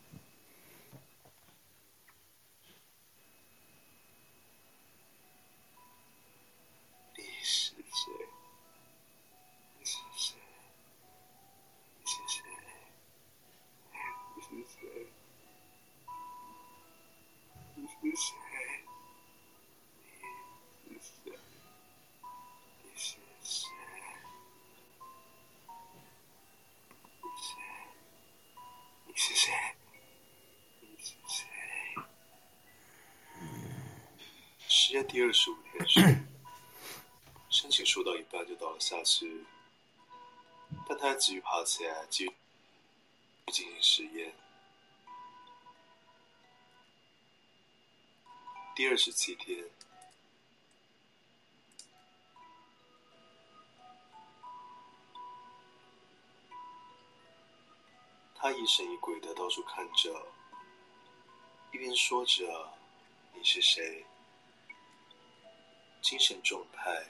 是，但他急於爬起來，繼，去進行實驗。第二十七天，他疑神疑鬼的到處看着，一邊說着：“你是誰？”精神狀態。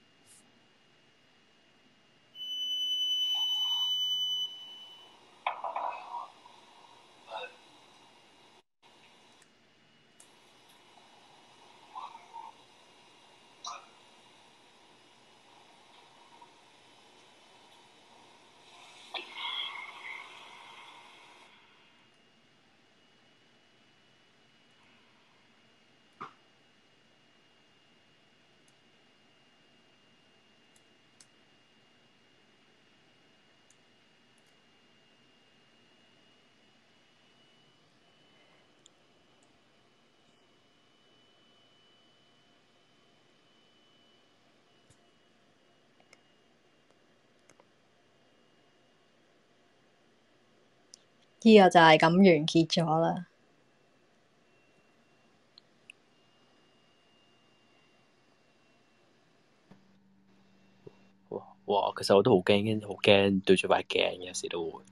呢、這個就係咁完結咗啦。哇，其實我都好驚，驚好驚對住塊鏡，有時都會。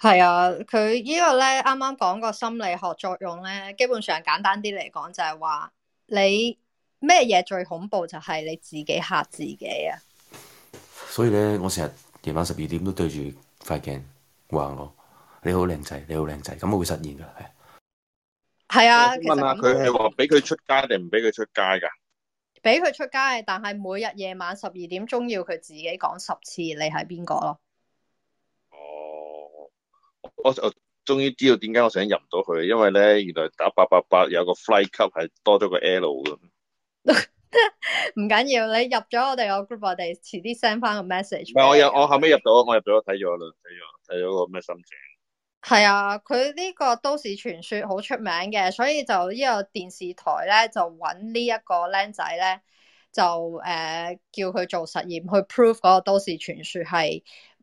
係啊，佢呢個咧，啱啱講個心理學作用咧，基本上簡單啲嚟講就係話，你咩嘢最恐怖就係你自己吓自己啊。所以咧，我成日夜晚十二點都對住。塊鏡話我，你好靚仔，你好靚仔，咁會實現噶係係啊？問下佢，係話俾佢出街定唔俾佢出街噶？俾佢出街，但係每日夜晚十二點鐘要佢自己講十次你係邊個咯？哦，我我終於知道點解我成日入唔到佢，因為咧原來打八八八，有個 fly u 級係多咗個 L 咁。 唔緊要，你入咗我哋個 group，我哋遲啲 send 翻個 message。唔係我入我後尾入到，我入到睇咗啦，睇咗睇咗個咩心情？係啊，佢呢個都市傳說好出名嘅，所以就呢個電視台咧就搵呢一個僆仔咧就誒、呃、叫佢做實驗去 prove 嗰個都市傳說係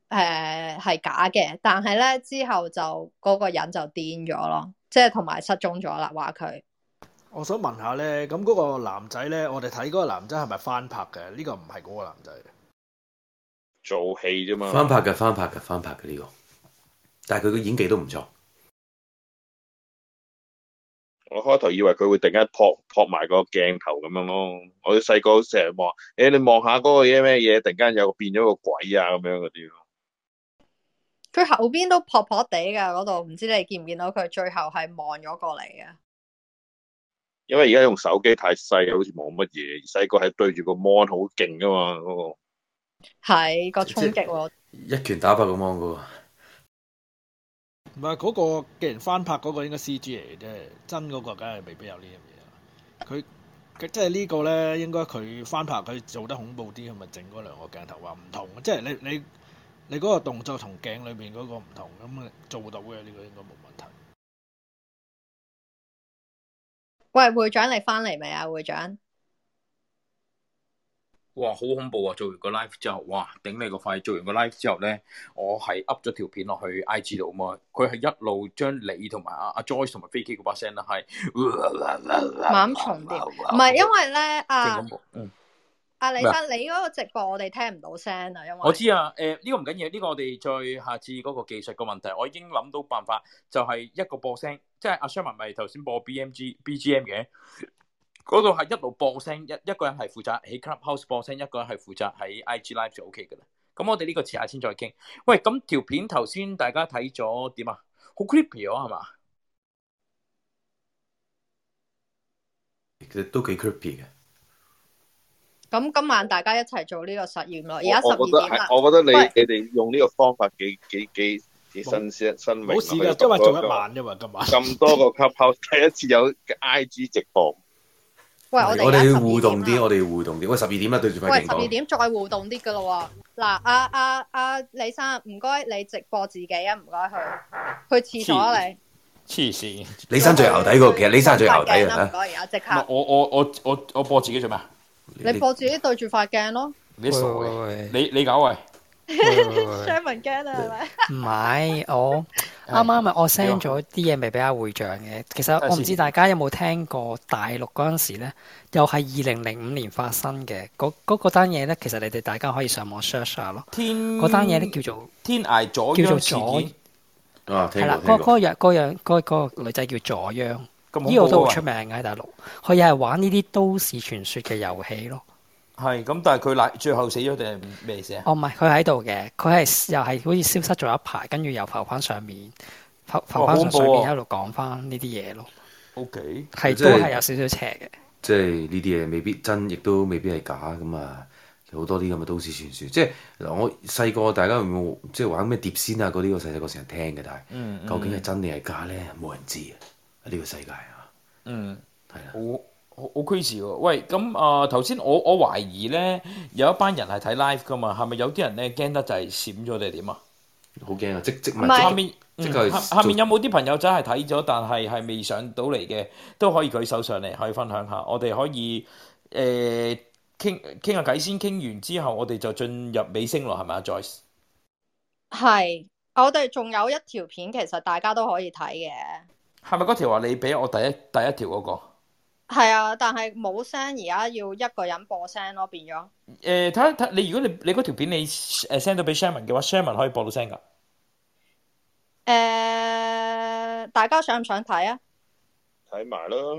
誒係假嘅，但係咧之後就嗰、那個人就癲咗咯，即係同埋失蹤咗啦，話佢。我想問下咧，咁嗰個男仔咧，我哋睇嗰個男仔係咪翻拍嘅？呢個唔係嗰個男仔，做戲啫嘛。翻拍嘅，翻拍嘅，翻拍嘅呢個，但係佢嘅演技都唔錯。我一開頭以為佢會突然間撲撲埋個鏡頭咁樣咯。我細個成日望，誒，你望下嗰個嘢咩嘢？突然間有變咗個鬼啊咁樣嗰啲咯。佢後邊都撲撲地噶嗰度，唔知你見唔見到佢？最後係望咗過嚟嘅。因為而家用手機太細，好似冇乜嘢。細個係對住個芒好勁噶嘛，嗰、嗰個係、嗰個衝擊，一拳打爆個芒。o n 唔係嗰個，既然翻拍嗰個應該 CG 嚟啫，真嗰個梗係未必有呢樣嘢。佢佢即係呢個咧，應該佢翻拍佢做得恐怖啲，咁咪整嗰兩個鏡頭話唔同。即係你你你嗰個動作同鏡裏邊嗰個唔同，咁啊做到嘅呢、這個應該冇問題。喂，會長你翻嚟未啊？會長，哇，好恐怖啊！做完個 live 之後，哇，頂你個肺！做完個 live 之後咧，我係 up 咗條片落去 IG 度啊嘛，佢係一路將你同埋阿阿 Joyce 同埋飛機嗰把聲咧係蜢蟲，唔係因為咧啊。阿李生，你嗰個直播我哋聽唔到聲啊，因為我知啊，誒呢個唔緊要，呢個我哋再下次嗰個技術個問題，我已經諗到辦法，就係一個播聲，即係阿 Sherman 咪頭先播 BMG BGM 嘅，嗰度係一路播聲，一一個人係負責喺 Clubhouse 播聲，一個人係負責喺 IG Live 就 OK 噶啦。咁我哋呢個遲下先再傾。喂，咁條片頭先大家睇咗點啊？好 creepy 咗係嘛？其實都幾 creepy 嘅。咁今晚大家一齊做呢個實驗咯，而家十二點我，我，覺我覺得你你哋用呢個方法幾幾幾幾新鮮新穎。冇事噶，因為做一晚，因嘛。今晚咁多個 couple 第一次有 I G 直播。喂，我哋我哋互動啲，我哋互動啲。喂，十二點啦，對住塊屏講。十二點再互動啲噶啦，嗱、啊，阿阿阿李生，唔該，你直播自己啊，唔該去去廁所啊你，你黐線！李生最牛底噶，其實李生最牛底。唔該，而家即刻。我我我我我播自己做咩？你播自己對住塊鏡咯。喂喂你傻嘅，你搞喂喂 Kenner，你搞喂。想 h a m a 啊，係咪？唔係，我啱啱咪我 send 咗啲嘢未俾阿會長嘅。其實我唔知大家有冇聽過大陸嗰陣時咧，又係二零零五年發生嘅嗰嗰單嘢咧。其實你哋大家可以上網 search 下咯。天嗰單嘢咧叫做天涯左，叫做左。啊，聽過聽過。係啦，嗰嗰樣個女仔叫左央。呢、啊這個都好出名喺大陸，佢又係玩呢啲都市傳說嘅遊戲咯。係咁，但係佢乃最後死咗定係咩事啊？哦，唔係，佢喺度嘅，佢係又係好似消失咗一排，跟住又浮翻上面，浮浮翻上,、啊、上上面，喺度講翻呢啲嘢咯。O K，係都係有少少邪嘅。即係呢啲嘢未必真，亦都未必係假。咁啊，有好多啲咁嘅都市傳說。即係我細個，大家會唔會即係玩咩碟仙啊？嗰啲我細細個成日聽嘅，但係、嗯嗯、究竟係真定係假咧，冇人知啊。呢、這個世界啊，嗯，係啊，好好好 crazy 喎。喂，咁啊，頭、呃、先我我懷疑咧，有一班人係睇 live 噶嘛？係咪有啲人咧驚得就係閃咗定係點啊？好驚啊！即即埋下邊，即係、嗯、下面有冇啲朋友仔係睇咗，但係係未上到嚟嘅，都可以舉手上嚟，可以分享下。我哋可以誒傾傾下偈先，傾完之後我哋就進入尾聲咯，係咪啊，Joyce？係，我哋仲有一條片，其實大家都可以睇嘅。係咪嗰條話你俾我第一第一條嗰、嗰個？係啊，但係冇聲，而家要一個人播聲咯，變咗。誒、呃，睇睇你如果你你嗰條片你誒 send 到俾 Sherman 嘅話，Sherman 可以播到聲噶。誒、呃，大家想唔想睇啊？睇埋咯。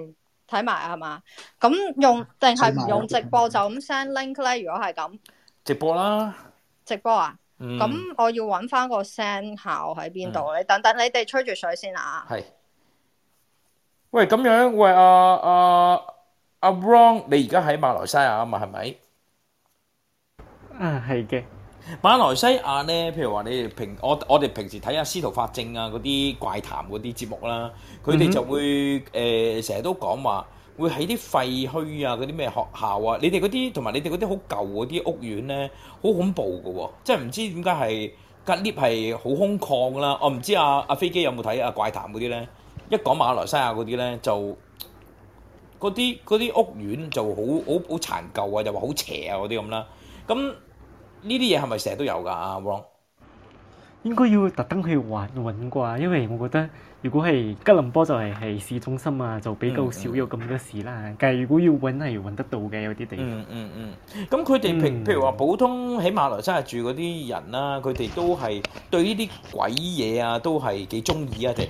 睇埋係嘛？咁用定係唔用直播就咁 send link 咧？如果係咁，直播啦。直播啊？咁、嗯、我要揾翻個聲效喺邊度？你等等，你哋吹住水先啊。係。喂，咁樣，喂阿阿阿 Ron，你而家喺馬來西亞啊嘛，係咪？啊，係嘅。馬來西亞咧，譬如話你哋平，我我哋平時睇下司徒法正啊嗰啲怪談嗰啲節目啦，佢哋就會誒成日都講話，會喺啲廢墟啊嗰啲咩學校啊，你哋嗰啲同埋你哋嗰啲好舊嗰啲屋苑咧，好恐怖㗎喎，啊，即係唔知點解係隔 lift 係好空曠啦。我唔、啊啊、知阿阿、啊、飛機有冇睇阿怪談嗰啲咧？一講馬來西亞嗰啲咧，就嗰啲啲屋苑就好好好殘舊啊，就話好邪啊嗰啲咁啦。咁呢啲嘢係咪成日都有㗎？阿 Ron 應該要特登去揾啩，因為我覺得如果係吉隆坡就係係市中心啊，就比較少有咁多事啦、嗯嗯。但係如果要揾係揾得到嘅，有啲地方。嗯嗯咁佢哋平譬如話普通喺馬來西亞住嗰啲人啦，佢、嗯、哋都係對呢啲鬼嘢啊都係幾中意啊？定？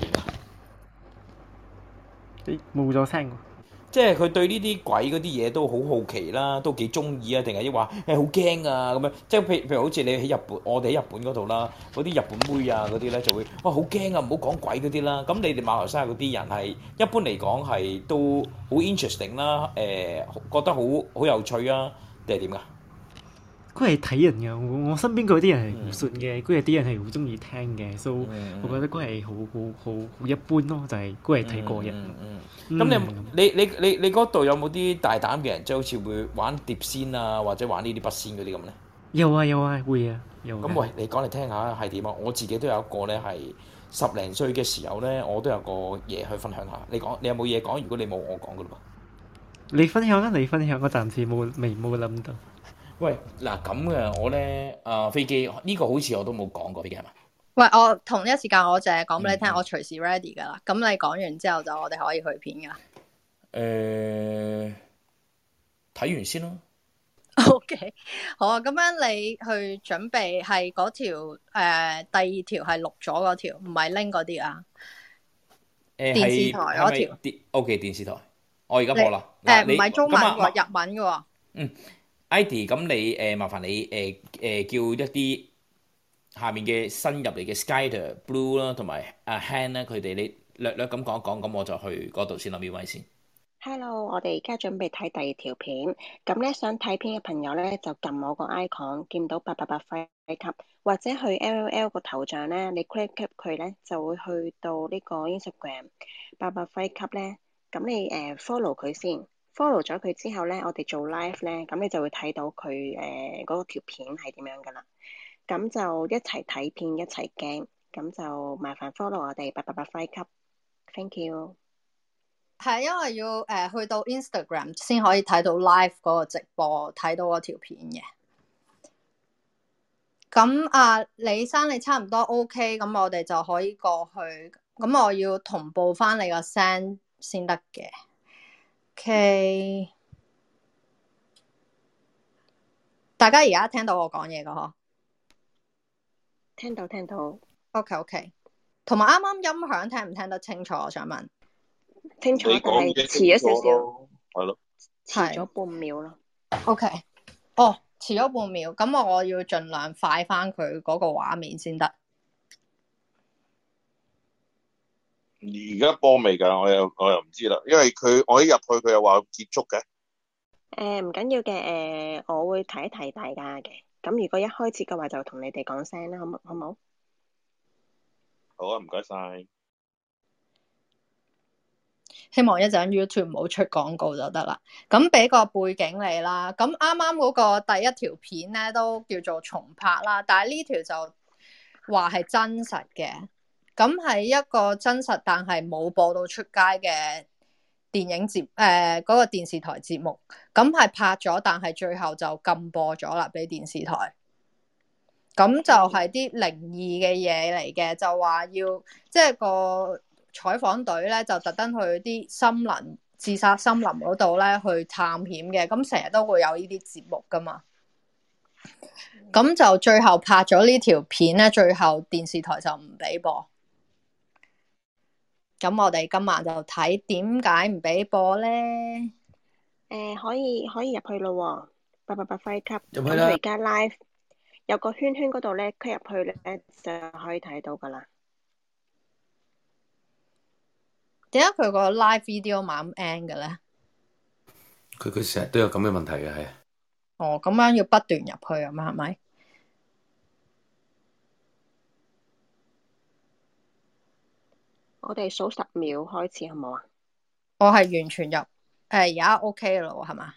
冇咗聲，即係佢對呢啲鬼嗰啲嘢都好好奇啦，都幾中意啊，定係話誒好驚啊咁樣。即係譬如譬如好似你喺日本，我哋喺日本嗰度啦，嗰啲日本妹啊嗰啲咧就會哇好驚啊，唔好講鬼嗰啲啦。咁你哋馬來西亞嗰啲人係一般嚟講係都好 interesting 啦，誒、欸、覺得好好有趣啊，定係點㗎？佢係睇人嘅，我身邊嗰啲人係唔信嘅，佢有啲人係好中意聽嘅，嗯，所以，我覺得佢係好好好好一般咯，就係佢係睇個人。咁、嗯嗯嗯嗯、你你你嗰度有冇啲大膽嘅人，即係好似會玩碟仙啊，或者玩呢啲筆仙嗰啲咁咧？有啊有啊，會啊。咁、啊、喂，你講嚟聽下係點啊？我自己都有一個咧，係十零歲嘅時候咧，我都有個嘢去分享下。你講，你有冇嘢講？如果你冇，我講嘅啦。你分享啊！你分享，我暫時冇未冇諗到。喂，嗱咁嘅我咧，啊飛機呢、這個好似我都冇講過飛機係嘛？喂，我同一時間我就係講俾你聽、嗯，我隨時 ready 噶啦。咁你講完之後就我哋可以去片噶。誒、呃，睇完先咯。OK，好啊。咁樣你去準備係嗰條誒第二條係錄咗嗰條，唔係拎嗰啲啊。誒、呃，電視台嗰條。O、okay, K，電視台，我而家播啦。誒，唔、呃、係中文或日文噶。嗯。Ivy 咁你誒麻煩你誒誒叫一啲下面嘅新入嚟嘅 Skyter、Blue 啦，同埋阿 Hand 咧，佢哋你略略咁講一講，咁我就去嗰度先攞面位先。Hello，我哋而家準備睇第二條片，咁咧想睇片嘅朋友咧就撳我個 icon，見到八八八輝級，或者去 Lol 個頭像咧，你 click tap 佢咧就會去到呢個 Instagram 八八輝級咧，咁你誒 follow 佢先。follow 咗佢之後咧，我哋做 live 咧，咁你就會睇到佢誒嗰個條片係點樣噶啦。咁就一齊睇片，一齊驚。咁就麻煩 follow 我哋八八八輝級，thank you。係因為要誒、呃、去到 Instagram 先可以睇到 live 嗰個直播，睇到嗰條片嘅。咁啊、呃，李生你差唔多 OK，咁我哋就可以過去。咁我要同步翻你個聲先得嘅。O.K.，大家而家聽到我講嘢噶嗬？聽到聽到，O.K. O.K.，同埋啱啱音響聽唔聽得清楚？我想問，清楚但係遲咗少少，係咯，遲咗半秒咯。O.K.，哦，遲咗半秒，咁我要盡量快翻佢嗰個畫面先得。而家播未噶？我又我又唔知啦，因為佢我一入去佢又話結束嘅。誒、呃，唔緊要嘅，誒、呃，我會睇一睇大家嘅。咁如果一開始嘅話，就同你哋講聲啦，好唔好，好？好啊，唔該晒。希望一陣 YouTube 唔好出廣告就得啦。咁俾個背景你啦。咁啱啱嗰個第一條片咧都叫做重拍啦，但係呢條就話係真實嘅。咁係一個真實，但係冇播到出街嘅電影節誒，嗰、呃嗰個電視台節目咁係拍咗，但係最後就禁播咗啦，俾電視台咁就係啲靈異嘅嘢嚟嘅，就話要即係個採訪隊咧，就特登去啲森林自殺森林嗰度咧去探險嘅。咁成日都會有呢啲節目噶嘛，咁就最後拍咗呢條片咧，最後電視台就唔俾播。咁我哋今晚就睇點解唔俾播咧？誒、呃，可以可以入去咯、啊，八八八快級入去啦，而家 live 有個圈圈嗰度咧，佢入去咧就可以睇到噶啦。點解佢個 live video 冇咁 end 嘅咧？佢佢成日都有咁嘅問題嘅係。哦，咁樣要不斷入去啊？嘛係咪？我哋數十秒開始，好唔好啊？我係完全入，誒而家 OK 咯，係嘛？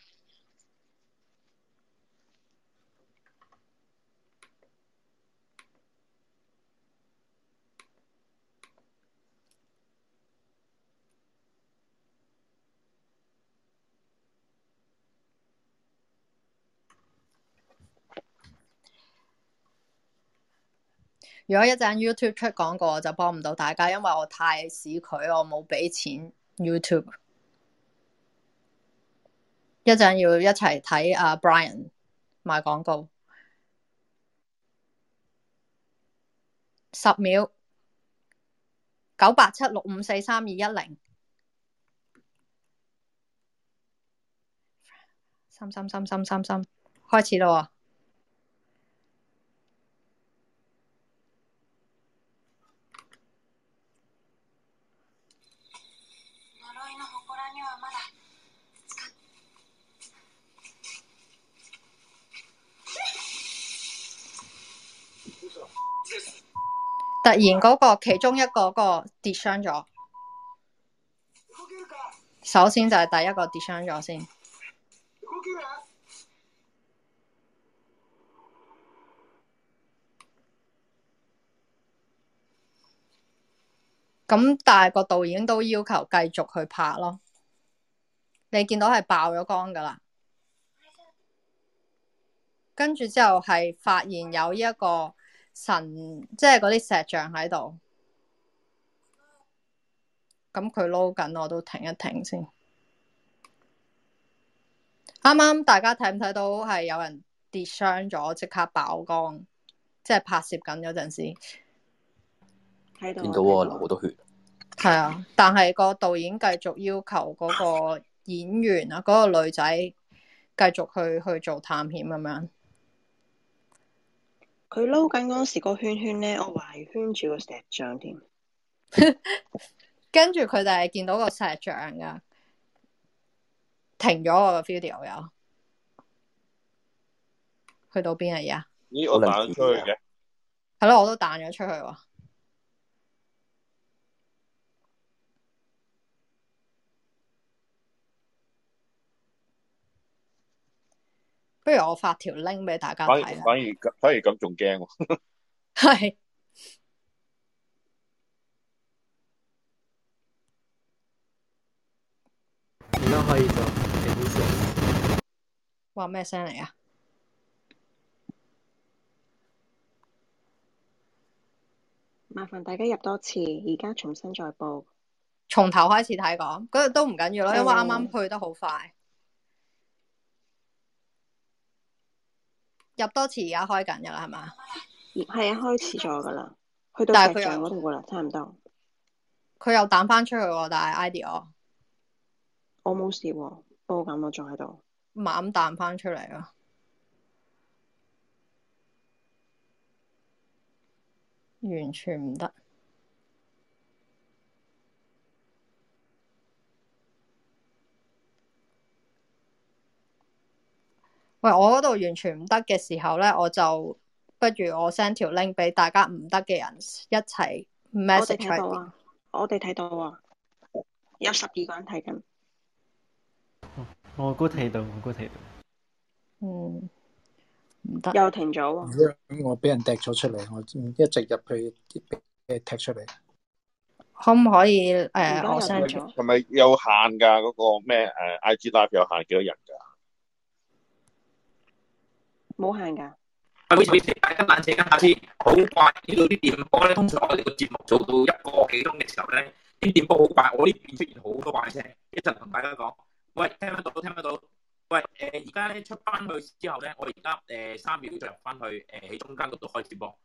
如果一陣 YouTube 出廣告，我就幫唔到大家，因為我太市儈，我冇畀錢 YouTube。一陣要一齊睇阿 Brian 賣廣告，十秒，九八七六五四三二一零，三三三三三三，開始喇喎。突然嗰個其中一個個跌傷咗，首先就係第一個跌傷咗先。咁但係個導演都要求繼續去拍咯，你見到係爆咗光噶啦，跟住之後係發現有呢一個。神即係嗰啲石像喺度，咁佢撈緊，我都停一停先。啱啱大家睇唔睇到係有人跌傷咗，即刻爆光，即係拍攝緊嗰陣時，見到我流好多血，係啊，但係個導演繼續要求嗰個演員啊，嗰個女仔繼續去去做探險咁樣。佢撈緊嗰時，個個圈圈咧，我懷疑圈住 個石像添。跟住佢哋係見到個石像噶，停咗我個 video 又去到邊啊？係呀咦，我彈咗出去嘅，係 咯，我都彈咗出去喎。不如我發條 link 俾大家睇。反而反而咁，反而咁仲驚。係、啊。而 家可以做 A。話咩聲嚟啊？麻煩大家入多次，而家重新再報。從頭開始睇講，嗰度都唔緊要咯，因為啱啱去得好快。入多次而家開緊噶啦，係嘛？係啊，開始咗噶啦，去到十上嗰度噶啦，差唔多。佢又彈翻出去喎，但係 I D 我，我冇事喎，不過咁我仲喺度猛彈翻出嚟咯，完全唔得。喂，我嗰度完全唔得嘅時候咧，我就不如我 send 條 link 俾大家唔得嘅人一齊 message。我哋睇到啊，我哋睇到啊，有十二個人睇緊。我估睇到，我估睇到。嗯，唔得，又停咗。我俾人踢咗出嚟，我一直入去啲嘢踢出嚟。可唔可以誒？我 send 咗。係咪有限噶？嗰、那個咩誒、uh？IG Live 有限幾多人噶？冇限噶。喂大家，冷靜一下先，好快呢度啲電波咧，通常我哋個節目做到一個幾鐘嘅時候咧，啲電波好快，我呢邊出現好多怪聲，一陣同大家講，喂聽得到都聽得到，喂誒而家咧出翻去之後咧，我哋而家誒三秒再入翻去誒喺、呃、中間嗰度開電波。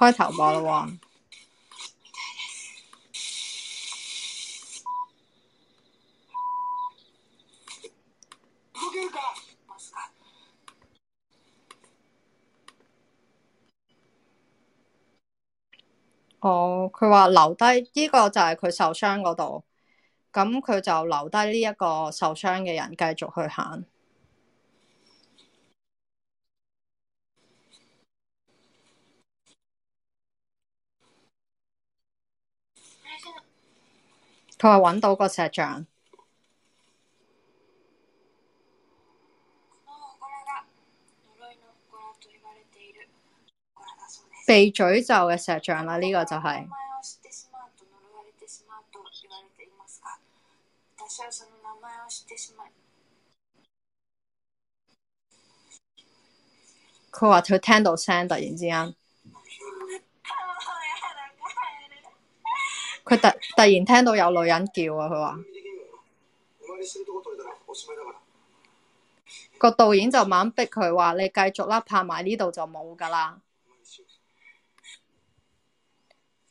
開頭播啦喎。哦，佢話留低呢個就係佢受傷嗰度，咁佢就留低呢一個受傷嘅人繼續去行。佢話揾到個石像，被詛咒嘅石像啦，呢個就係佢話佢聽到聲突然之間。佢突突然聽到有女人叫啊！佢話個導演就猛逼佢話你繼續啦，拍埋呢度就冇㗎喇，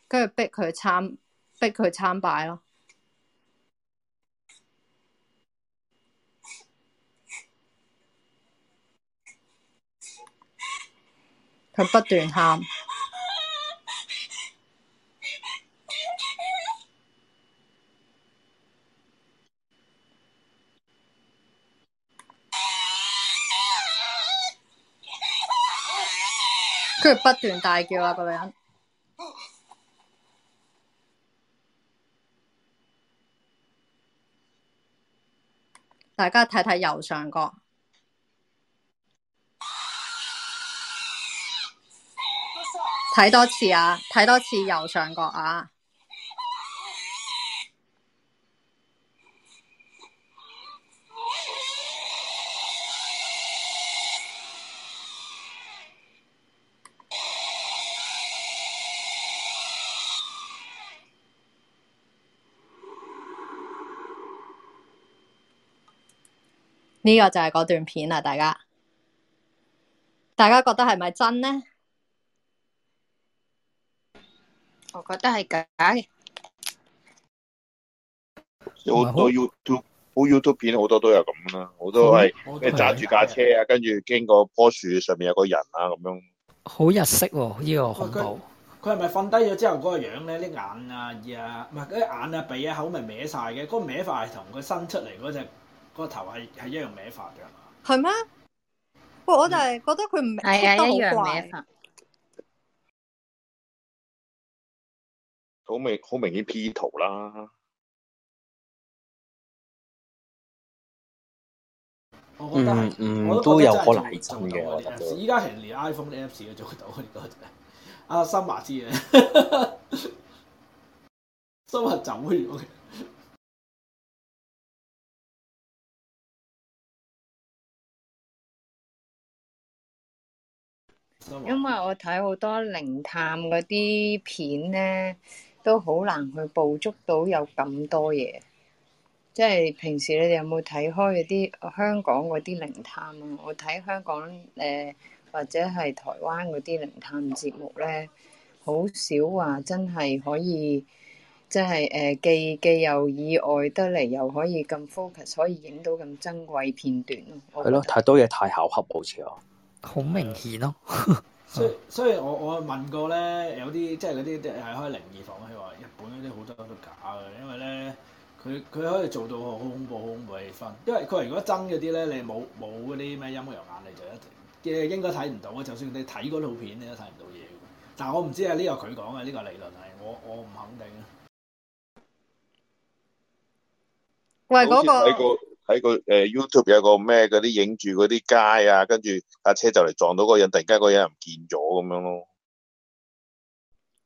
跟住逼佢參，逼佢參拜囉。佢不斷喊。不斷大叫啊！個女人，大家睇睇右上角，睇多次啊！睇多次右上角啊！呢個就係嗰段片啦，大家，大家覺得係咪真呢？我覺得係假嘅。好多 YouTube，好多 YouTube 片好多都係咁啦，好多係咩揸住架車啊，跟住經過棵樹上面有個人啊，咁樣。好日式喎，呢個恐怖。佢係咪瞓低咗之後嗰個樣咧？啲眼啊、唔係嗰啲眼啊、鼻啊、口咪歪晒嘅？嗰個歪法係同佢伸出嚟嗰隻。個頭係係一樣歪法嘅，係咩？不，嗯、過我就係覺得佢唔係，都好怪。好明好明顯 P 圖啦，嗯嗯。我覺得係，我都覺得真嘅。做到依家其實連 iPhone Apps 都做到，阿三華知嘅，三華走不因為我睇好多靈探嗰啲片咧，都好難去捕捉到有咁多嘢。即係平時你哋有冇睇開嗰啲香港嗰啲靈探啊？我睇香港誒、呃、或者係台灣嗰啲靈探節目咧，好少話真係可以，即係誒既既又意外得嚟，又可以咁 focus，可以影到咁珍貴片段咯。係咯，太多嘢太巧合好，好似我。好明顯咯、哦 uh,，所以所以我我問過咧，有啲即係嗰啲係開靈異房，佢話日本嗰啲好多都假嘅，因為咧佢佢可以做到好恐怖、好恐怖嘅氣氛，因為佢話如果真嗰啲咧，你冇冇嗰啲咩陰陽眼，你就一定嘅應該睇唔到。就算你睇嗰套片，你都睇唔到嘢。但係我唔知啊，呢個佢講嘅，呢個理論係我我唔肯定啊。喂，嗰、那個。喺個誒 YouTube 有個咩嗰啲影住嗰啲街啊，跟住架車就嚟撞到嗰個人，突然間嗰個人唔見咗咁樣咯。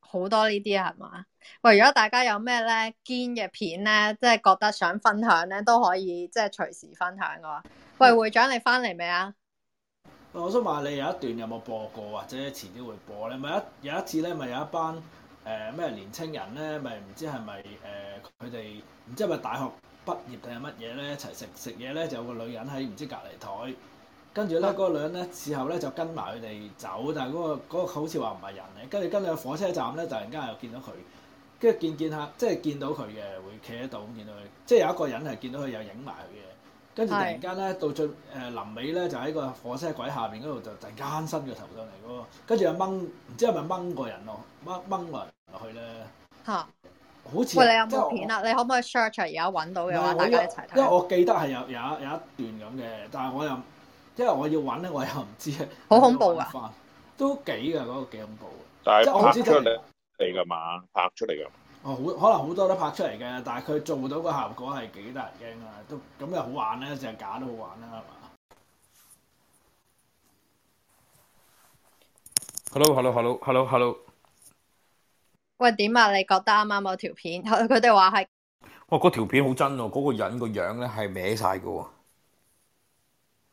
好多呢啲係嘛？喂，如果大家有咩咧堅嘅片咧，即係覺得想分享咧，都可以即係隨時分享噶喂，會長你翻嚟未啊？我想問你有一段有冇播過，或者遲啲會播咧？咪一有一次咧，咪有一班誒咩年青人咧，咪唔知係咪誒佢哋唔知係咪大學？畢業定係乜嘢咧？一齊食食嘢咧，就有個女人喺唔知隔離台，跟住咧個女人咧，事後咧就跟埋佢哋走，但係嗰、嗰個嗰個好似話唔係人嚟。跟住跟住去火車站咧，突然間又見到佢，跟住見見下，即係見到佢嘅會企喺度，咁見到佢，即係有一個人係見到佢又影埋佢嘅，跟住突然間咧到最誒臨尾咧，就喺個火車軌下邊嗰度就突然間伸個頭上嚟嗰個，跟住又掹唔知係咪掹個人咯，掹掹人落去咧嚇。好喂，你有冇片啊？就是、你可唔可以 search 而家揾到嘅話，大家一齊睇。因為我記得係有有一有一段咁嘅，但係我又，因為我要揾咧，我又唔知，好恐怖啊！都幾啊，嗰、嗰個幾恐怖。但係拍出嚟嚟㗎嘛，拍出嚟㗎。哦，好，可能好多都拍出嚟嘅，但係佢做到個效果係幾得人驚啊！都咁又好玩咧，淨係假都好玩啦，係嘛？Hello，hello，hello，hello，hello。Hello, hello, hello, hello, hello. 喂，點啊？你覺得啱啱嗰條片，佢哋話係？我嗰條片好真咯，啊，嗰、那個人個樣咧係歪晒噶。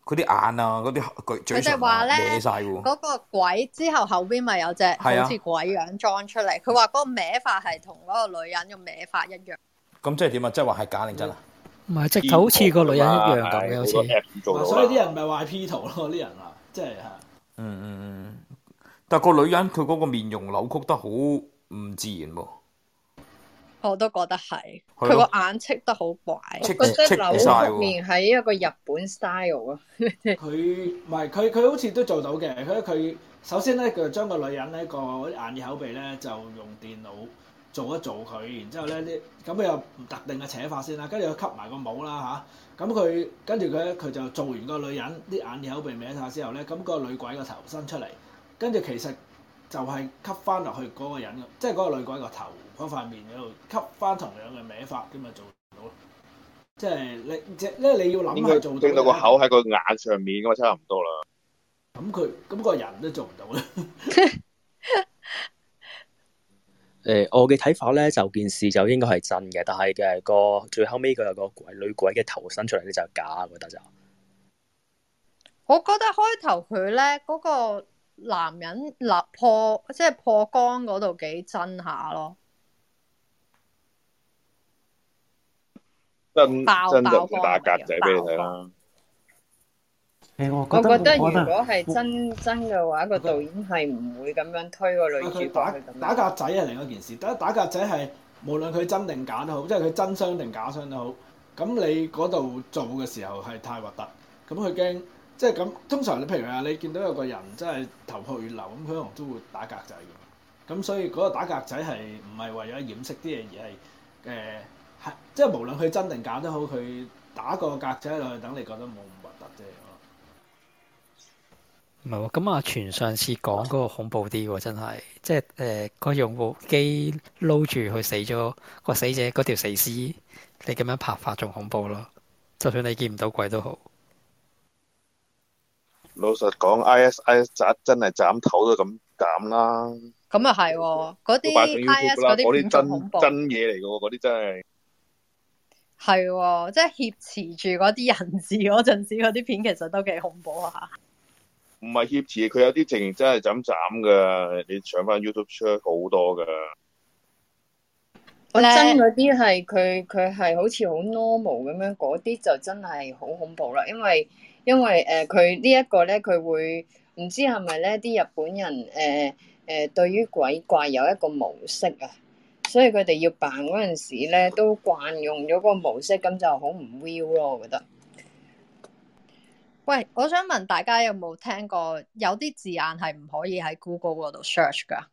佢啲眼啊，佢啲嘴上、啊、歪晒噶。嗰、那個鬼之後後邊咪有隻，好似鬼樣裝出嚟。佢話嗰個歪法係同嗰個女人個歪法一樣。咁即係點啊？即係話係假定真啊？唔係，直頭好似個女人一樣咁嘅，好似。所以啲人咪係話 P 圖咯，啲人啊，即係吓。嗯嗯嗯，但個女人佢嗰個面容扭曲得好。唔自然喎，我都覺得係。佢個眼戚得好怪，嗰隻柳木面係一個日本 style 啊！佢唔係佢佢好似都做到嘅，佢佢首先咧佢將個女人咧個眼耳口鼻咧就用電腦做一做佢，然之後咧啲咁又唔特定嘅扯法先啦，跟住佢吸埋個帽啦吓，咁佢跟住佢佢就做完個女人啲眼耳口鼻歪曬之後咧，咁個女鬼個頭伸出嚟，跟住其實。就係、是、吸翻落去嗰個人即係嗰個女鬼頭、嗰個頭嗰塊面嗰度吸翻同樣嘅歪法，咁咪做到咯。即、就、係、是、你即咧，你要諗下做到，令到個口喺個眼上面，咁啊差唔多啦。咁佢咁個人都做唔到咧。誒，我嘅睇法咧，就件事就應該係真嘅，但係嘅、嗰個最後尾佢有個鬼女鬼嘅頭伸出嚟咧，就係假覺得就。我覺得開頭佢咧嗰個。男人立破，即係破江嗰度幾真下咯，真爆爆，爆打格仔俾佢啦。我覺得如果係真真嘅話，個導演係唔會咁樣推個女主角去咁樣。打打格仔係另一件事，得打格仔係無論佢真定假都好，即係佢真傷定假傷都好，咁你嗰度做嘅時候係太核突，咁佢驚。即係咁，通常你譬如啊，你見到有個人真係頭破血流，咁佢可能都會打格仔嘅。咁所以嗰個打格仔係唔係為咗掩飾啲嘢，而係誒係即係無論佢真定假都好，佢打個格仔落去等你覺得冇咁核突啫。唔係喎，咁阿全上次講嗰個恐怖啲喎，真係即係誒、呃、個用部機撈住佢死咗個死者嗰條死屍，你咁樣拍法仲恐怖咯。就算你見唔到鬼都好。老實講，I S I S 真係斬頭都咁斬啦。咁啊係，嗰啲嗰啲真真嘢嚟噶，嗰啲真係係即係挾持住嗰啲人質嗰陣時，嗰啲片其實都幾恐怖下。唔係挾持，佢有啲情形真係咁斬噶。你搶翻 YouTube 出好多噶。我真嗰啲係佢佢係好似好 normal 咁樣，嗰啲就真係好恐怖啦，因為。因為誒，佢、呃、呢一個咧，佢會唔知係咪咧？啲日本人誒誒、呃呃，對於鬼怪有一個模式啊，所以佢哋要扮嗰陣時咧，都慣用咗個模式，咁就好唔 real 咯。我覺得。喂，我想問大家有冇聽過？有啲字眼係唔可以喺 Google 嗰度 search 噶，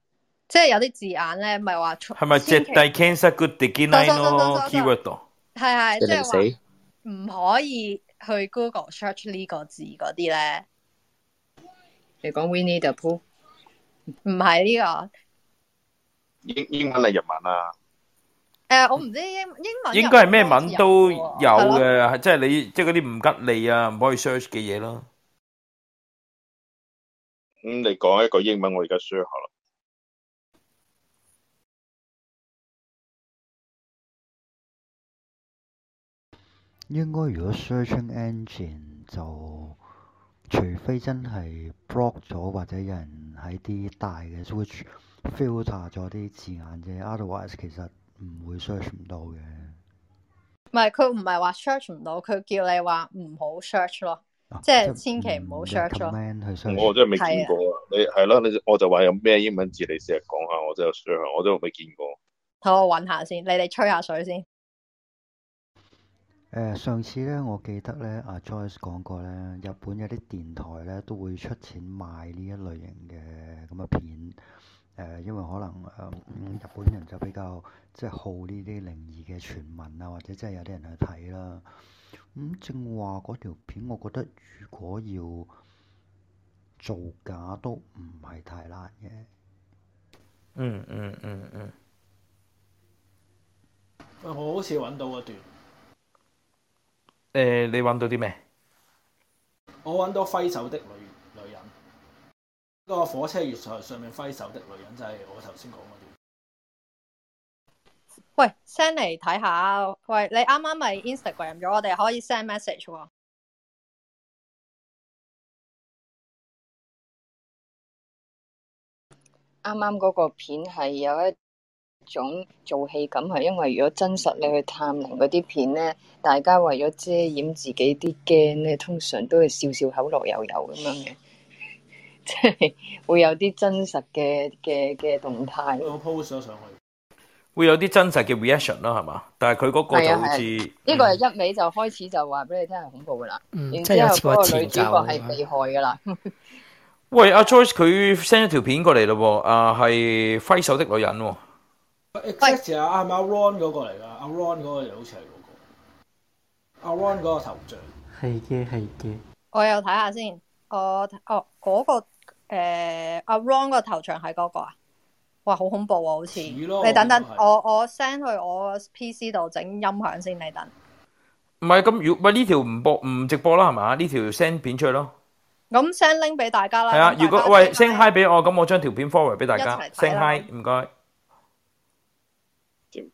即係有啲字眼咧，咪話係咪絕對 cancel good design 咯 keyword 係係即係死唔可以。去 Google search 呢個字嗰啲咧？你講 Winnie the Pooh？唔係呢個？英英文定日文啊？誒、呃，我唔知英英文，英文，文應該係咩文都有嘅，即係、就是、你即係嗰啲唔吉利啊，唔可以 search 嘅嘢咯。咁你講一個英文，我而家 search 啦。應該如果 searching engine 就除非真係 block 咗或者有人喺啲大嘅 switch filter 咗啲字眼啫，otherwise 其實唔會 search 唔到嘅。唔係佢唔係話 search 唔到，佢叫你話唔好 search 咯，即係千祈唔好 search 咯。我真係未見過啊！你係咯，你我就話有咩英文字你先講下，我真係有 search，我真係未見過。睇我揾下先，你哋吹下水先。誒、呃、上次咧，我記得咧，阿、啊、Joyce 講過咧，日本有啲電台咧都會出錢買呢一類型嘅咁嘅片，誒、呃，因為可能誒、呃、日本人就比較即係、就是、好呢啲靈異嘅傳聞啊，或者即係有啲人去睇啦。咁、嗯、正話嗰條片，我覺得如果要造假都唔係太難嘅、嗯。嗯嗯嗯嗯。喂，我好似揾到一段。誒，你揾到啲咩？我揾到揮手的女女人，個火車月台上面揮手的女人就係、是、我頭先講嗰啲。喂，send 嚟睇下，喂，你啱啱咪 Instagram 咗，我哋可以 send message。啱啱嗰個片係有一種做戲咁係，因為如果真實你去探靈嗰啲片咧，大家為咗遮掩自己啲驚咧，通常都係笑笑口，樂悠悠咁樣嘅，即係會有啲真實嘅嘅嘅動態。post 咗上去會有啲真實嘅 reaction 啦，係嘛？但係佢嗰個就好似呢個係一味就開始就話俾你聽係恐怖噶啦、嗯，然之後個女主角係被害噶啦。 喂，阿、啊、Joyce 佢 send 咗條片過嚟咯，啊係揮手的女人、哦。e、exactly, x a c 啊，係咪阿 Ron 嗰個嚟噶？阿 Ron 嗰個又好似係嗰個，阿 Ron 嗰個頭像係嘅係嘅。我又睇下先，我哦嗰、那個誒阿、欸、Ron 頭個頭像係嗰個啊，哇，好恐怖啊，好似你等等，我我 send 去我 P C 度整音響先，你等。唔係咁，如唔係呢條唔播唔直播啦，係咪？呢條 send 片出去咯。咁 send link 俾大家啦。係啊，如果喂 send hi 俾我，咁我將條片 forward 俾大家。send hi 唔該。謝謝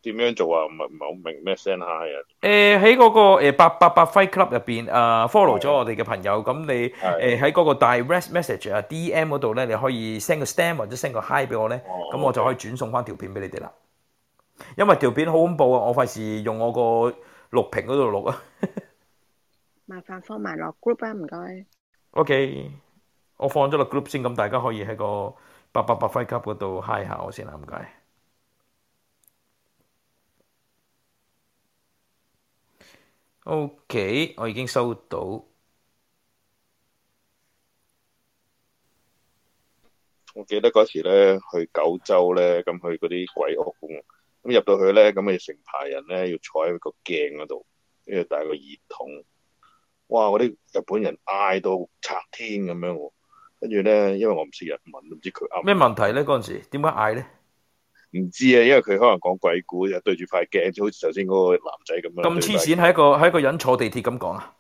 點樣做啊？唔係唔係好明咩？send high 啊！誒、呃，喺嗰個誒八八八 Fight Club 入邊啊，follow 咗我哋嘅朋友，咁你誒喺嗰個 direct message 啊，DM 嗰度咧，你可以 send 個 stem 或者 send 個 high 俾我咧，咁、哦、我就可以轉送翻條片俾你哋啦、哦嗯。因為條片好恐怖啊，我費事用我個錄屏嗰度錄啊。麻煩放埋落 group 啊，唔該。OK，我放咗落 group 先，咁大家可以喺個八八八 Fight Club 嗰度 high 下我先啊，唔該。O、okay, K，我已經收到。我記得嗰時咧，去九州咧，咁去嗰啲鬼屋咁入到去咧，咁咪成排人咧，要坐喺個鏡嗰度，跟住戴個耳筒。哇！嗰啲日本人嗌到拆天咁樣喎，跟住咧，因為我唔識日文都唔知佢嗌咩問題咧嗰陣時，點解嗌咧？唔知啊，因為佢可能講鬼故，就對住塊鏡，就好似頭先嗰個男仔咁樣。咁黐線，喺一個喺一個人坐地鐵咁講啊？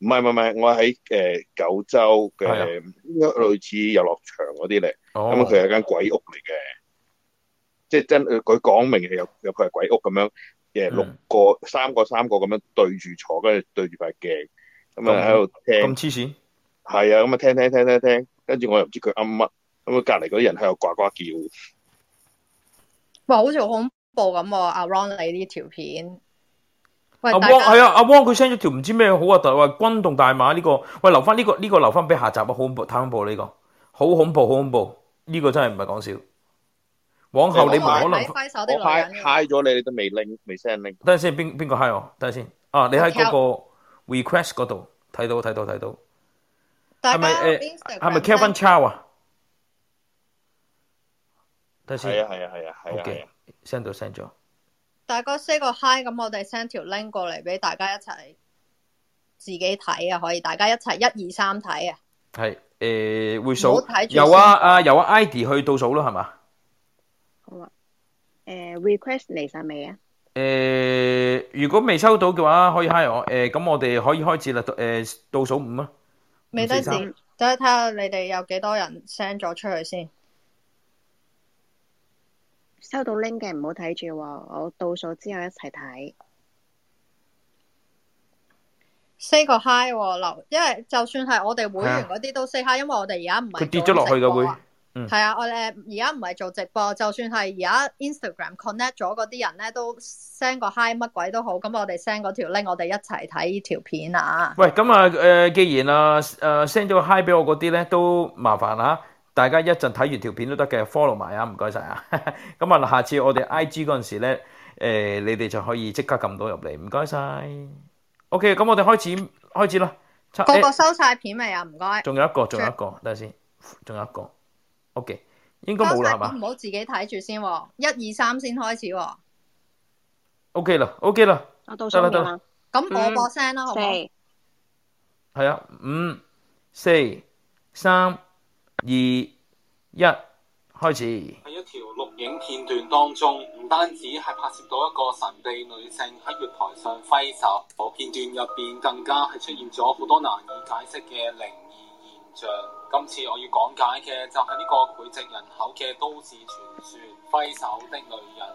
唔係唔係，我喺誒九州嘅類似遊樂場嗰啲嚟，咁啊佢係間鬼屋嚟嘅，即係真佢講明係有有佢係鬼屋咁樣，誒六個三個三個咁樣對住坐，跟住對住塊鏡，咁啊喺度聽。咁黐線？係啊，咁啊聽聽聽聽聽，跟住我又唔知佢噏乜，咁啊隔籬嗰啲人喺度呱呱叫。哇，好似好恐怖咁，啊！阿 Ron 你呢條片，喂，阿汪，係啊，阿汪佢 send 咗條唔知咩好啊，大喂，軍動大馬呢，這個，喂留翻呢，這個呢，這個留翻俾下集啊，好恐怖，太恐怖呢個，好恐怖，好，這個，恐怖，呢，這個真係唔係講笑。往後你唔可，嗯嗯，能我派咗你，你都未拎，未 send 拎。等陣先，邊邊個派我？等陣先，啊，你喺嗰個 request 嗰度睇到，睇到，睇到。係咪，誒？係咪，呃，Kevin Chow 啊？得先，係啊係啊係好嘅，send 到 send 咗。大哥 send 個 hi，咁我哋 send 條 link 過嚟俾大家一齊自己睇啊，可以大家一齊一二三睇啊。係，誒、呃，會數，有啊，阿有啊，I D 去倒數咯，係嘛？好啊？誒，request 嚟晒未啊？誒、呃呃，如果未收到嘅話，可以 hi、呃、我。誒，咁我哋可以開始啦。誒，倒數五啊。未得先，等下睇下你哋有幾多人 send 咗出去先。收到 link 嘅，唔好睇住喎，我倒數之後一齊睇。say 個 hi，留、哦，因為就算係我哋會員嗰啲都 say hi，因為我哋而家唔係。佢跌咗落去嘅會，係啊，我哋而家唔係做直播，嗯啊我直播嗯、就算係而家 Instagram connect 咗嗰啲人咧，都 send 個 hi 乜鬼都好，咁我哋 send 嗰條 link，我哋一齊睇條片啊。喂，咁啊，誒、呃，既然啊，誒，send 咗個 hi 俾我嗰啲咧，都麻煩啊。大家一陣睇完條片都得嘅，follow 埋啊，唔該晒啊。咁啊，下次我哋 I G 嗰陣時咧，誒，你哋就可以即刻撳到入嚟，唔該晒。OK，咁我哋開始開始啦。個、欸、個收晒片未啊？唔該。仲有一個，仲有一個，等下先，仲有一個。OK，應該冇啦嘛。唔好自己睇住先，一二三先開始。OK 啦，OK 啦，得啦得啦。咁我播聲啦，好唔好？係啊，五、四、三。二一開始，喺一條錄影片段當中，唔單止係拍攝到一個神秘女性喺月台上揮手，片段入邊更加係出現咗好多難以解釋嘅靈異現象。今次我要講解嘅就係呢個膾炙人口嘅都市傳說——揮手的女人。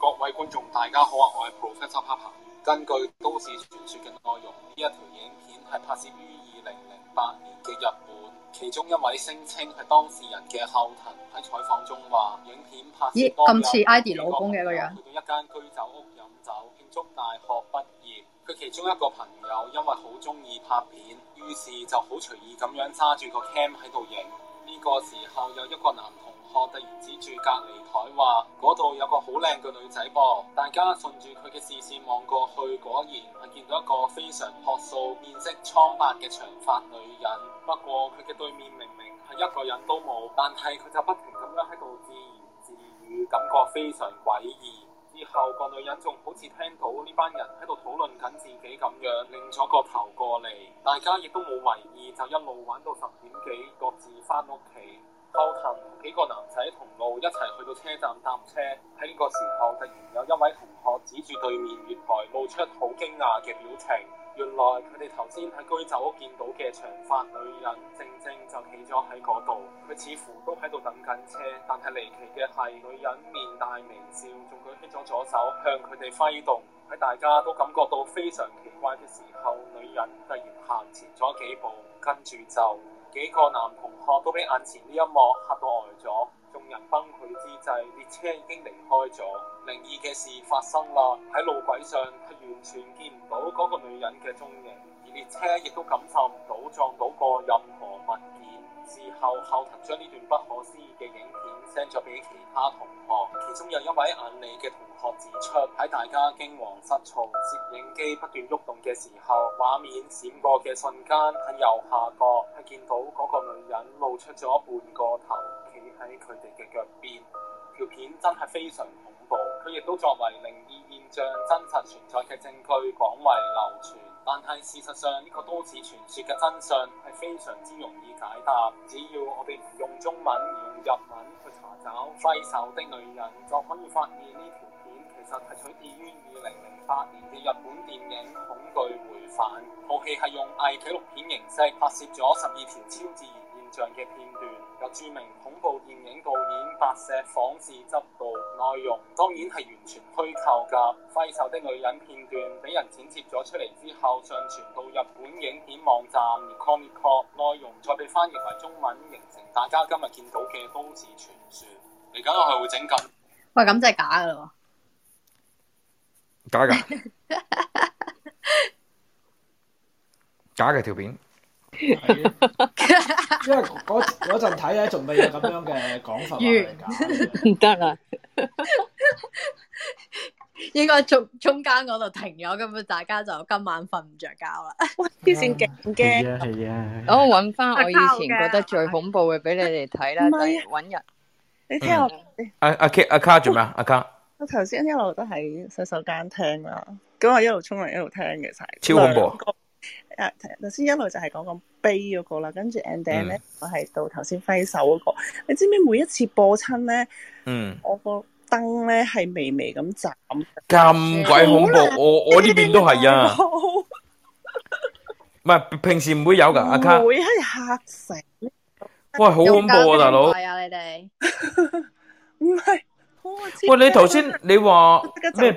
各位觀眾大家好啊，我係 Professor Papa。根據都市傳說嘅內容，呢一條影片係拍攝於二零零八年嘅日本。其中一位聲稱係當事人嘅後藤喺採訪中話：影片拍攝老當日，一個人，去到一間居酒屋飲酒慶祝大學畢業。佢其中一個朋友因為好中意拍片，於是就好隨意咁樣揸住個 cam 喺度影。呢個時候有一個男同。我突然指住隔籬台話：嗰度有個好靚嘅女仔噃！大家順住佢嘅視線望過去，果然係見到一個非常樸素、面色蒼白嘅長髮女人。不過佢嘅對面明明係一個人都冇，但係佢就不停咁樣喺度自言自語，感覺非常詭異。之後個女人仲好似聽到呢班人喺度討論緊自己咁樣，擰咗個頭過嚟。大家亦都冇懷疑，就一路玩到十點幾，各自翻屋企。後行幾個男仔同路一齊去到車站搭車，喺呢個時候突然有一位同學指住對面月台，露出好驚訝嘅表情。原來佢哋頭先喺居酒屋見到嘅長髮女人，正正就企咗喺嗰度。佢似乎都喺度等緊車，但係離奇嘅係，女人面帶微笑，仲舉起咗左手向佢哋揮動。喺大家都感覺到非常奇怪嘅時候，女人突然行前咗幾步，跟住就。幾個男同學都俾眼前呢一幕嚇到呆咗，眾人崩潰之際，列車已經離開咗。靈異嘅事發生啦，喺路軌上，佢完全見唔到嗰個女人嘅蹤影，而列車亦都感受唔到撞到過任何物件。事後，後，後藤將呢段不可思議嘅影片 send 咗俾其他同學。其中有一位印尼嘅同學指出，喺大家驚惶失措、攝影機不斷喐動嘅時候，畫面閃過嘅瞬間，喺右下角係見到嗰個女人露出咗半個頭，企喺佢哋嘅腳邊。條片真係非常恐怖，佢亦都作為靈異現象真實存在嘅證據廣為流傳。但係事實上，呢、這個都市傳說嘅真相係非常之容易解答。只要我哋唔用中文，用日文去查找《揮手的女人》，就可以發現呢條片其實係取自於二零零八年嘅日本電影《恐懼回返》，後期係用偽紀錄片形式拍攝咗十二條超自然像嘅片段，由著名恐怖電影導演白石晃士執導，內容當然係完全虛構噶。揮手的女人片段俾人剪切咗出嚟之後，上傳到日本影片網站 Comico，內容再被翻譯為中文，形成大家今日見到嘅都市傳說。你梗係係會整咁？喂，咁真係假噶咯？假噶， 假嘅條片。 因為嗰嗰陣睇咧，仲未有咁樣嘅講法。唔得啦，應該中中間嗰度停咗，咁啊大家就今晚瞓唔着覺啦。啲勁驚嘅係啊，等我搵翻我以前覺得最恐怖嘅俾你哋睇啦。搵人，啊，你聽我阿阿 K 阿卡做咩啊？阿、啊、卡我頭先一路都喺洗手間聽啦，咁我一路沖涼一路聽嘅，真係、啊、超恐怖。誒，頭先一路就係講緊悲嗰個啦，跟住 And then 咧，我係到頭先揮手嗰個。你知唔知每一次播親咧，嗯，我個燈咧係微微咁眨，咁鬼恐怖！我我呢邊都係啊，唔係平時唔會有噶。阿卡會係嚇死，哇，好恐怖啊，大佬！係啊，你哋唔係喂？你頭先你話咩？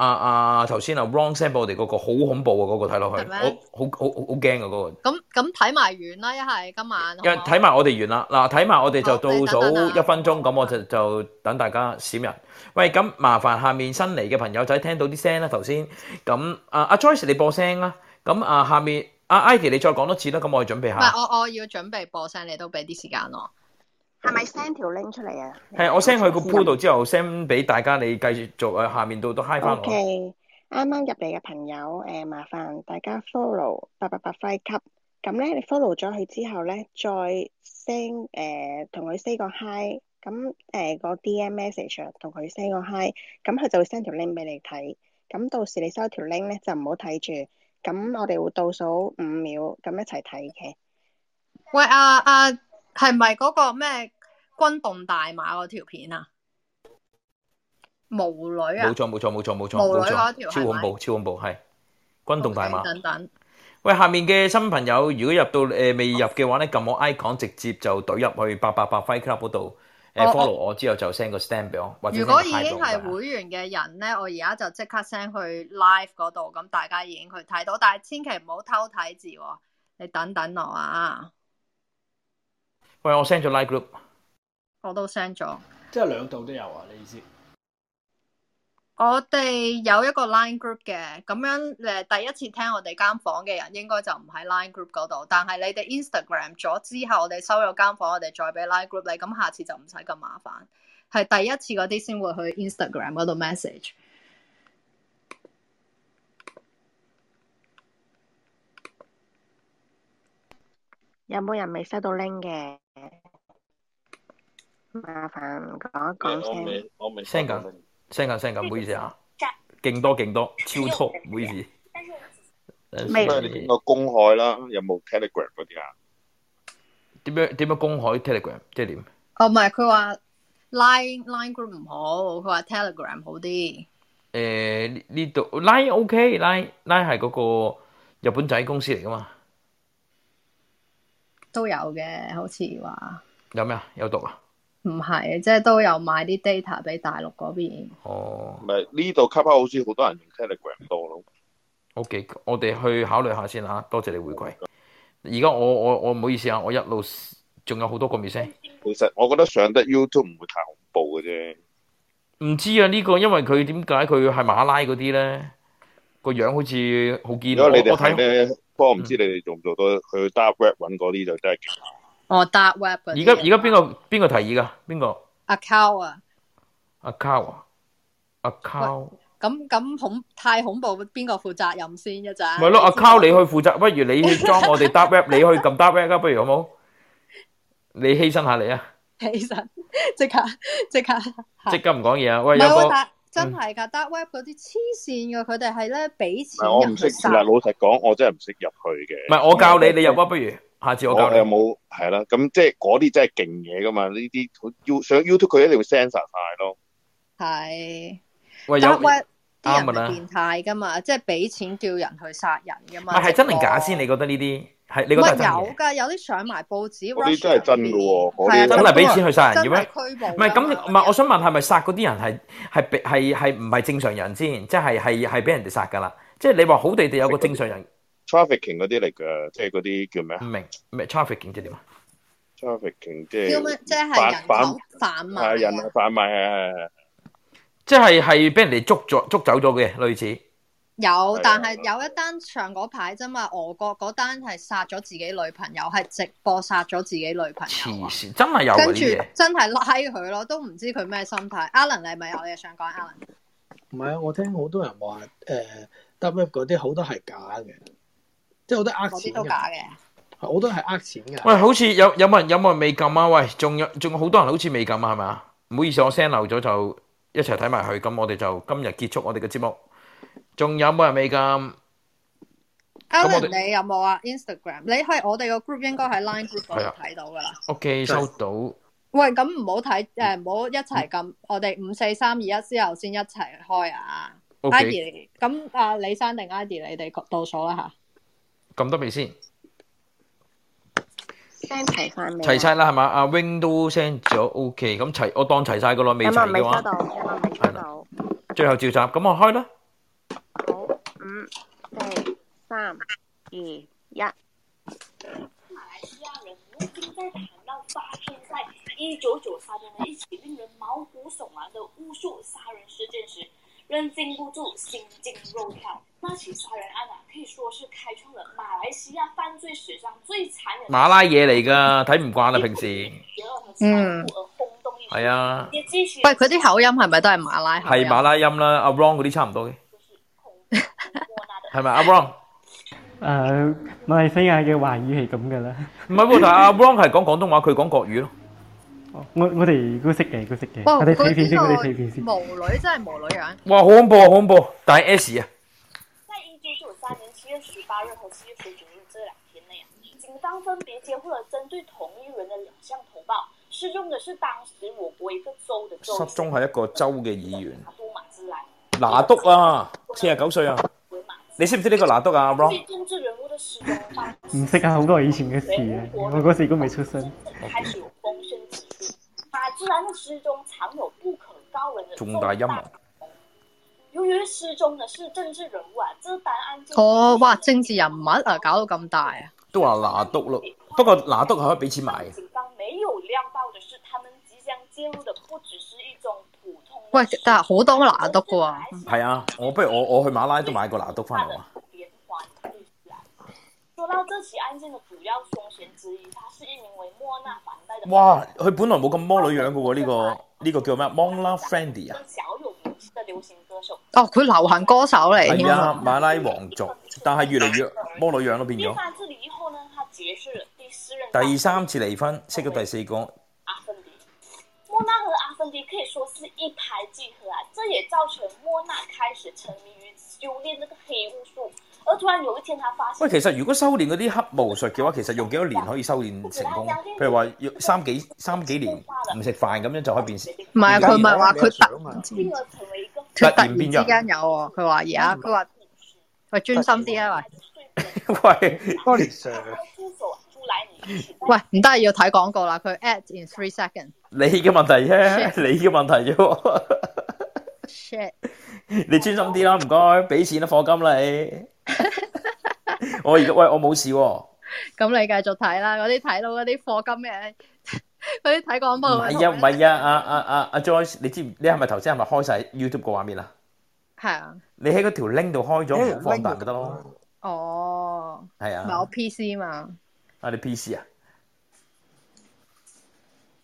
啊啊！頭先啊 Ron send 聲俾我哋嗰、那個好恐怖啊！嗰、那個睇落去，好好好好驚啊！嗰、那個咁咁睇埋完啦，一係今晚。睇埋我哋完啦嗱，睇埋我哋就到早一分鐘，咁我就就等大家閃人。喂，咁麻煩下面新嚟嘅朋友仔聽到啲聲啦。頭先咁啊，阿 Joyce 你播聲啦。咁啊，下面啊 Ike 你再講多次啦。咁我準備下。唔係我我要準備播聲，你都俾啲時間我。係咪 send 條 link 出嚟啊？係，我 send 去個 pool 度之後，send 俾大家，你繼續誒，下面都都 high 翻。O.K. 啱啱入嚟嘅朋友，誒麻煩大家 follow 八八八 five club 咁咧，你 follow 咗佢之後咧，再 send 誒同佢 say 個 high。咁誒個 D.M. message 同佢 send 個 high，咁佢就會 send 條 link 俾你睇。咁到時你收條 link 咧，就唔好睇住。咁我哋會倒數五秒，咁一齊睇嘅。喂，啊、呃、啊。呃係咪嗰個咩軍動大馬嗰條片啊？無女啊！冇錯冇錯冇錯冇錯，無女嗰條係超恐怖超恐怖，係軍動大馬 okay, 等等。喂，下面嘅新朋友，如果入到誒、呃、未入嘅話咧，撳、oh. 我 icon 直接就懟入去八八八 Fight Club 嗰度、oh, 呃、follow 我、哦、之後就 send 個 stand 俾我。如果已經係會員嘅人咧，我而家就即刻 send 去 live 嗰度，咁大家已經去睇到，但係千祈唔好偷睇字、哦，你等等我啊！喂，我 send 咗 Line group，我都 send 咗，即係兩度都有啊。你意思，我哋有一個 Line group 嘅，咁樣誒，第一次聽我哋間房嘅人，應該就唔喺 Line group 嗰度，但係你哋 Instagram 咗之後，我哋收咗間房，我哋再俾 Line group 你，咁下次就唔使咁麻煩。係第一次嗰啲先會去 Instagram 嗰度 message，有冇人未 send 到 link 嘅？麻煩講一講聲，send 緊 send 緊 send 緊，唔好意思啊，勁多勁多，超多，唔好意思。咩？你邊個公海啦？有冇 Telegram 嗰啲啊？點樣點樣公海 Telegram？即係點？哦，唔係，佢話 Line Line Group 唔好，佢話 Telegram 好啲。誒、欸，呢度 Line OK，Line、okay, Line 係嗰個日本仔公司嚟噶嘛？都有嘅，好似話有咩啊有毒啊？唔係，即係都有買啲 data 俾大陸嗰邊。哦，咪呢度卡卡好似好多人用 Telegram 多咯。OK，我哋去考慮下先吓，多謝你回饋。而家我我我唔好意思啊，我一路仲有好多個 mic。其實我覺得上得 YouTube 唔會太恐怖嘅啫。唔知啊，呢個因為佢點解佢係馬拉嗰啲咧？個樣好似好堅咯，我睇咧。我我不過唔知你哋做唔做到，嗯、去 dark web 搵嗰啲就真係勁。哦，dark web。而家而家邊個邊個提議噶？邊個？阿 cow 啊？阿 cow 啊？阿 cow。咁咁恐太恐怖，邊個負責任先？一、就、咋、是？咪咯，阿 cow 你去負責，不如你去裝我哋 dark web， 你去撳 dark web 啦，不如好冇？你犧牲下你啊！犧牲即刻即刻即刻唔講嘢啊！喂，有波。真係噶 Dark Web 嗰啲黐綫嘅，佢哋係咧俾錢入去殺。我唔識嗱，老實講，我真係唔識入去嘅。唔係我教你，你又屈，不如下次我教。你，我有冇係啦？咁即係嗰啲真係勁嘢噶嘛？呢啲要上 YouTube 佢一定會 censor 晒咯。係 Dark Web 啲人係變態噶嘛？即係俾錢叫人去殺人噶嘛？係真定假先？你覺得呢啲？係你覺得有㗎，有啲上埋報紙。啲真係真㗎喎、喔，真係俾錢去殺人嘅咩？唔係咁唔係，我想問係咪殺嗰啲人係係係係唔係正常人先？即係係係俾人哋殺㗎啦。即係你話好地地有個正常人。Trafficking 嗰啲嚟㗎，即係嗰啲叫咩、就是就是、啊？唔明咩？Trafficking 即係點啊？Trafficking 即係販販販賣。係人啊，販賣啊，即係係俾人哋捉咗捉走咗嘅，類似。有，但係有一單上嗰排啫嘛，俄國嗰單係殺咗自己女朋友，係直播殺咗自己女朋友，啊，黐線，真係有呢啲嘢，真係拉佢咯，都唔知佢咩心態。Alan，你咪有嘢想講 Alan，唔係啊，我聽好多人話誒 WF 嗰啲好多係假嘅，即係好多呃錢都假嘅，好多係呃錢嘅。喂，好似有有冇人有冇人未撳啊？喂，仲有仲有好多人好似未撳啊？係咪啊？唔好意思，我聲漏咗，就一齊睇埋佢。咁我哋就今日結束我哋嘅節目。仲有冇人未撳？Alan，你有冇啊？Instagram，你喺我哋個 group 應該喺 Line group 度睇到噶啦。OK，收到。喂，咁唔好睇，誒，唔好一齊撳。我哋五四三二一之後先一齊開啊。阿爺，咁啊，李生定阿爺，你哋倒數啦吓。咁多未先？先齊晒未？齊晒啦，係嘛？阿 Wing 都 send 咗 OK，咁齊，我當齊晒噶咯，未齊嘅話。一萬未收到，一萬未收到。最後召集，咁我開啦。四、三、二、一。馬來西亞人如今在談到發生在一九九三年的一起令人毛骨悚然的巫術殺人事件時，仍禁不住心驚肉跳。那起殺人案啊，可以說是開創了馬來西亞犯罪史上最殘忍。馬拉耶嚟㗎，睇唔慣啦，啊，平時。嗯。係啊。喂，佢啲口音係咪都係馬拉？係馬拉音啦，阿 Ron 嗰啲差唔多嘅。 係咪阿 Bron？誒、呃，馬來西亞嘅華語係咁嘅啦。唔係，嗰個阿 Bron 係講廣東話，佢講國語咯。我我哋都識嘅，佢識嘅。我哋片片識的，我哋片片識的。無女真係無女人。哇！好恐怖，好恐怖。但係 S 啊。在一九九三年七月十八日同七月十九日這兩天內，警方分別接獲了針對同一人的兩項投報。失蹤的是當時我國一個州的州。失蹤係一個州嘅議員。拿督啊，七十九歲啊。你識唔識呢個拿督啊，阿 bro？唔識啊，好多以前嘅事啊，我嗰時都未出生。大、嗯、自然失蹤藏有不可告人的重大陰謀，啊。由於失蹤的是政治人物啊，這個，單案件。哦，哇，政治人物啊，搞到咁大啊！都話拿督咯，不過拿督可以俾錢買的。當喂，但係好多拿督個啊！係、嗯、啊，我不如我我去馬拉都買個拿督翻嚟話。哇！佢本來冇咁魔女樣噶喎，呢、這個呢、這個叫咩？Mona Fendi 啊！哦，佢流行歌手嚟。係、哎、啊，馬拉王族，但係越嚟越魔女樣咯，變咗。第三次離婚，識咗第四個。可以說是一拍即合啊！這也造成莫娜開始沉迷於修煉呢個黑巫術，而突然有一天，她發現。喂，其實如果修煉嗰啲黑巫術嘅話，其實用幾多年可以修煉成功？譬如話要三幾三幾年唔食飯咁樣就可以變。唔係、啊，佢唔係話佢突突然之間有哦，佢話而家，佢話、啊、 喂專心啲啊，喂，多年喂，唔得要睇廣告啦，佢 add in three seconds。你嘅問題啫，你嘅問題啫。你專心啲啦，唔該，俾錢啦，課金你。我而家喂，我冇事。咁你繼續睇啦，嗰啲睇到嗰啲課金嘅，嗰啲睇廣播。係呀，唔係呀，阿阿阿阿 Joyce，你知唔？你係咪頭先係咪開晒 YouTube 個畫面啊？係啊。你喺嗰條 link 度開咗個放達得咯。哦，係啊。唔係，我 PC 啊嘛。我哋 PC 啊。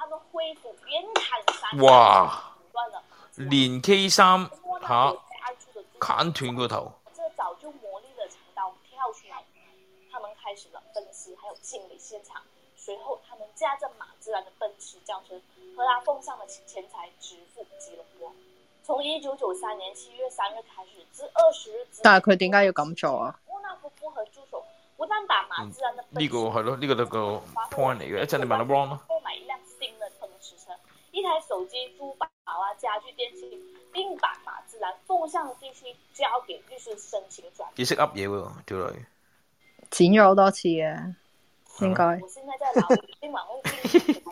他們恢哇連 K 三下砍斷個頭。這早就磨利的長刀跳出來，他們開始了分屍，還有清理現場。隨後，他們駕着馬自達的奔馳轎車，和他奉上的錢財支付吉隆坡。從一九九三年七月三日開始，至二十日。但係佢點解要咁做啊？烏納夫夫和助手不但把馬自達的，呢個係咯，呢個就個 point 嚟嘅，一陣你問阿 Ron 咯。呢台手機、珠寶啊、家具、電器，並把馬自達奉上信息，交給律師申請轉。你識 up 嘢喎，趙雷。剪咗好多次啊？應該。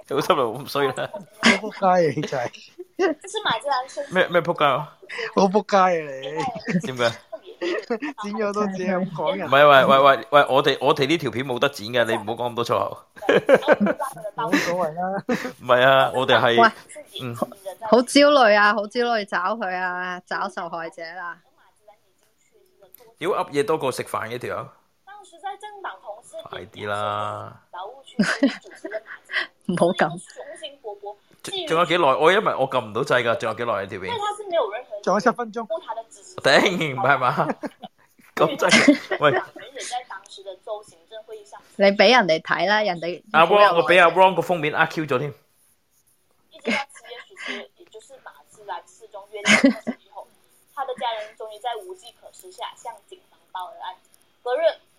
做七路唔衰啦。仆街你真係。 這是馬自達咩咩仆街、啊？好 仆街、啊、你點解？ 剪咗都只係咁講人，唔、okay. 係喂喂喂喂，我哋我哋呢條片冇得剪嘅， 你唔好講咁多粗口啦 。唔 係啊，我哋係、嗯，好焦慮啊，好焦慮找佢啊，找受害者啦。要噏嘢多過食飯嘅條友，快啲啦，唔好咁。 仲有幾耐？因為我因咪我撳唔到掣噶，仲有幾耐呢條片？仲有十分鐘。頂明白嘛？咁 滯、嗯、 你俾人哋睇啦，人哋、ah, 阿旺，我俾阿旺個封面阿 Q 咗添。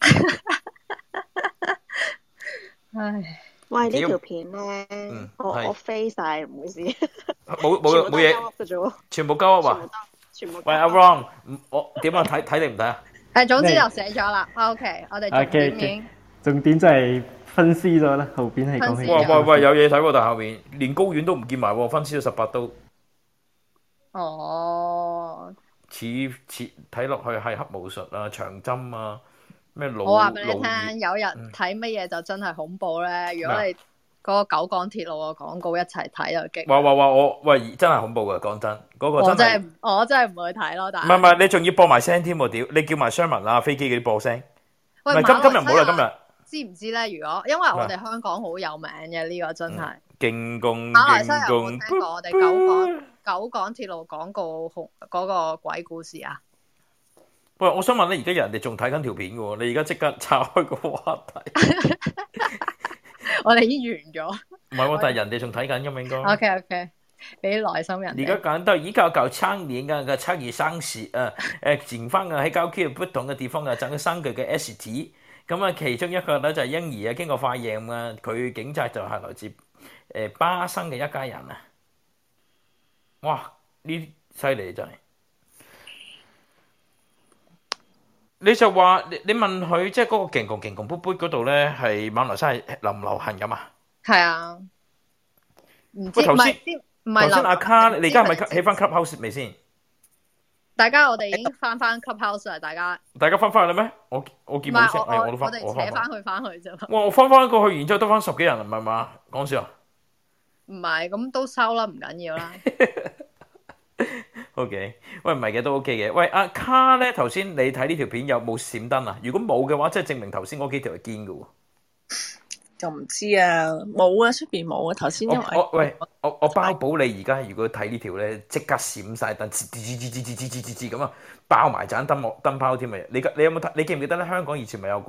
唉，喂，條呢條片咧，我我飛晒唔好意思，冇冇嘢冇嘢，全部膠啊喎，全部，全部，全部，全部。喂，阿 Ron， 我點啊？睇睇定唔睇啊？誒， 總之就寫咗啦。OK，我哋重點重點即係分屍咗啦，後邊係講。喂喂喂，有嘢睇喎！但後邊連高遠都唔見埋，分屍到十八刀。哦，似似睇落去係黑武術啊，長針啊。我話俾你聽，有日睇乜嘢就真係恐怖咧！如果你嗰個九廣鐵路嘅廣告一齊睇又驚，哇哇哇我喂真係恐怖噶，講真嗰個真係，我真係唔會去睇咯。但係唔係唔係，你仲要播埋聲添？屌，你叫埋 Sherman 啦，飛機嗰啲播聲。喂，今今日唔好啦，今日知唔知咧？如果因為我哋香港好有名嘅呢個真係勁攻，勁攻聽過我哋九廣九廣鐵路廣告恐嗰個鬼故事啊！喂，我想問咧，而家人哋仲睇緊條片嘅喎，你而家即刻拆開個話題 我了是、啊。我哋已經完咗。唔係喎，但係人哋仲睇緊嘅，明哥。O K O K，俾啲耐心人。而家講到依家舊七年嘅嘅七月三十啊，誒、呃，警方啊喺郊區不同嘅地方啊，就生佢嘅 S 子。咁啊，其中一個咧就嬰兒啊，經過化驗啊，佢警察就係來自誒巴生嘅一家人啊。哇！呢啲犀利真係。你就話你你問佢即係嗰個勁窮勁窮杯杯嗰度咧，係馬來西亞係流唔流行噶嘛？係啊，唔知頭先頭先阿卡，你而家係咪起翻 clubhouse 未先？大家我哋已經翻翻 clubhouse 啦，大家。大家翻翻去啦咩？我我見冇出，係我都翻，我我我扯翻去翻去啫。哇！我翻翻過去，然之後得翻十幾人，唔係嘛？講笑。唔係，咁都收啦，唔緊要啦。O、okay. K，喂，唔係嘅都 O K 嘅，喂，阿、啊、卡咧，頭先你睇呢條片有冇閃燈啊？如果冇嘅話，即係證明頭先嗰幾條係堅嘅，就唔知啊，冇啊，出邊冇啊，頭先因為我我喂我包保你而家如果睇呢條咧，即刻閃晒燈，嗞吱吱吱嗞嗞嗞嗞咁啊，爆埋盞燈燈泡添啊！你你有冇睇？你記唔記得咧？香港以前咪有個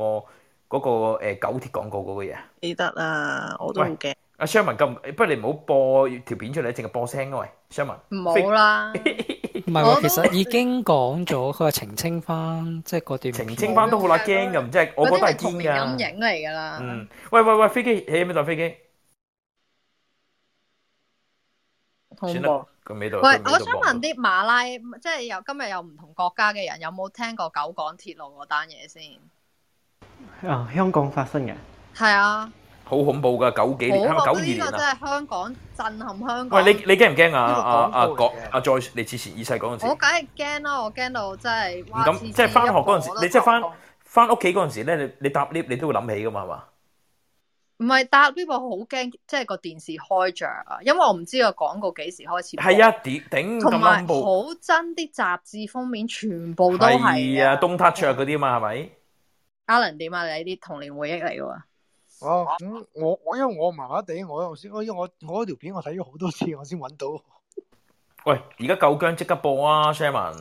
嗰個誒九鐵廣告嗰個嘢？記得啊，我都好驚。阿 Sherman 咁，不如你唔好播條片出嚟，淨係播聲咯，喂，Sherman。唔好啦，唔係，其實已經講咗，佢話澄清翻，即係嗰段。澄清翻都好乸驚噶，唔即係，我嗰都係堅噶。嗰啲係童年陰影嚟噶啦。嗯，喂喂喂，飛機起咩檔飛機？通過。喂，我想問啲馬拉，即係又今日有唔同國家嘅人，有冇聽過九廣鐵路嗰單嘢先？啊，香港發生嘅。係啊。好恐怖噶！九幾年，九二年啊！我覺得呢個真係香港震撼香港。喂，你你驚唔驚啊？啊啊啊！講啊，再、啊啊、你之前二世講嗰陣時，我梗係驚啦！我驚到真係。唔敢。即係翻學嗰陣時，你即係翻翻屋企嗰陣時咧，你你搭 lift 你都會諗起噶嘛？係嘛？唔係搭 lift 好驚，即係個電視開着啊！因為我唔知個廣告幾時開始。係啊！頂頂咁恐怖。好憎啲雜誌封面全部都係啊！東塔卓嗰啲嘛係咪？Alan 點啊？你啲童年回憶嚟㗎喎！哦，咁我我因為我麻麻地，我先，我因為我我條片我睇咗好多次，我先揾到。喂，而家夠姜，即刻播啊，Sherman！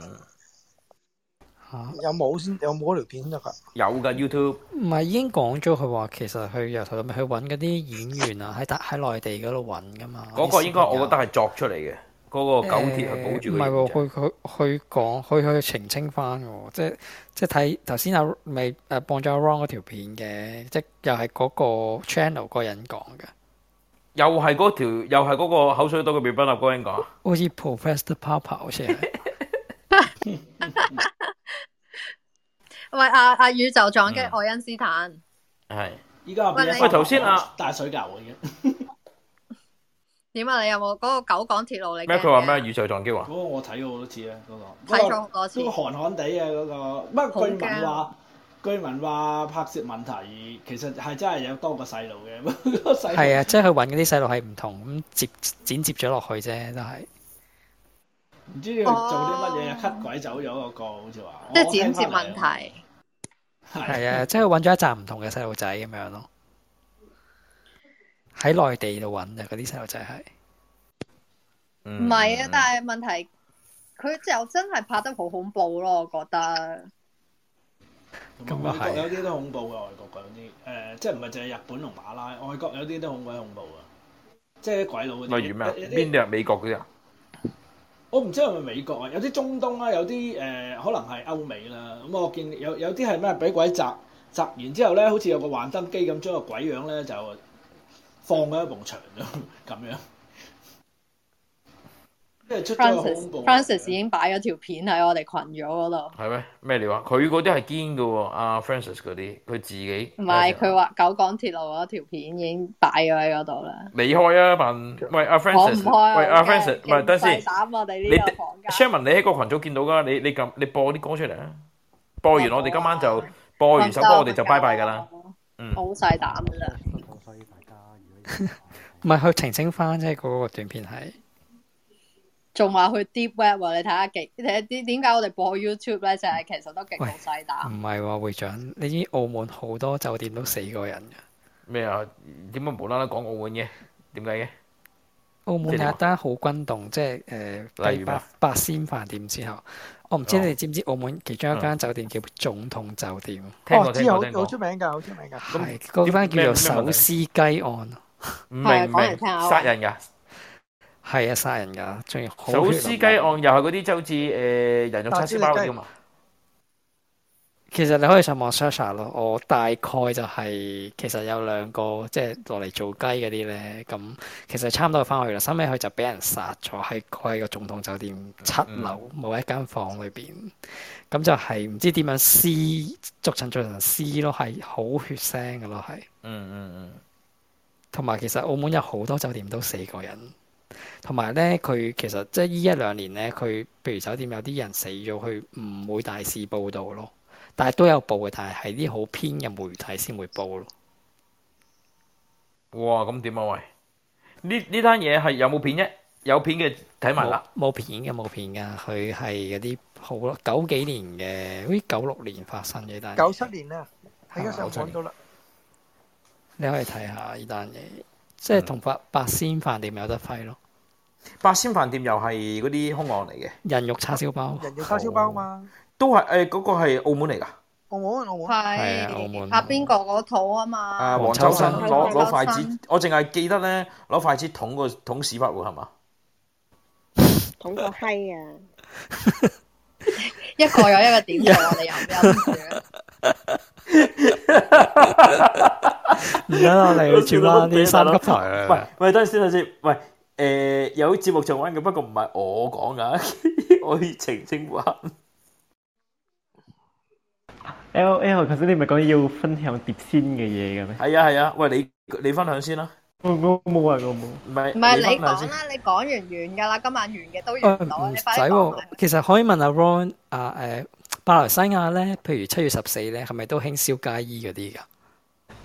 吓有冇先？有冇嗰條片得噶？有噶 YouTube。唔係，已經講咗佢話，其實佢由頭到尾去揾嗰啲演員啊，喺喺內地嗰度揾噶嘛。嗰、嗰個應該我覺得係作出嚟嘅。嗰、那個九鐵係保住佢，唔係喎，去去去講，去去澄清翻喎，即即睇頭先阿未誒放咗 wrong 嗰條片嘅，即又係嗰個 channel 個人講嘅，又係嗰條，又係嗰個口水多嘅辯論阿哥講，Papa 好似 Professor Popper 好似係。 喂阿阿、啊、宇宙撞擊愛因斯坦，係，依家喂頭先啊大水牛已經。 點啊！你有冇嗰個九廣鐵路嚟咩？佢話咩宇宙撞擊啊？嗰、那個我睇咗好多次咧，個睇咗好多次，那個、寒寒地啊，嗰、那個乜居民話居民話拍攝問題，其實係真係有多個細路嘅， 個細路係啊，即係佢揾嗰啲細路係唔同咁接剪接咗落去啫，都係唔知要做啲乜嘢，吸、oh, 鬼走咗個，好似話即係剪接問題，係啊，即係佢揾咗一紮唔同嘅細路仔咁樣咯。喺內地度揾嘅嗰啲細路仔係唔係啊？嗯、但係問題佢就真係拍得好恐怖咯、啊。我覺得、嗯、外國有啲都恐怖嘅，外國嗰啲誒，即係唔係淨係日本同馬拉外國有啲都好鬼恐怖嘅，即係啲鬼佬例如咩？邊啲啊？欸、美國嗰啲啊？我唔知係咪美國啊？有啲中東啦，有啲誒可能係歐美啦。咁、嗯、我見有有啲係咩俾鬼襲襲完之後咧，好似有個幻燈機咁將個鬼樣咧就，放喺一埲牆咁樣，即 Francis Francis 已經擺咗條片喺我哋群組嗰度。係咩？咩你話？佢嗰啲係堅嘅喎，阿 Francis 嗰啲，佢自己唔係佢話九廣鐵路嗰條片已經擺咗喺嗰度啦。你開啊，凡喂阿 Francis，喂阿 Francis，唔係等先。我哋呢 Sherman 你喺個群組見到㗎，你你撳你播啲歌出嚟啊！播完我哋今晚就播完首歌，我哋就拜拜㗎啦。好細膽㗎啦～、嗯嗯唔 係去澄清翻，即係嗰個短片係，仲話去 deep web。你睇下幾點點解我哋播 YouTube 咧，就係其實都勁好細膽。唔係話會長，你知澳門好多酒店都四個人嘅咩啊？點解無啦啦講澳門嘅？點解嘅？澳門有一間好軍棟，即係誒，第八八仙飯店之後，我唔知你哋知唔知澳門其中一間酒店，嗯、叫總統酒店。我知好，好出名噶，好出名噶，係嗰間叫做手撕雞案。唔明唔明殺人噶，係啊殺人噶，仲要好血腥。手撕雞案又係嗰啲，就好似誒人肉叉燒包咁嘛。其實你可以上網 search 咯，我大概就係、是、其實有兩個即係落嚟做雞嗰啲咧，咁其實差唔多就翻去啦。收尾佢就俾人殺咗喺佢喺個總統酒店七樓某、嗯、一間房裏邊，咁就係唔知點樣撕逐層逐層撕咯，係好血腥噶咯，係。嗯嗯嗯。同埋其實澳門有好多酒店都死過人，同埋咧佢其實即係依一兩年咧，佢譬如酒店有啲人死咗，佢唔會大肆報導咯。但係都有報嘅，但係係啲好偏嘅媒體先會報咯。哇！咁點啊？喂，呢呢單嘢係有冇片啫？有片嘅睇埋啦。冇片嘅，冇片㗎，佢係嗰啲好囉，九幾年嘅，好似九六年發生嘅，但係九七年啦，喺嗰時候到啦。你可以睇下呢單嘢，即係同八八仙飯店咪有得揮咯。八仙飯店又係嗰啲兇案嚟嘅，人肉叉燒包。人肉叉燒包啊嘛，都係誒嗰個係澳門嚟噶。澳門，澳門係。澳門。拍邊個嗰套啊嘛？啊，黃秋生攞攞筷，筷子，我淨係記得咧攞筷子捅個捅屎忽喎，係嘛？捅個閪啊！ 一個又一個點數， 你忍唔忍住？ 而家我嚟去重温啲三級台。喂喂，等陣先，等陣先。喂，誒，有節目重温嘅，不過唔係我講噶，我要澄清翻。L O L，頭先你咪講要分享碟仙嘅嘢噶咩？係啊係啊，喂你你分享先啦。我冇啊，我冇。唔係唔係，你講啦，你講完完噶啦，今晚完嘅都完到。唔使喎，其實可以問阿 Ron 阿誒。馬來西亞咧，譬如七月十四咧，係咪都興燒街衣嗰啲噶？誒、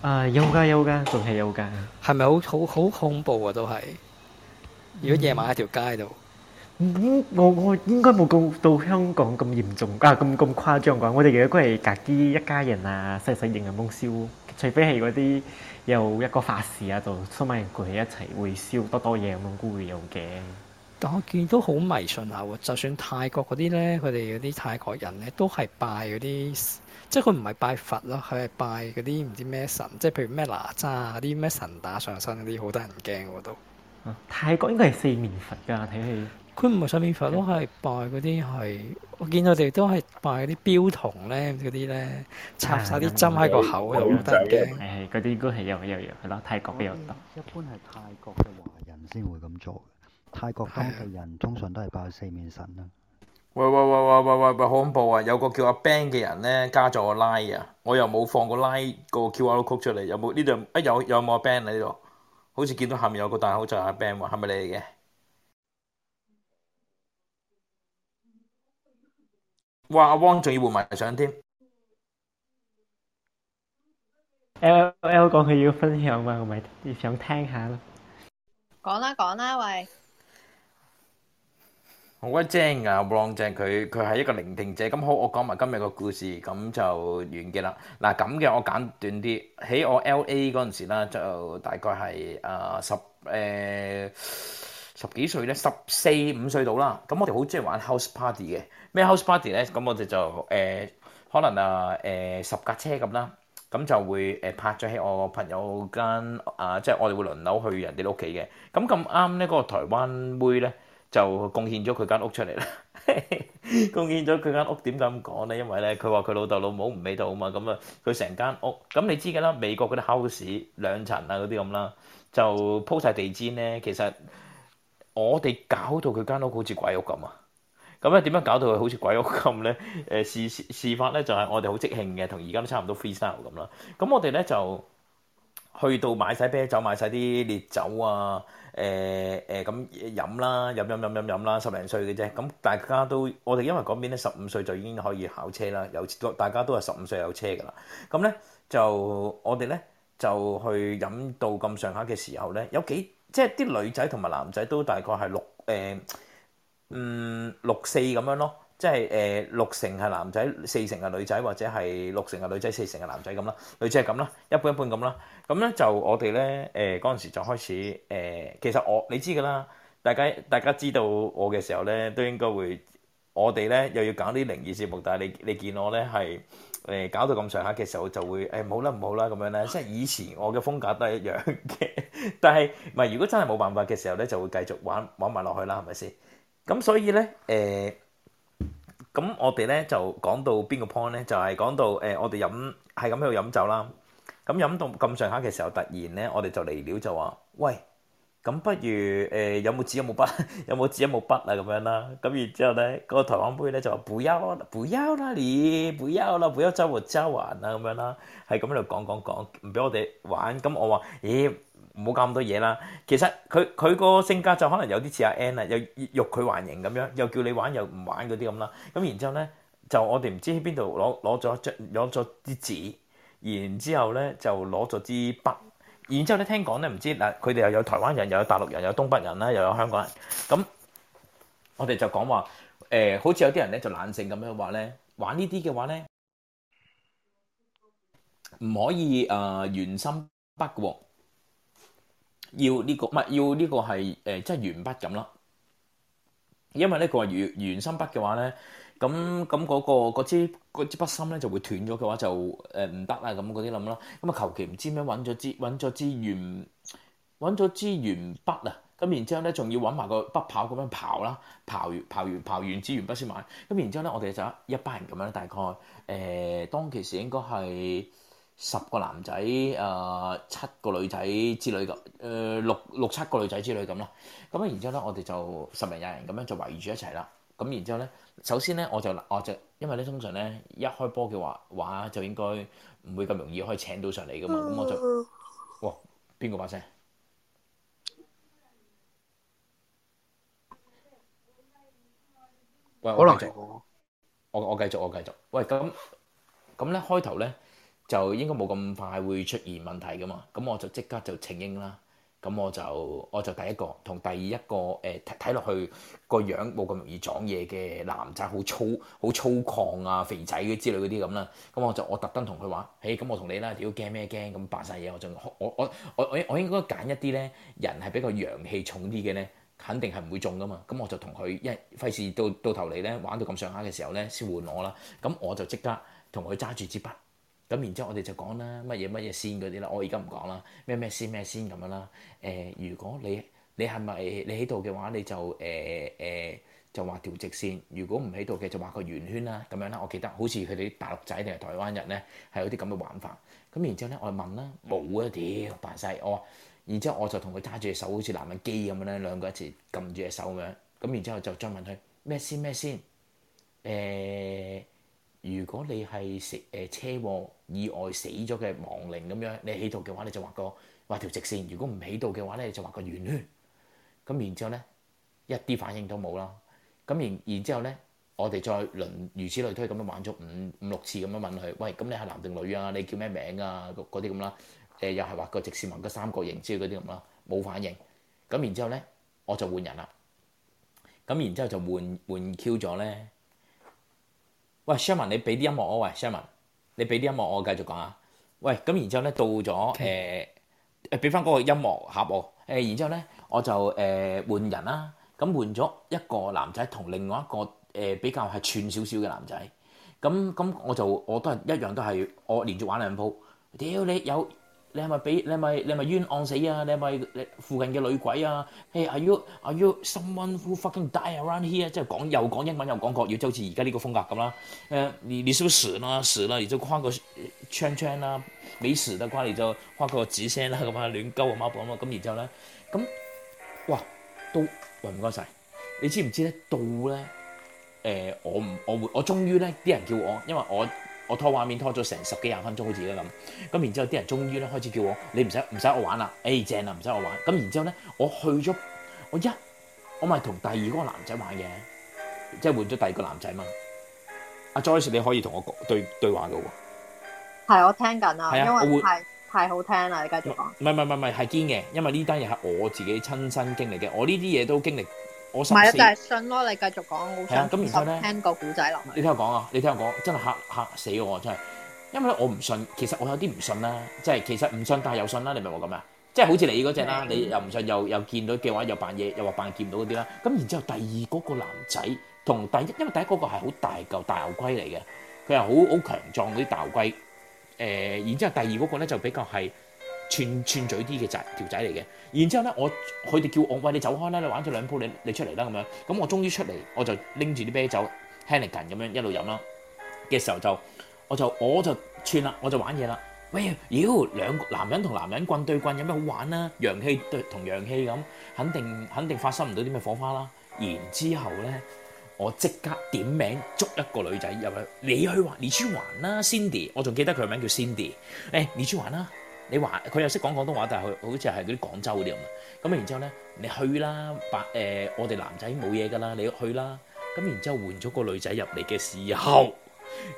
啊，有噶有噶，仲係有噶。係咪好好好恐怖啊？都係。如果夜晚喺條街度，咁、嗯嗯、我我應該冇到到香港咁嚴重啊，咁咁誇張啩？我哋其實都係隔啲一家人啊，細細型嘅燜燒，除非係嗰啲有一個法事啊，就出埋人聚喺一齊會燒多多嘢，咁都會有嘅。我見都好迷信下，就算泰國嗰啲咧，佢哋嗰啲泰國人咧都係拜嗰啲，即係佢唔係拜佛咯，佢係拜嗰啲唔知咩神，即係譬如咩哪吒嗰啲咩神打上身嗰啲，好得人驚喎都、啊。泰國應該係四面佛㗎，睇起佢唔係四面佛，都係拜嗰啲係。我見佢哋都係拜嗰啲標童咧嗰啲咧，插晒啲針喺個口度，好得驚。嗰啲、哎、應該係有有係咯，泰國比較多，一般係泰國嘅華人先會咁做。泰國當地人 通常都係拜四面神啦。喂喂喂喂喂喂喂，好恐怖啊！有個叫阿 Ben 嘅人咧加咗我 Line，哎、啊，我又冇放個 Line 個 QR Code 出嚟，有冇呢度？哎，有有冇阿 Ben 喺呢度？好似見到下面有個大口罩阿 Ben，係咪你嚟嘅？哇！阿汪仲要換埋相添。L L 講佢要分享啊，係咪想聽下咯。講啦講啦，喂！好鬼正啊，Brown 佢佢係一個聆聽者。咁好，我講埋今日個故事，咁就完結啦。嗱咁嘅，我簡短啲。喺我 LA 嗰陣時啦，就大概係啊十誒、呃、十幾歲咧，十四五歲到啦。咁我哋好中意玩 house party 嘅。咩 house party 咧？咁我哋就誒、呃、可能啊誒、呃、十架車咁啦。咁就會誒拍咗喺我朋友間啊，即、就、係、是、我哋會輪流去人哋屋企嘅。咁咁啱咧，嗰、那個台灣妹咧。就貢獻咗佢間屋出嚟啦，貢獻咗佢間屋點解咁講咧？因為咧，佢話佢老豆老母唔喺度啊嘛，咁啊，佢成間屋，咁你知嘅啦，美國嗰啲 house 兩層啊嗰啲咁啦，就鋪晒地氈咧。其實我哋搞到佢間屋好似鬼屋咁啊！咁咧點樣搞到佢好似鬼屋咁咧？誒、呃、事事事發咧就係、是、我哋好即興嘅，同而家都差唔多 free style 咁啦。咁我哋咧就去到買晒啤酒，買晒啲烈酒啊！誒誒咁飲啦，飲飲飲飲飲啦，十零歲嘅啫。咁大家都，我哋因為嗰邊咧，十五歲就已經可以考車啦，有大家都係十五歲有車㗎喇。咁咧就我哋咧就去飲到咁上下嘅時候咧，有幾即係啲女仔同埋男仔都大概係六誒、呃、嗯六四咁樣咯。即係誒六成係男仔，四成係女仔，或者係六成係女仔，四成係男仔咁啦。女仔係咁啦，一般一般咁啦。咁咧就我哋咧誒嗰陣時就開始誒、呃，其實我你知噶啦，大家大家知道我嘅時候咧，都應該會我哋咧又要搞啲靈異節目，但係你你見我咧係誒搞到咁上下嘅時候,就、哎好好時候，就會誒唔好啦唔好啦咁樣咧。即係以前我嘅風格都係一樣嘅，但係唔係如果真係冇辦法嘅時候咧，就會繼續玩玩埋落去啦，係咪先？咁所以咧誒。呃咁我哋咧就講到邊個 point 咧，就係講到誒、就是呃、我哋飲係咁喺度飲酒啦。咁飲到咁上下嘅時候，突然咧我哋就嚟料就話，喂，咁不如誒、呃、有冇紙有冇筆，有冇紙有冇筆啊？咁樣啦。咁然之後咧，嗰個台灣妹咧就話，不要啦，不要啦，你不要啦，不要周和周環啊咁樣啦。係咁喺度講講講，唔俾我哋玩。咁我話，咦、欸？唔好搞咁多嘢啦。其實佢佢個性格就可能有啲似阿 N 啊，又欲佢還形咁樣，又叫你玩又唔玩嗰啲咁啦。咁然之後咧，就我哋唔知喺邊度攞攞咗張攞咗啲紙，然之後咧就攞咗支筆，然之後咧聽講咧唔知嗱，佢哋又有台灣人，又有大陸人，又有東北人啦，又有香港人。咁我哋就講話誒，好似有啲人咧就懶性咁樣話咧，玩呢啲嘅話咧，唔可以誒鉛、呃、芯筆喎。要呢個，唔係要呢個係誒、呃，即係鉛筆咁啦。因為咧，佢話原鉛心筆嘅話咧，咁咁嗰個支支筆芯咧就會斷咗嘅話就誒唔得啦，咁嗰啲諗啦。咁啊求其唔知咩揾咗支揾咗支鉛揾咗支鉛筆啊。咁然之後咧，仲要揾埋個筆刨咁樣刨啦，刨完刨完刨完支鉛筆先買。咁然之後咧，我哋就一班人咁樣，大概誒當其時應該係。十個男仔，誒、呃、七個女仔之類咁，誒、呃、六六七個女仔之類咁啦。咁啊，然之後咧，我哋就十零廿人咁樣就圍住一齊啦。咁然之後咧，首先咧，我就我就因為咧，通常咧一開波嘅話，話就應該唔會咁容易可以請到上嚟嘅嘛。咁我就，哇，邊個把聲？可能我我繼續，我，我，繼續我繼續。喂，咁咁咧開頭咧。就應該冇咁快會出現問題噶嘛，咁我就即刻就請纓啦。咁我就我就第一個同第二一個呃、睇落去個樣冇咁容易撞嘢嘅男仔，好粗好粗獷啊，肥仔之類嗰啲咁啦。咁我就我特登同佢話，誒，咁我同你啦，屌驚咩驚？咁白晒嘢，我就我我我我我應該揀一啲咧人係比較陽氣重啲嘅咧，肯定係唔會中噶嘛。咁我就同佢因為費事到到頭嚟咧玩到咁上下嘅時候咧，先換我啦。咁我就即刻同佢揸住支筆。咁然之後我哋就講啦，乜嘢乜嘢先嗰啲啦，我而家唔講啦，咩咩先咩先咁樣啦。誒、呃，如果你你係咪你喺度嘅話，你就誒誒、呃呃、就畫條直線；如果唔喺度嘅，就畫個圓圈啦，咁樣啦。我記得好似佢哋啲大陸仔定係台灣人咧，係有啲咁嘅玩法。咁然之後咧，我問啦，冇啊，屌，扮晒我。然之後我就同佢揸住隻手，好似男人機咁樣咧，兩個一齊撳住隻手咁樣。咁然之後就再問佢咩先咩先，誒。如果你係食誒車禍意外死咗嘅亡靈咁樣，你係喺度嘅話，你就畫個畫條直線；如果唔喺度嘅話咧，你就畫個圓圈。咁然之後咧，一啲反應都冇啦。咁然然之後咧，我哋再輪如此類推咁樣玩咗五五六次咁樣問佢，喂，咁你係男定女啊？你叫咩名啊？嗰啲咁啦。誒，又係畫個直線，畫個三角形之類嗰啲咁啦，冇反應。咁然之後咧，我就換人啦。咁然之後就換換 Q 咗咧。喂，Sherman，你俾啲音樂我。喂，Sherman，你俾啲音樂我繼續講啊。喂，咁然之後咧到咗誒誒，俾翻嗰個音樂盒我、呃。然之後咧我就誒、呃、換人啦、啊。咁換咗一個男仔同另外一個誒、呃、比較係串少少嘅男仔。咁咁我就我都係一樣都係我連續玩兩鋪。屌你有。有你係咪俾你係咪你係咪冤枉死啊？你係咪附近嘅女鬼啊？係、hey, Are you Are you someone who fucking die around here？即係講又講英文又講國語，就好似而家呢個風格咁啦。誒、uh,，你你死唔死啦？死啦！然之後畫個圈圈啦、啊，未死嘅話你就框個紫色啦咁啊，樣亂鳩啊貓步啊咁。然之後咧，咁哇都，喂唔該晒，你知唔知咧到咧？誒、呃，我唔我會我，我終於咧啲人叫我，因為我。我拖畫面拖咗成十幾廿分鐘好似啦。咁，咁然之後啲人終於咧開始叫我，你唔使唔使我玩啦，誒、哎、正啦唔使我玩，咁然之後咧我去咗，我一我咪同第二個男仔玩嘅，即係換咗第二個男仔嘛。阿、啊、Joyce 你可以同我講對對話嘅喎，係我聽緊啊，因為太我會太好聽啦，你繼續講。唔係唔係唔係係堅嘅，因為呢單嘢係我自己親身經歷嘅，我呢啲嘢都經歷。唔係啊，就係信咯！你繼續講，我信。係啊，咁然之後咧，聽個故仔落去。你聽我講啊！你聽我講，真係嚇嚇死我真係。因為咧，我唔信。其實我有啲唔信啦，即係其實唔信，但係又信啦。你明唔明咁啊？即係好似你嗰隻啦，你又唔信，又又見到嘅話又扮嘢，又話扮見到嗰啲啦。咁然之後，第二嗰個男仔同第一，因為第一嗰個係好大嚿大牛龜嚟嘅，佢係好好強壯嗰啲大牛龜。誒，然之後第二嗰個咧就比較係串串嘴啲嘅仔條仔嚟嘅。然之後咧，我佢哋叫我喂，你走開啦！你玩咗兩鋪，你你出嚟啦咁樣。咁我終於出嚟，我就拎住啲啤酒 Hannigan 咁樣一路飲啦。嘅時候就，我就我就串啦，我就玩嘢啦。喂，妖兩個男人同男人棍對棍，有咩好玩啊？陽氣對同陽氣咁，肯定肯定發生唔到啲咩火花啦、啊。然之後咧，我即刻點名捉一個女仔入去。你去，你去 Cindy，還？你出還啦，Cindy。我仲記得佢嘅名叫 Cindy、哎。誒，你出還啦。你話佢又識講廣東話，但係佢好似係嗰啲廣州啲咁。咁然之後咧，你去啦，白誒、呃，我哋男仔冇嘢噶啦，你去啦。咁然之後換咗個女仔入嚟嘅時候，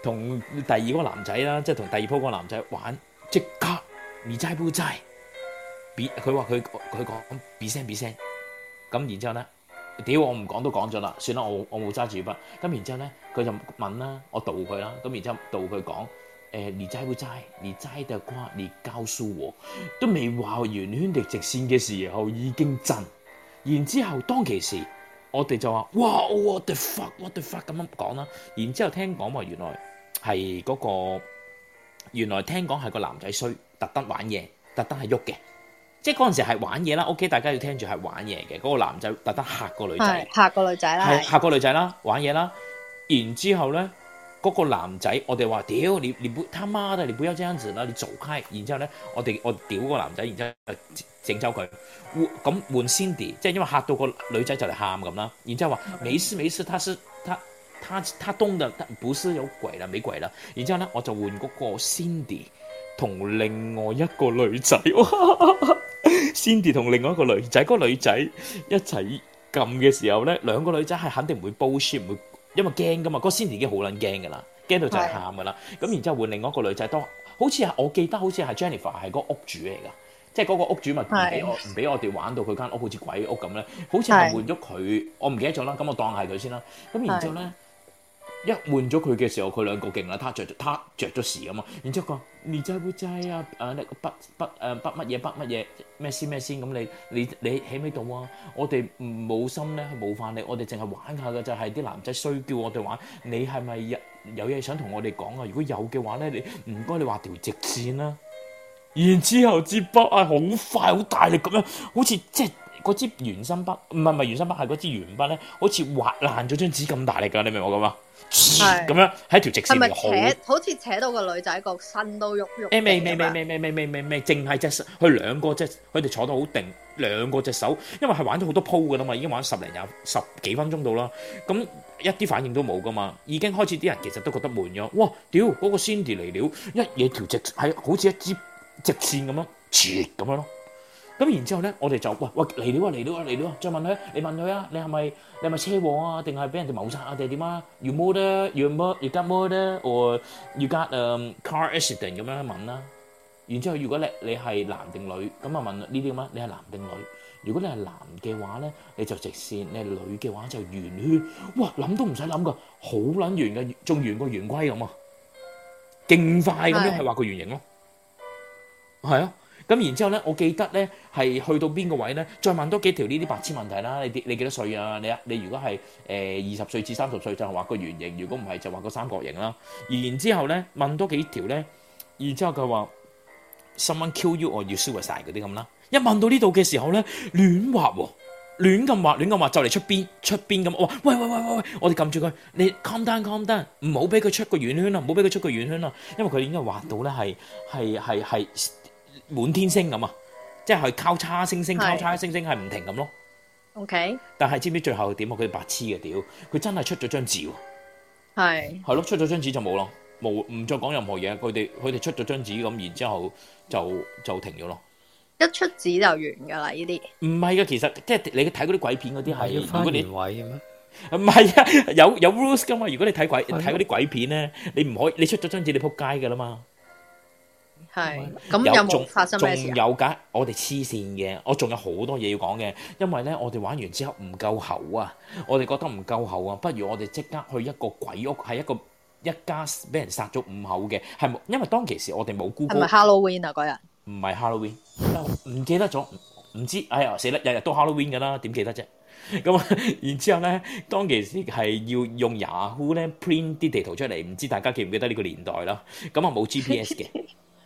同第二個男仔啦，即係同第二鋪嗰個男仔玩，即刻唔齋煲齋，佢話佢佢講 B 聲 B 聲。咁然之後咧，屌我唔講都講咗啦，算啦，我我冇揸住筆。咁然之後咧，佢就問啦，我導佢啦，咁然之後導佢講。你齋唔齋？你齋的話，你教訴我，都未畫圓圈定直線嘅時候已經震然。然之後當其時，我哋就話：哇！What the fuck！What the fuck！咁樣講啦。然之後聽講話，原來係嗰個，原來聽講係個男仔衰，特登玩嘢，特登係喐嘅，即係嗰陣時係玩嘢啦。OK，大家要聽住係玩嘢嘅。嗰、嗰個男仔特登嚇個女仔，嚇個女仔啦，嚇個女仔啦，玩嘢啦。然之後咧。嗰個男仔，我哋話屌你，你不，他媽的，你不要這樣子啦，你走開。然之後咧，我哋我屌個男仔，然之後整走佢。換咁換 Cindy，即係因為嚇到個女仔就嚟喊咁啦。然之後話冇事冇事，他是他他他動的，他不是有鬼啦，冇鬼啦。然之後咧，我就換嗰個 Cindy 同另外一個女仔。Cindy 同另外一個女仔，嗰個女仔一齊撳嘅時候咧，兩個女仔係肯定唔會 bullshit，唔會。因為驚噶嘛，個 Cindy 已經好撚驚噶啦，驚到就係喊噶啦。咁然之後換另外一個女仔都好似係我記得好似係 Jennifer 係個屋主嚟噶，即係嗰個屋主咪唔俾我唔俾我哋玩到佢間屋好似鬼屋咁咧，好似係換咗佢，我唔記得咗啦。咁我當係佢先啦。咁然之後咧。一換咗佢嘅時候，佢兩個勁啦。他着他著咗時咁嘛？然之後講你仔唔仔啊？啊，筆筆誒筆乜嘢筆乜嘢咩先咩先咁？你你你起唔起啊？我哋冇心咧冇模範我哋淨係玩下嘅就係、是、啲男仔衰叫我哋玩。你係咪有有嘢想同我哋講啊？如果有嘅話咧，你唔該你畫條直線啦。然後之後接筆啊，好快好大力咁樣，好似即係嗰支原心筆唔係唔係原心筆，係嗰支原筆咧，好似滑爛咗張紙咁大力㗎。你明我講啊？咁樣喺條直線度好，好似扯到個女仔個身都喐喐。誒，未未未未未未未未，淨係隻手，佢兩個只，佢哋坐得好定，兩個隻手，因為係玩咗好多鋪噶啦嘛，已經玩十零廿十幾分鐘到啦，咁一啲反應都冇噶嘛，已經開始啲人其實都覺得悶咗。哇，屌，嗰個 Cindy 嚟了，一嘢條直係好似一支直線咁咯，切咁樣咯。咁然之後咧，我哋就喂喂嚟到啊嚟到啊嚟到啊，再問佢，你問佢啊，你係咪你係咪車禍啊，定係俾人哋謀殺啊，定係點啊？You got murder 咧？You got you got murder 咧？or you got um car accident 咁樣問啦。然之後，如果咧你係男定女，咁啊問呢啲咁啊，你係男定女？如果你係男嘅話咧，你就直線；你係女嘅話就圓圈。哇，諗都唔使諗噶，好撚圓嘅，仲圓過圓規咁啊，勁快咁樣係畫個圓形咯。係啊。咁然之後咧，我記得咧係去到邊個位咧，再問多幾條呢啲白痴問題啦。你你幾多歲啊？你啊，你如果係誒二十歲至三十歲就係畫個圓形，如果唔係就畫個三角形啦。然之後咧，問多幾條咧，然之後佢話，Someone kill you，or you suicide 嗰啲咁啦。一問到呢度嘅時候咧，亂畫喎，亂咁畫，亂咁畫就嚟出邊出邊咁。我話，喂喂喂喂喂，我哋撳住佢，你 calm down calm down，唔好俾佢出個圓圈啊，唔好俾佢出個圓圈啊，因為佢應該畫到咧係係係係。滿天星咁啊，即係交叉星星，交叉星星係唔停咁咯。OK，但係知唔知最後點啊？佢哋白痴嘅屌，佢真係出咗張紙。係係咯，出咗張紙就冇咯，冇，唔再講任何嘢。佢哋佢哋出咗張紙咁，然之後就就停咗咯。一出紙就完噶啦，呢啲唔係噶，其實即係你睇嗰啲鬼片嗰啲係嗰啲。翻原位嘅咩？唔係啊，有有 rules 噶嘛。如果你睇鬼睇啲鬼片咧，你唔可以，你出咗張紙，你扑街噶啦嘛。係咁有冇發生，仲仲有架，我哋黐線嘅。我仲有好多嘢要講嘅，因為咧，我哋玩完之後唔夠喉啊，我哋覺得唔夠喉啊，不如我哋即刻去一個鬼屋，係一個一家俾人殺咗五口嘅係。因為當其時我哋冇 Google，係咪 Halloween 啊？嗰日？唔係 Halloween，又唔記得咗，唔知哎呀死啦！日日都 Halloween 噶啦，點記得啫？咁啊然之後咧，當其時係要用 Yahoo 咧 print 啲地圖出嚟，唔知大家記唔記得呢個年代啦？咁啊冇 GPS 嘅。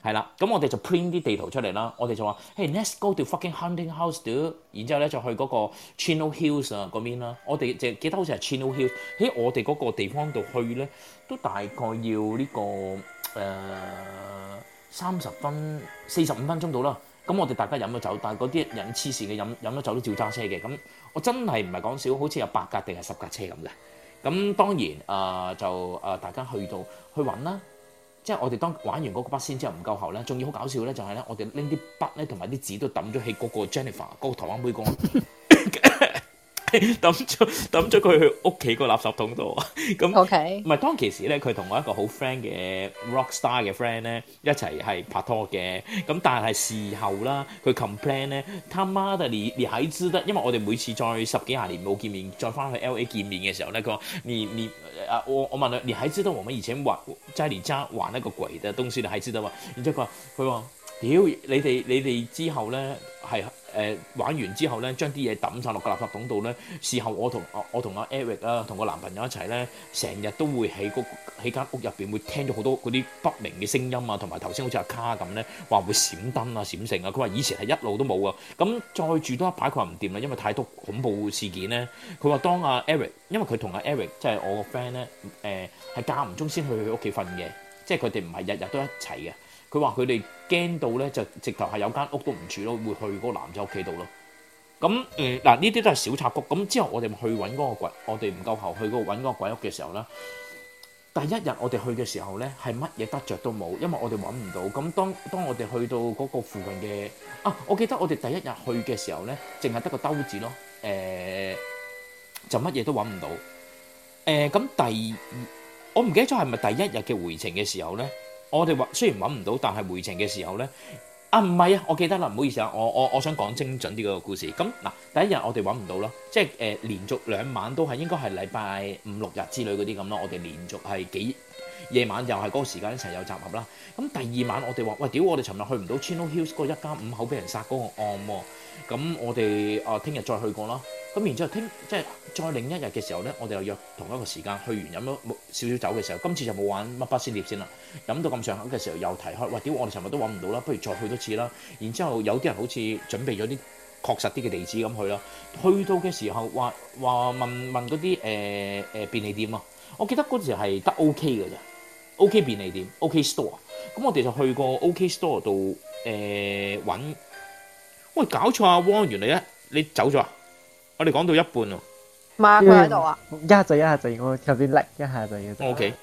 係啦，咁我哋就 print 啲地圖出嚟啦，我哋就話：誒、hey,let's go to fucking hunting house do，然之後咧就去嗰個 Chino Hills 啊嗰邊啦。我哋即係記得好似係 Chino Hills，喺我哋嗰個地方度去咧，都大概要呢、這個誒三十分、四十五分鐘到啦。咁我哋大家飲咗酒，但係嗰啲人黐線嘅飲飲咗酒都照揸車嘅。咁我真係唔係講笑，好似有八架定係十架車咁嘅。咁當然啊、呃，就啊、呃、大家去到去揾啦。即係我哋當玩完嗰個筆仙之後唔夠喉咧，仲要好搞笑咧，就係咧，我哋拎啲筆咧同埋啲紙都抌咗喺嗰個 Jennifer 嗰個台灣妹嗰 抌咗抌咗佢去屋企個垃圾桶度，咁、 嗯，唔、okay. 係當其時咧，佢同我一個好 friend 嘅 rock star 嘅 friend 咧一齊係拍拖嘅。咁但係事後啦，佢 complain 咧，他媽的你，你你還知道，因為我哋每次再十幾廿年冇見面，再翻去 LA 見面嘅時候呢，那個你你啊，我我問佢，你還知道我們以前玩齋連揸玩一個鬼嘅東西咧？還記得嗎？然之後、哎、你你之後佢話：，佢話，屌，你哋你哋之後咧係。誒玩完之後咧，將啲嘢抌晒落個垃圾桶度咧。事後我同我同阿 Eric 啊，同個男朋友一齊咧，成日都會喺喺間屋入邊會聽到好多嗰啲不明嘅聲音啊，同埋頭先好似阿卡咁咧，話會閃燈啊、閃剩啊。佢話以前係一路都冇啊。咁再住多一排，佢話唔掂啦，因為太多恐怖事件咧。佢話當阿 Eric，因為佢同阿 Eric 即係我個 friend 咧，誒係間唔中先去佢屋企瞓嘅，即係佢哋唔係日日都一齊嘅。佢話：佢哋驚到咧，就直頭係有間屋都唔住咯，會去嗰個男仔屋企度咯。咁誒嗱，呢、嗯、啲都係小插曲。咁之後我哋去揾嗰個鬼，我哋唔夠喉去嗰度揾嗰個鬼屋嘅時候咧，第一日我哋去嘅時候咧，係乜嘢得着都冇，因為我哋揾唔到。咁當當我哋去到嗰個附近嘅啊，我記得我哋第一日去嘅時候咧，淨係得個兜子咯，誒、呃、就乜嘢都揾唔到。誒、呃、咁第二我唔記得咗係咪第一日嘅回程嘅時候咧？我哋話雖然揾唔到，但係回程嘅時候咧，啊唔係啊，我記得啦，唔好意思啊，我我我想講精準啲個故事。咁嗱，第一日我哋揾唔到啦，即係、呃、連續兩晚都係應該係禮拜五六日之類嗰啲咁咯，我哋連續係幾夜晚又係嗰個時間一齊有集合啦。咁第二晚我哋話喂，屌，我哋尋日去唔到 Chino Hills 嗰個一間五口俾人殺嗰個案喎。咁我哋啊，聽日再去過啦。咁然之後聽，即係再另一日嘅時候咧，我哋又約同一個時間去完飲咗少少酒嘅時候，今次就冇玩乜巴先列先啦。飲到咁上下嘅時候又提開，喂，屌我哋尋日都揾唔到啦，不如再去多次啦。然之後有啲人好似準備咗啲確實啲嘅地址咁去啦。去到嘅時候話話問問嗰啲誒誒便利店啊，我記得嗰時係得 OK 嘅啫，OK 便利店，OK store。咁我哋就去過 OK store 度、呃、誒揾。喂，搞錯啊！汪源你咧，你走咗啊？我哋講到一半啊，媽佢喺度啊！一下就一下就，我頭先叻一下就要。O K，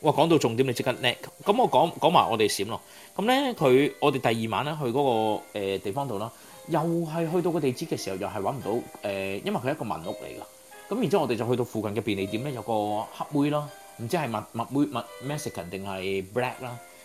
我講到重點，你即刻叻。咁我講講埋我哋閃咯。咁咧，佢我哋第二晚咧去嗰個誒地方度啦，又係去到個地址嘅時候，又係搵唔到誒，因為佢係一個民屋嚟噶。咁然之後我哋就去到附近嘅便利店咧，有個黑妹咯，唔知係麥麥妹麥咩食定係 black 啦。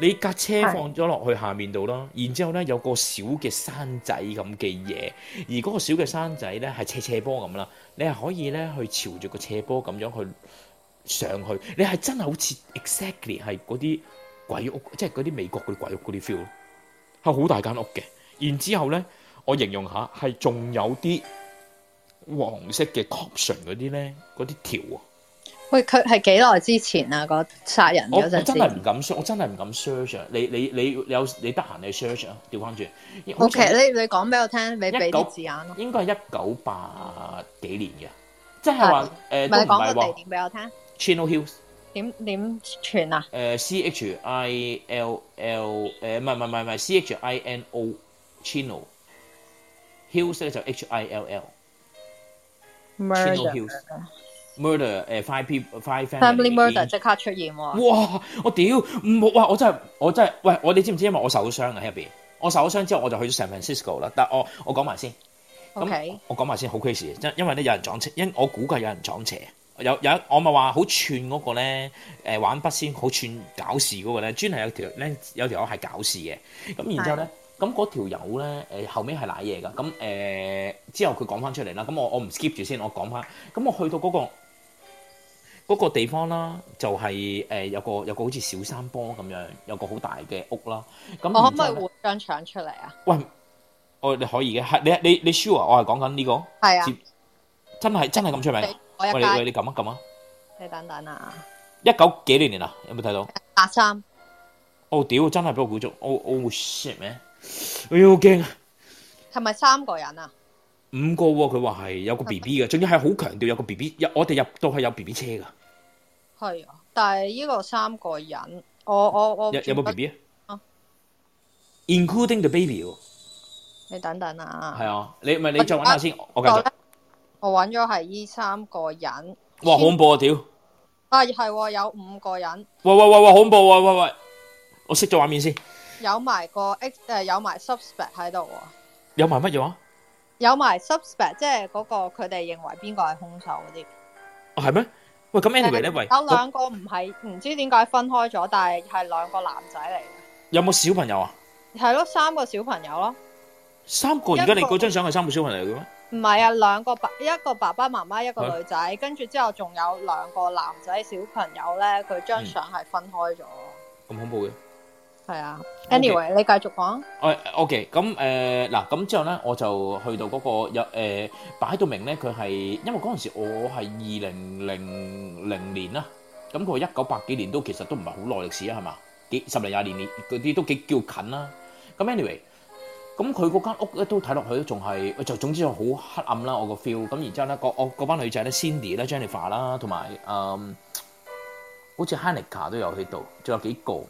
你架車放咗落去下面度啦，然之後咧有個小嘅山仔咁嘅嘢，而嗰個小嘅山仔咧係斜斜坡咁啦，你係可以咧去朝住個斜坡咁樣去上去，你係真係好似 exactly 係嗰啲鬼屋，即係嗰啲美國嘅鬼屋嗰啲 feel 咯，係好大間屋嘅，然之後咧我形容下係仲有啲黃色嘅 corporation 嗰啲咧嗰啲條啊。喂，佢係幾耐之前啊？個殺人嗰陣先。我真係唔敢 search，我真係唔敢 search。你你你你有你得閒你 search 啊，調翻轉。O K，你你講俾我聽，你俾啲字眼咯。應該係一九八幾年嘅，即係話誒都唔係話。咪講個地點俾我聽。Chino Hills。點點串啊？誒，C H I L L，誒，唔係唔係唔係，C H I N O Chino Hills 咧就 H I L L。Chino Hills。murder 誒、uh, five p five family murder 即刻出現喎、啊！哇！我屌唔好哇！我真係我真係喂！我你知唔知？因為我受咗傷啊喺入邊，我受咗傷之後我就去咗 San Francisco 啦。但係我我講埋先，咁、okay. 嗯、我講埋先好 case 即因為咧有人撞邪，因我估計有人撞邪。有有我咪話好串嗰個咧誒、欸、玩筆仙好串搞事嗰個咧，專係有條有條友係搞事嘅。咁、嗯嗯、然後呢、嗯那那呢後嗯呃、之後咧，咁嗰條友咧誒後尾係瀨嘢㗎。咁誒之後佢講翻出嚟啦。咁我我唔 skip 住先，我講翻。咁我，我去到嗰、那個。嗰個地方啦，就係誒有個有個好似小山坡咁樣，有個好大嘅屋啦。咁我可唔可以換張牆出嚟啊？喂，哦你可以嘅，係你你你 sure？我係講緊呢個，係啊，真係真係咁出名。喂你你咁啊咁啊，你等等啊！一九幾年年啊？有冇睇到？八三。哦屌，真係俾我估中。哦哦，shit 咩？哎呀，好驚啊！係咪三個人啊？五個喎佢話係有個 B B 嘅，仲要係好強調有個 B B 入我哋入到係有 B B 車㗎，係啊！但係呢個三個人，我我我有有冇 B B 啊？Including the baby，你等等啊！係啊，你咪你再揾下先、啊 OK,，我繼續。我揾咗係呢三個人，哇！恐怖啊屌！啊係、啊、有五個人，喂喂喂喂，恐怖啊喂喂喂！我熄咗畫面先，有埋個 X 誒、呃，有埋 suspect 喺度，有埋乜嘢啊？.有埋 suspect，即係嗰個佢哋認為邊個係凶手嗰啲。哦、啊，係咩？喂，咁 anyway 呢？喂，有兩個唔係，唔知點解分開咗，但係係兩個男仔嚟嘅。有冇小朋友啊？係咯，三個小朋友咯。三個？而家你嗰張相係三個小朋友嘅咩？唔係啊，兩個爸，一個爸爸媽媽，一個女仔，跟住之後仲有兩個男仔小朋友咧。佢張相係分開咗。咁、嗯、恐怖嘅。係啊，anyway，你繼續講。誒，OK，咁誒嗱，咁之後咧，我就去到嗰個有誒擺到明咧，佢係因為嗰陣時我係二零零零年啦，咁佢一九八幾年都其實都唔係好耐歷史啊，係嘛？幾十零廿年年，嗰啲都幾叫近啦。咁 anyway，咁佢嗰間屋咧都睇落去都仲係，就總之就好黑暗啦，我個 feel。咁然之後咧，個我嗰班女仔咧，Cindy 啦，Jennifer 啦，同埋嗯，好似 Hannica 都有喺度，仲有幾個。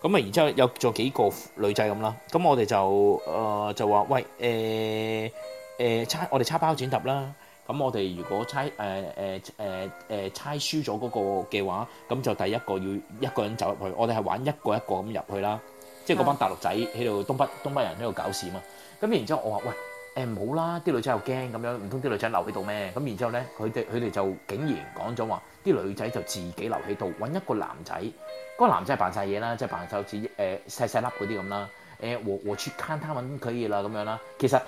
咁啊，然之後有咗幾個女仔咁啦，咁我哋就、呃、就話喂誒誒猜我哋猜包剪揼啦，咁我哋如果猜誒誒誒誒猜輸咗嗰個嘅話，咁就第一個要一個人走入去。我哋係玩一個一個咁入去啦，即係嗰班大陸仔喺度東北東北人喺度搞事嘛。咁然之後我話喂。唔、欸、好啦，啲女仔又驚咁樣，唔通啲女仔留喺度咩？咁然之後咧，佢哋佢哋就竟然講咗話，啲女仔就自己留喺度，搵一個男仔。嗰、那個男仔係扮晒嘢啦，即係扮手指誒、欸、細細粒嗰啲咁啦。誒、欸、和和處 can 他啦咁樣啦。其實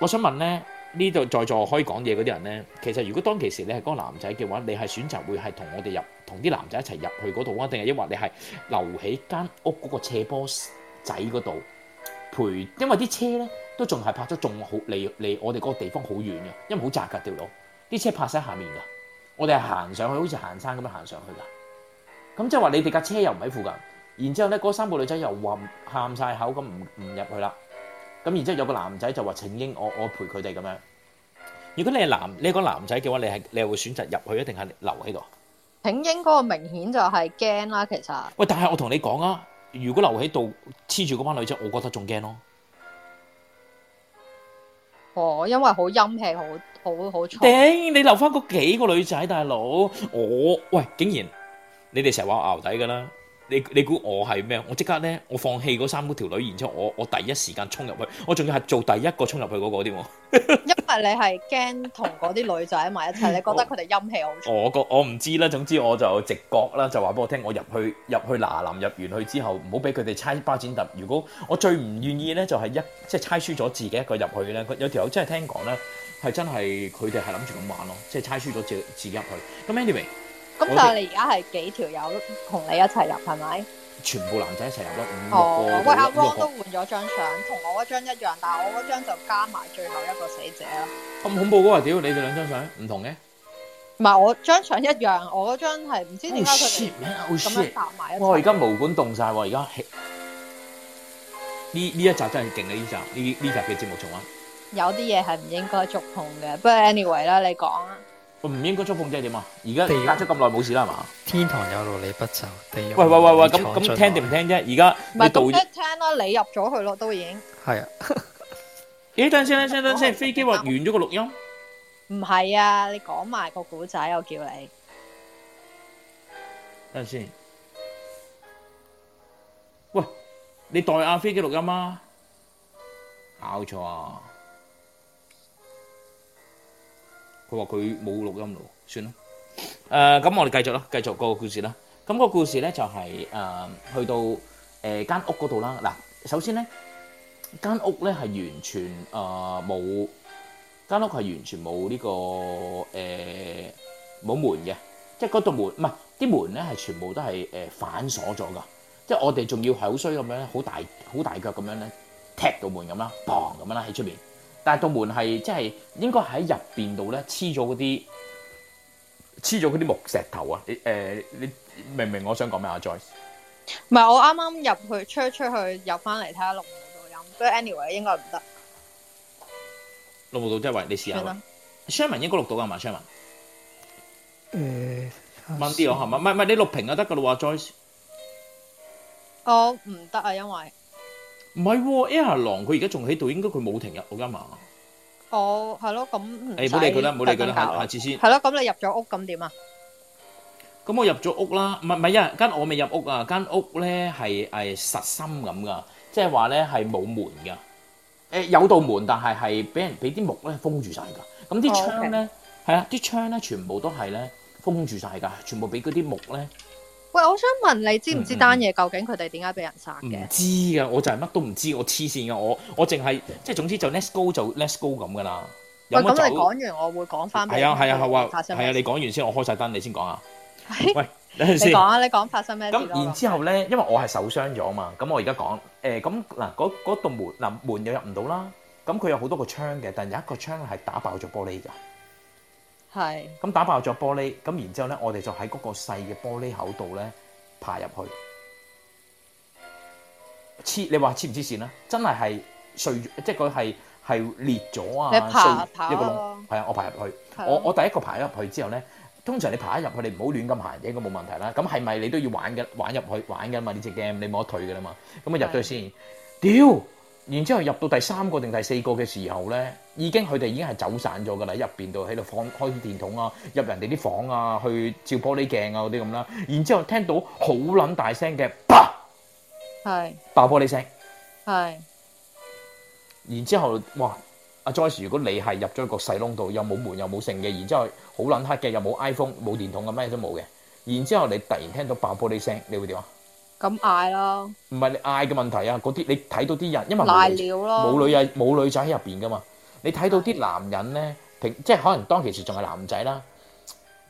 我想問咧，呢度在座可以講嘢嗰啲人咧，其實如果當其時你係個個男仔嘅話，你係選擇會係同我哋入同啲男仔一齊入去嗰度啊，定係抑或你係留喺間屋嗰個斜坡仔嗰度？陪，因為啲車咧都仲係拍咗仲好離離我哋嗰個地方好遠嘅，因為好窄㗎條路，啲車拍晒下面㗎。我哋係行上去，好似行山咁樣行上去㗎。咁即係話你哋架車又唔喺附近，然之後咧嗰三個女仔又話喊晒口，咁唔唔入去啦。咁然之後有個男仔就話：請纓，我我陪佢哋咁樣。如果你係男，你係個男仔嘅話，你係你係會選擇入去啊，定係留喺度？請纓嗰個明顯就係驚啦，其實。喂，但係我同你講啊。如果留喺度黐住嗰班女仔，我覺得仲驚咯。哦，因為好陰氣，好好好重。頂，你留翻嗰幾個女仔大佬，我喂竟然你哋成日話我淆底噶啦！你你估我係咩？我即刻咧，我放棄嗰三嗰條女，然之後我我第一時間衝入去，我仲要係做第一個衝入去嗰個添。 因為你係驚同嗰啲女仔喺埋一齊，你覺得佢哋陰氣好重。我個我唔知啦，總之我就直覺啦，就話俾我聽，我入去入去嗱臨，入完去之後唔好俾佢哋猜巴展特。如果我最唔願意咧，就係一即係猜輸咗自己一個入去咧。佢有條友真係聽講咧，係真係佢哋係諗住咁玩咯，即係猜輸咗自自己入去。咁 anyway。咁但係你而家係幾條友同你一齊入係咪？全部男仔一齊入咯。五，哦個，喂，阿光都換咗張相，同我嗰張一樣，但係我嗰張就加埋最後一個死者咯。咁恐怖噶屌，你哋兩張相唔同嘅？唔係我張相一樣，我嗰張係唔知點解佢哋咁樣搭埋、oh、一、哦。我而家毛管凍晒喎，而家呢呢一集真係勁啊！呢集呢呢集嘅節目重溫。有啲嘢係唔應該觸碰嘅，不過 anyway 啦，你講啊。唔應該觸碰即係點啊？而家隔咗咁耐冇事啦係嘛？天堂有路你不走，地獄喂喂喂喂咁咁聽定唔聽啫？而家咪一聽咯，你入咗 去咯都已經係啊！咦、 欸？等先等先等先，飛機話完咗個錄音，唔係啊？你講埋個古仔我叫你等先？喂，你代下、啊、飛機錄音啊？音搞錯啊！佢話佢冇錄音咯，算啦。誒，咁我哋繼續咯，繼續個故事啦。咁個故事咧就係誒，去到誒間屋嗰度啦。嗱，首先咧間屋咧係完全誒冇間屋係完全冇呢個誒冇門嘅，即係嗰道門唔係，啲門咧係全部都係誒反鎖咗噶。即係我哋仲要係好衰咁樣，好大好大腳咁樣咧踢到門咁啦，砰咁樣啦喺出邊。但係道門係即係應該喺入邊度咧黐咗嗰啲黐咗嗰啲木石頭啊！你誒、呃、你明唔明我想講咩啊？Joyce 唔係我啱啱入去出出去入翻嚟睇下錄唔錄到音，所以 anyway 應該唔得。錄唔到即係喂，你試下，Shaman 應該錄到㗎嘛？Shaman 誒、uh, 慢啲我嚇嘛，唔係唔係你錄屏就得噶啦喎，Joyce。我唔得啊，因為。唔係喎，Air 狼佢而家仲喺度，應該佢冇停入屋吖嘛。哦，係咯，咁誒，唔好理佢啦，唔好理佢啦，下下次先。係咯，咁你入咗屋咁點啊？咁我入咗屋啦，唔係唔係啊，間我未入屋啊，間屋咧係係實心咁噶，即係話咧係冇門噶。誒，有道門，但係係俾人俾啲木咧封住晒噶。咁啲窗咧係啊，啲窗咧全部都係咧封住晒噶，全部俾嗰啲木咧。喂，我想問你知唔知單嘢究竟佢哋點解俾人殺嘅？唔知啊，我就係乜都唔知，我黐線㗎，我我淨係即係總之就 let's go 就 let's go 咁㗎啦。喂，咁你講完我會講翻。係啊，係啊，話係啊，你講完先，我開曬單，你先講啊。喂，等陣先。你講啊，你講發生咩事？咁然之後咧，因為我係受傷咗啊嘛，咁我而家講誒咁嗱，嗰嗰棟門嗱門又入唔到啦，咁佢有好多個窗嘅，但係有一個窗係打爆咗玻璃㗎。係，咁打爆咗玻璃，咁然之後咧，我哋就喺嗰個細嘅玻璃口度咧爬入去，切，你話切唔切線啊？真係係碎，就是、碎，即係佢係係裂咗啊！一爬爬，係啊，我爬入去，我我第一個爬入去之後咧，通常你爬入去，你唔好亂咁行，應該冇問題啦。咁係咪你都要玩玩入去玩緊嘛？呢隻 game 你冇得退㗎啦嘛。咁啊入咗去先，屌，然之後入到第三個定第四個嘅時候咧。已經佢哋已經係走散咗㗎啦。入邊度喺度放開啲電筒啊，入人哋啲房啊，去照玻璃鏡啊嗰啲咁啦。然之後聽到好撚大聲嘅，係爆玻璃聲，係。然之後，哇！阿、啊、Joyce 如果你係入咗個細窿度，又冇門又冇剩嘅，然之後好撚黑嘅，又冇 iPhone 冇電筒，乜咩都冇嘅。然之後你突然聽到爆玻璃聲，你會點啊？咁嗌咯。唔係你嗌嘅問題啊，嗰啲你睇到啲人，因為冇女，冇女啊，冇女仔喺入邊㗎嘛。你睇到啲男人咧，平即係可能當其時仲係男仔啦，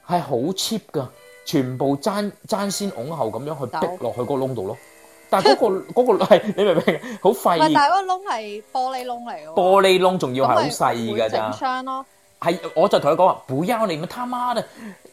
係好 cheap 噶，全部爭爭先恐後咁樣去逼落去個窿度咯。但係、那、嗰個 那個係你明唔明？好廢。唔係，但係嗰個窿係玻璃窿嚟嘅。玻璃窿仲要係好細噶啫整傷咯。係，我就同佢講話，不要你，咪，他媽的，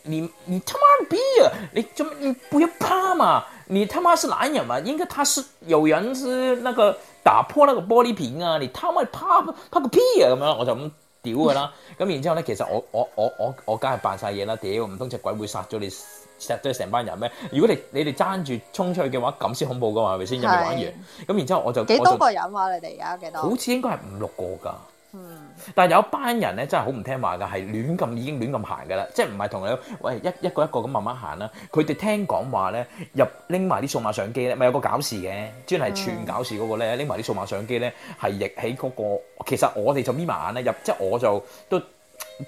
你你他媽逼啊！你做乜你不要怕嘛？你他媽是男人嘛、啊？應該他是有人是那個。打破粒個玻璃片啊！你偷咪啪啪個屁啊咁樣，我就咁屌噶啦。咁 然之後咧，其實我我我我我梗係扮晒嘢啦，屌唔通隻鬼會殺咗你殺咗成班人咩？如果你你哋爭住衝出去嘅話，咁先恐怖噶嘛，係咪先？又未玩完。咁然之後我就幾多個人啊？你哋而家幾多？好似應該係五六個㗎。嗯。但係有一班人咧，真係好唔聽話㗎，係亂咁已經亂咁行㗎啦，即係唔係同你喂一一個一個咁慢慢行啦、啊？佢哋聽講話咧，入拎埋啲數碼相機咧，咪有個搞事嘅，專係串搞事嗰、那個咧拎埋啲數碼相機咧係逆起嗰、那個，其實我哋就眯埋眼咧入，即係我就都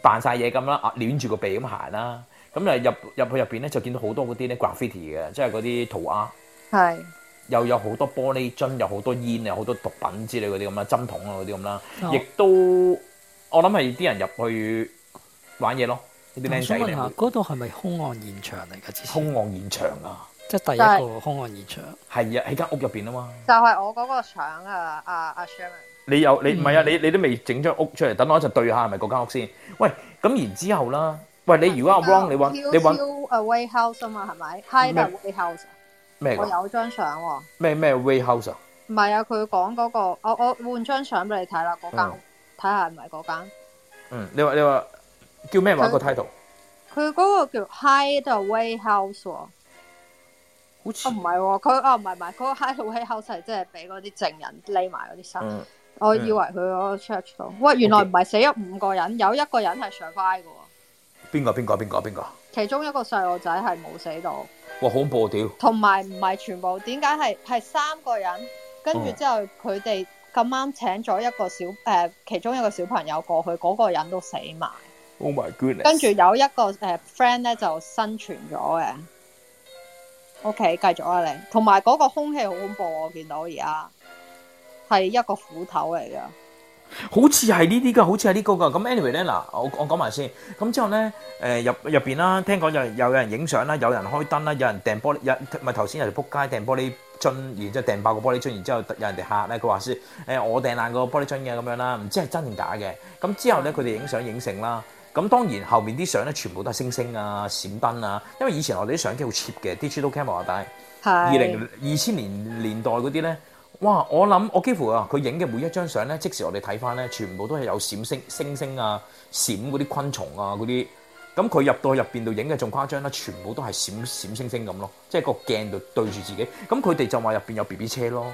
扮晒嘢咁啦，捏住個鼻咁行啦，咁就入入去入邊咧就見到好多嗰啲咧 graffiti 嘅，即係嗰啲塗鴉。係。又有好多玻璃樽，有好多煙啊，好多毒品之類嗰啲咁啦，針筒啊嗰啲咁啦，亦、哦、都我諗係啲人入去玩嘢咯，啲靚仔嚟我想問下，嗰度係咪凶案現場嚟㗎？之前凶案現場啊，即係第一個凶案現場。係啊，喺間屋入邊啊嘛。就係、是、我嗰個牆啊，阿、啊、阿、啊、Sherman。你有你唔係、嗯、啊？你你都未整張屋出嚟，等我一陣對一下係咪嗰間屋先。喂，咁然之後啦，喂，你如果阿 Ron 你揾、嗯、你揾 away house 啊嘛，係咪 Hideaway house、right？我有張相喎。咩咩 way house？唔係啊，佢講嗰個，我我換張相俾你睇啦，嗰間，睇下係咪嗰間？嗯，你話你話叫咩話個 title？佢嗰個叫 hideaway house、哦哦、啊。好似。啊唔係喎，佢哦，唔係唔係，嗰、嗰個 hideaway house 係即係俾嗰啲證人匿埋嗰啲衫。我以為佢嗰個 church 度，喂，原來唔係死咗五個人，有一個人係 survive 噶。邊個？邊個？邊個？邊個？其中一個細路仔係冇死到，哇！好恐怖屌，同埋唔係全部，點解係係三個人？跟住之後佢哋咁啱請咗一個小誒、呃，其中一個小朋友過去，嗰、那個人都死埋。Oh my goodness！跟住有一個誒 friend 咧就生存咗嘅。OK，繼續啊你，同埋嗰個空氣好恐怖，我見到而家係一個斧頭嚟㗎。好似係呢啲噶，好似係、anyway、呢個噶。咁 anyway 咧，嗱，我我講埋先。咁之後咧，誒入入邊啦，聽講有有人影相啦，有人開燈啦，有人掟玻璃，有唔係頭先有條撲街掟玻璃樽，然之後掟爆個玻璃樽，然之後有人哋嚇咧，佢話先，誒我掟爛個玻璃樽嘅咁樣啦，唔知係真定假嘅。咁之後咧，佢哋影相影成啦。咁當然後面啲相咧，全部都係星星啊、閃燈啊，因為以前我哋啲相機好 cheap 嘅，digital camera 啊，但係二零二千年年代嗰啲咧。哇！我諗我幾乎啊，佢影嘅每一張相咧，即時我哋睇翻咧，全部都係有閃星星星啊，閃嗰啲昆蟲啊嗰啲。咁佢入到去入邊度影嘅仲誇張啦，全部都係閃閃星星咁咯，即係個鏡度對住自己。咁佢哋就話入邊有 BB 車咯，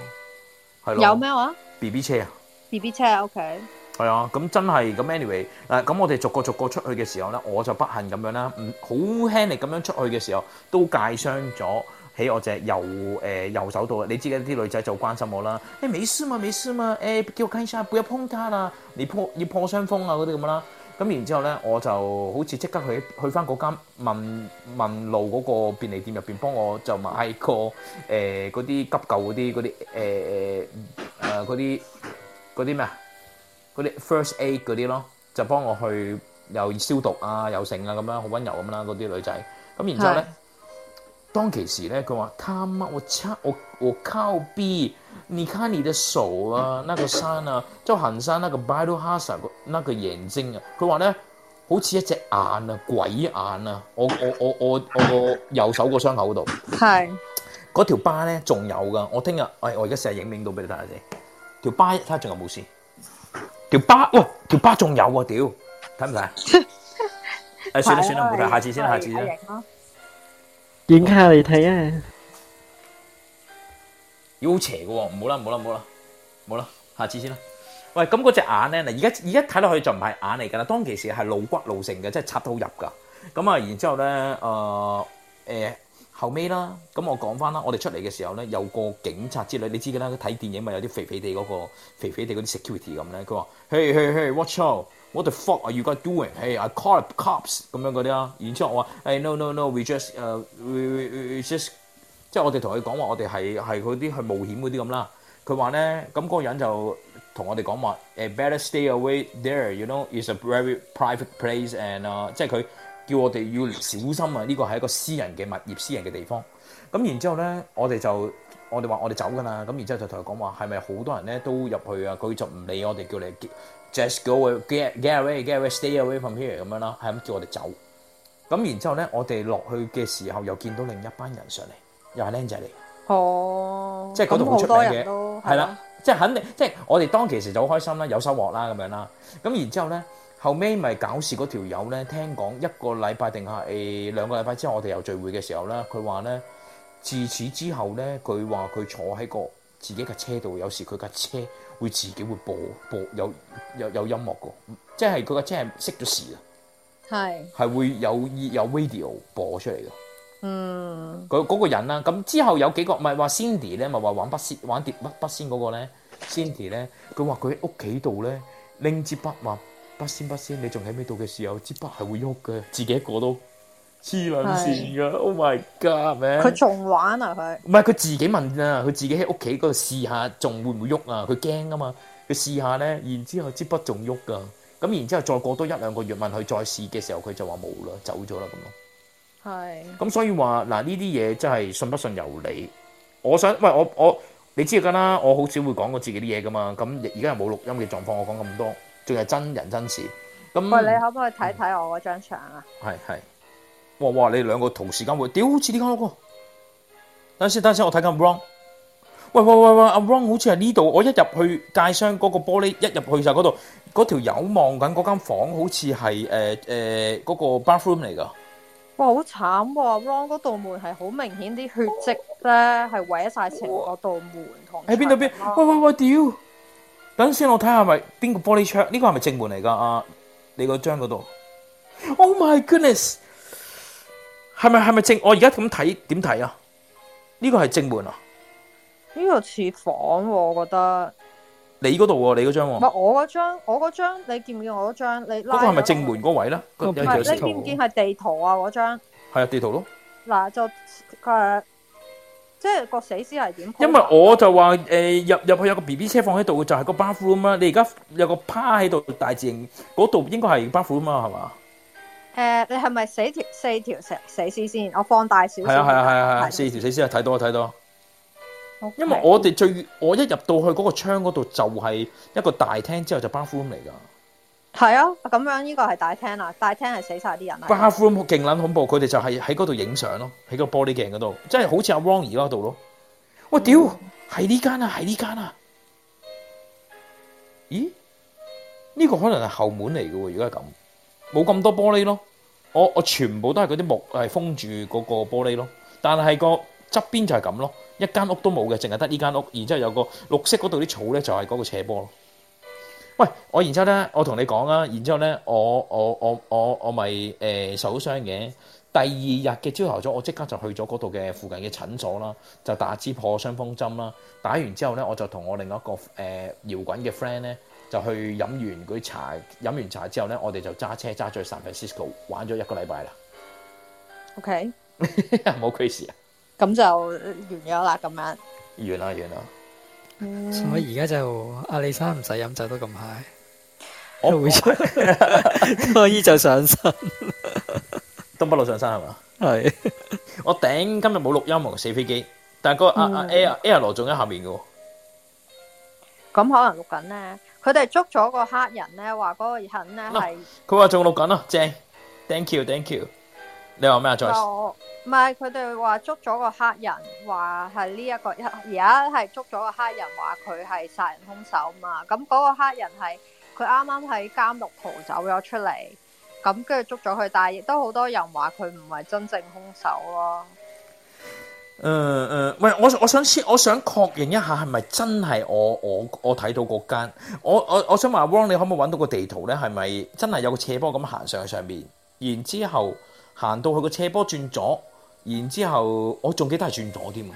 係咯。有咩話？BB 車啊，BB 車啊，OK。係啊，咁真係咁。Anyway，嗱、啊，咁我哋逐個逐個出去嘅時候咧，我就不幸咁樣啦，唔好輕力咁樣出去嘅時候都界傷咗。喺我隻右誒、呃、右手度，你知嘅啲女仔就關心我啦。誒、欸，冇事嘛，冇事嘛。誒、欸，叫我睇下，不要碰它啦。你破要破傷風啊嗰啲咁啦。咁然之後咧，我就好似即刻去去翻嗰間問問路嗰個便利店入邊幫我就買個誒嗰啲急救嗰啲嗰啲誒誒誒啲啲咩啊嗰啲 first aid 嗰啲咯，就幫我去又消毒啊又剩啊咁樣好温柔咁啦嗰啲女仔。咁然之後咧。當其時咧佢話，我靠我我靠壁，你卡你的手啊，那個山啊，就行山那個白度哈山嗰那個眼睛啊，佢話咧好似一隻眼啊，鬼眼啊，我我我我我個右手個傷口度，係，嗰條疤咧仲有噶，我聽日，哎，我而家成日影影到俾你睇下先，條疤睇下仲有冇事，條疤喂條疤仲有啊，屌，睇唔睇？誒、 哎，算啦 算啦了，唔睇，下次先啦，下次先。 影下嚟睇啊，妖邪嘅喎，唔好啦，唔好啦，唔好啦，唔好啦，下次先啦。喂，咁嗰隻眼咧，嗱而家而家睇落去就唔係眼嚟噶啦，當其時係露骨露成嘅，即係插到入噶。咁啊，然之後咧，誒、呃、誒後尾啦，咁我講翻啦，我哋出嚟嘅時候咧，有個警察之類，你知噶啦，佢睇電影咪有啲肥肥地嗰個肥肥地嗰啲 security 咁咧，佢話：嘿嘿嘿，watch out！What the fuck are you guys doing，誒、hey，I call up cops 咁樣嗰啲啊，然之後我話誒、hey, no no no，we just 誒、uh, we, we we we just 即係我哋同佢講話，我哋係係嗰啲去冒險嗰啲咁啦。佢話咧，咁、那、嗰個人就同我哋講話誒，better stay away there，you know，it's a very private place and 即係佢叫我哋要小心啊，呢、這個係一個私人嘅物業、私人嘅地方。咁然之後咧，我哋就我哋話我哋走㗎啦。咁然之後就同佢講話，係咪好多人咧都入去啊？佢就唔理我哋叫你。Just go away, get get away, get away, stay away from here 咁樣啦，係咁叫我哋走。咁然之後咧，我哋落去嘅時候又見到另一班人上嚟，又係僆仔嚟哦，即係嗰度好出名嘅，係啦，即係肯定，即係我哋當其時就好開心啦，有收穫啦咁樣啦。咁然之後咧，後尾咪搞事嗰條友咧，聽講一個禮拜定係誒兩個禮拜之後，我哋又聚會嘅時候咧，佢話咧自此之後咧，佢話佢坐喺個自己嘅車度，有時佢架車。會自己會播播有有有音樂嘅，即係佢嘅車係熄咗匙啊，係係會有有 radio 播出嚟嘅，嗯，佢嗰、嗰個人啦，咁之後有幾個唔係話 Cindy 咧，咪話玩，玩，玩她她筆仙玩碟筆筆仙嗰個咧 Cindy 咧，佢話佢喺屋企度咧拎支筆嘛，筆仙筆仙，你仲喺咩度嘅時候，支筆係會喐嘅，自己一個都。黐撚線噶！Oh my god 咩？佢仲玩啊佢？唔係佢自己問自己試試會會啊，佢自己喺屋企嗰度試下，仲會唔會喐啊？佢驚啊嘛，佢試下咧，然之後支筆仲喐噶，咁然之後再過多一兩個月問佢再試嘅時候，佢就話冇啦，走咗啦咁咯。係。咁所以話嗱呢啲嘢真係信不信由你。我想喂我我你知噶啦，我好少會講我自己啲嘢噶嘛。咁而家又冇錄音嘅狀況，我講咁多，仲係真人真事。咁喂，你可唔可以睇睇、嗯、我嗰張相啊？係係。哇哇！你兩個同時間會屌，好似呢間屋。等先，等先，我睇緊 Ron。喂喂喂喂，阿 Ron 好似係呢度。我一入去街商嗰個玻璃一入去，就嗰度嗰條友望緊嗰間房，好似係誒誒嗰個 bathroom 嚟噶。哇，好慘喎！Ron 嗰道門係好明顯啲血跡咧，係揹曬成個道門同。喺邊度邊？喂喂喂！屌，等陣先，我睇下係咪邊個玻璃窗？呢個係咪正門嚟㗎？阿你個張嗰度？Oh my goodness！係咪係咪正？我而家咁睇點睇啊？呢、這個係正門啊？呢、這個似房喎，我覺得。你嗰度喎，你嗰張喎。唔係我嗰張，我嗰張，你見唔見我嗰張？你拉、那個。嗰個係咪正門嗰位咧？唔，你見唔見係地圖啊？嗰張。係啊，地圖咯。嗱就誒，即係個死屍係點？因為我就話誒、呃，入入去有個 B B 車放喺度，就係、是、個 buff room 啊嘛。你而家有個趴喺度，大自然嗰度應該係 buff room 啊嘛，係嘛？誒、呃，你係咪四條四條死死屍先？我放大少少。係啊係啊係啊係啊，四條死屍啊，睇到睇到。Okay. 因為我哋最我一入到去嗰個窗嗰度就係一個大廳之後就是、bathroom 嚟噶。係啊，咁樣呢個係大廳啊。大廳係死晒啲人。bathroom 勁捻恐怖，佢哋就係喺嗰度影相咯，喺個玻璃鏡嗰度，即係好似阿 Wong 而嗰度咯。我屌，係呢間啊，係呢間啊。咦？呢、這個可能係後門嚟噶？如果係咁。冇咁多玻璃咯，我我全部都係嗰啲木係封住嗰個玻璃咯，但係個側邊就係咁咯，一間屋都冇嘅，淨係得呢間屋，然之後有個綠色嗰度啲草咧就係嗰個斜坡咯。喂，我然之後咧，我同你講啦，然之後咧，我我我我我咪誒、呃、受傷嘅。第二日嘅朝頭早，我即刻就去咗嗰度嘅附近嘅診所啦，就打支破傷風針啦。打完之後咧，我就同我另外一個誒搖滾嘅 friend 咧。呃就去飲完嗰啲茶，飲完茶之後咧，我哋就揸車揸去 San Francisco 玩咗一個禮拜啦。OK，冇黐線啊！咁就完咗啦，咁樣完啦，完啦、嗯。所以而家就阿李生唔使飲酒都咁快，我、哦、姨就， 就上山，東北路上山係嘛？係。 我頂今日冇錄音喎，死飛機！但係、嗰個阿阿 l i r a 仲喺下面嘅喎。咁、嗯、可能錄緊咧。佢哋捉咗個黑人咧，話嗰個人咧係，佢話仲錄緊咯，正，thank you，thank you，你話咩啊？再唔係佢哋話捉咗個黑人，話係呢一個一而家係捉咗個黑人，話佢係殺人凶手嘛。咁嗰個黑人係佢啱啱喺監獄逃走咗出嚟，咁跟住捉咗佢，但係亦都好多人話佢唔係真正凶手咯。嗯、呃、嗯，喂，我我想先我想確認一下係咪真係我我我睇到嗰間，我我我想問阿 Wong 你可唔可以揾到個地圖咧？係咪真係有個斜坡咁行上去上面？然之後行到佢個斜坡轉左？然之後我仲記得係轉左添。喂，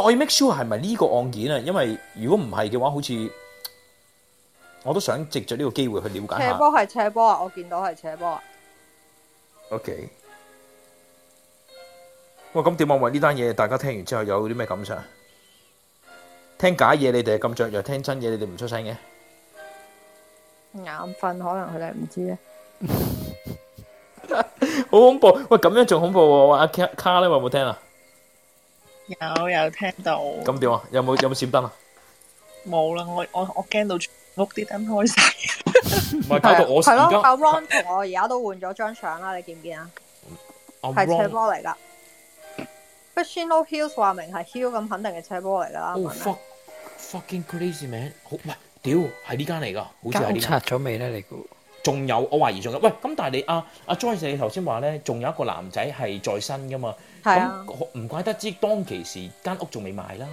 我要 make sure 係咪呢個案件啊？因為如果唔係嘅話，好似我都想藉著呢個機會去了解。斜坡係斜坡啊，我見到係斜坡啊。OK。喂，咁點啊？我話呢單嘢，大家聽完之後有啲咩感想？聽假嘢你哋係咁着藥，聽真嘢你哋唔出聲嘅？眼瞓，可能佢哋唔知咧。好恐怖！喂，咁樣仲恐怖喎！阿卡卡咧，你有冇聽啊？有，有聽到。咁點啊？有冇有冇閃燈啊？冇啦！我我我驚到全屋啲燈開晒。唔係，搞到我係咯。阿 Ron 同我而家都換咗張相啦，你見唔見啊？係斜坡嚟噶。佢仙落 hill 話明係 hill 咁，肯定係車波嚟啦。哦、oh, right?，fucking crazy man，好、oh, 喂，屌係呢間嚟噶，好似係。間屋拆咗未咧？你估？仲有？我懷疑仲有。喂，咁但係你啊，阿、啊、Joyce 你頭先話咧，仲有一個男仔係在生噶嘛？係啊。咁唔怪得知當其時間屋仲未賣啦，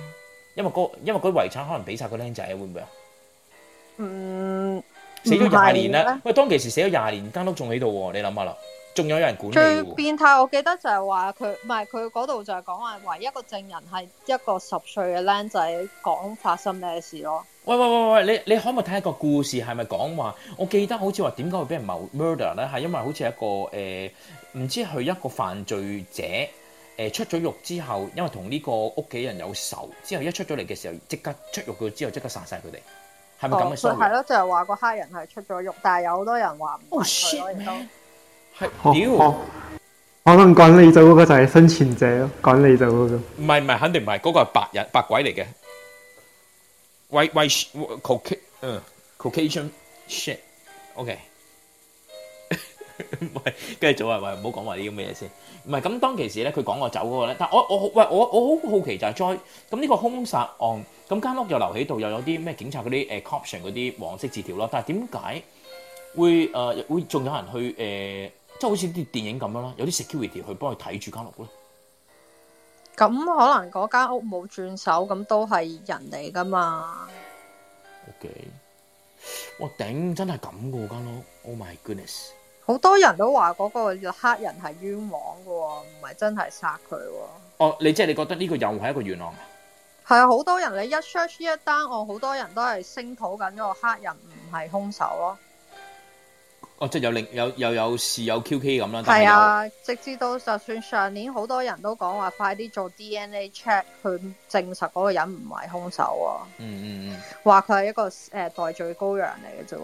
因為嗰、嗰個，因為遺產可能俾晒個僆仔啊，會唔會啊？嗯，死咗廿年啦。喂，當其時死咗廿年，間屋仲喺度喎，你諗下啦。仲有人管你？最變態，我記得就係話佢，唔係佢嗰度就係講話，唯一一個證人係一個十歲嘅僆仔講發生咩事咯。喂喂喂喂，你你可唔可以睇一個故事係咪講話？我記得好似話點解會俾人謀 murder 咧？係因為好似一個誒唔、呃、知佢一個犯罪者誒、呃、出咗獄之後，因為同呢個屋企人有仇，之後一出咗嚟嘅時候，即刻出獄咗之後，即刻殺晒佢哋，係咪咁嘅？係、oh, 咯，就係、是、話個黑人係出咗獄，但係有好多人話唔係咯。Oh, shit, 係，屌，可能趕你走嗰個就係生前者咯，趕你走嗰個。唔係唔係，肯定唔係，嗰個係白人白鬼嚟嘅。White white Caucasian，OK。唔係，跟住就話喂唔好講話呢啲咁嘅嘢先。唔係，咁當其時咧，佢講我走嗰個咧，但係我我喂我我好好奇就係再咁呢個凶殺案，咁間屋又留喺度，又有啲咩警察嗰啲誒 caution 嗰啲黃色字條咯。但係點解會誒會仲有人去誒？即係好似啲電影咁樣啦，有啲 security 去幫佢睇住間屋咧。咁可能嗰間屋冇轉手，咁都係人嚟噶嘛？OK，我頂，真係咁噶間屋。Oh my goodness！好多人都話嗰個黑人係冤枉噶，唔係真係殺佢。哦，你即係你覺得呢個又係一個冤案？係啊，好多人你一 search 呢一單案，好多人都係聲討緊嗰個黑人唔係凶手咯。哦，即係有另有又有事有，有，有 QK 咁樣。係啊！直至到就算上年，好多人都講話快啲做 DNA check 去證實嗰個人唔係凶手啊！嗯嗯嗯，話佢係一個誒、呃、代罪羔羊嚟嘅啫。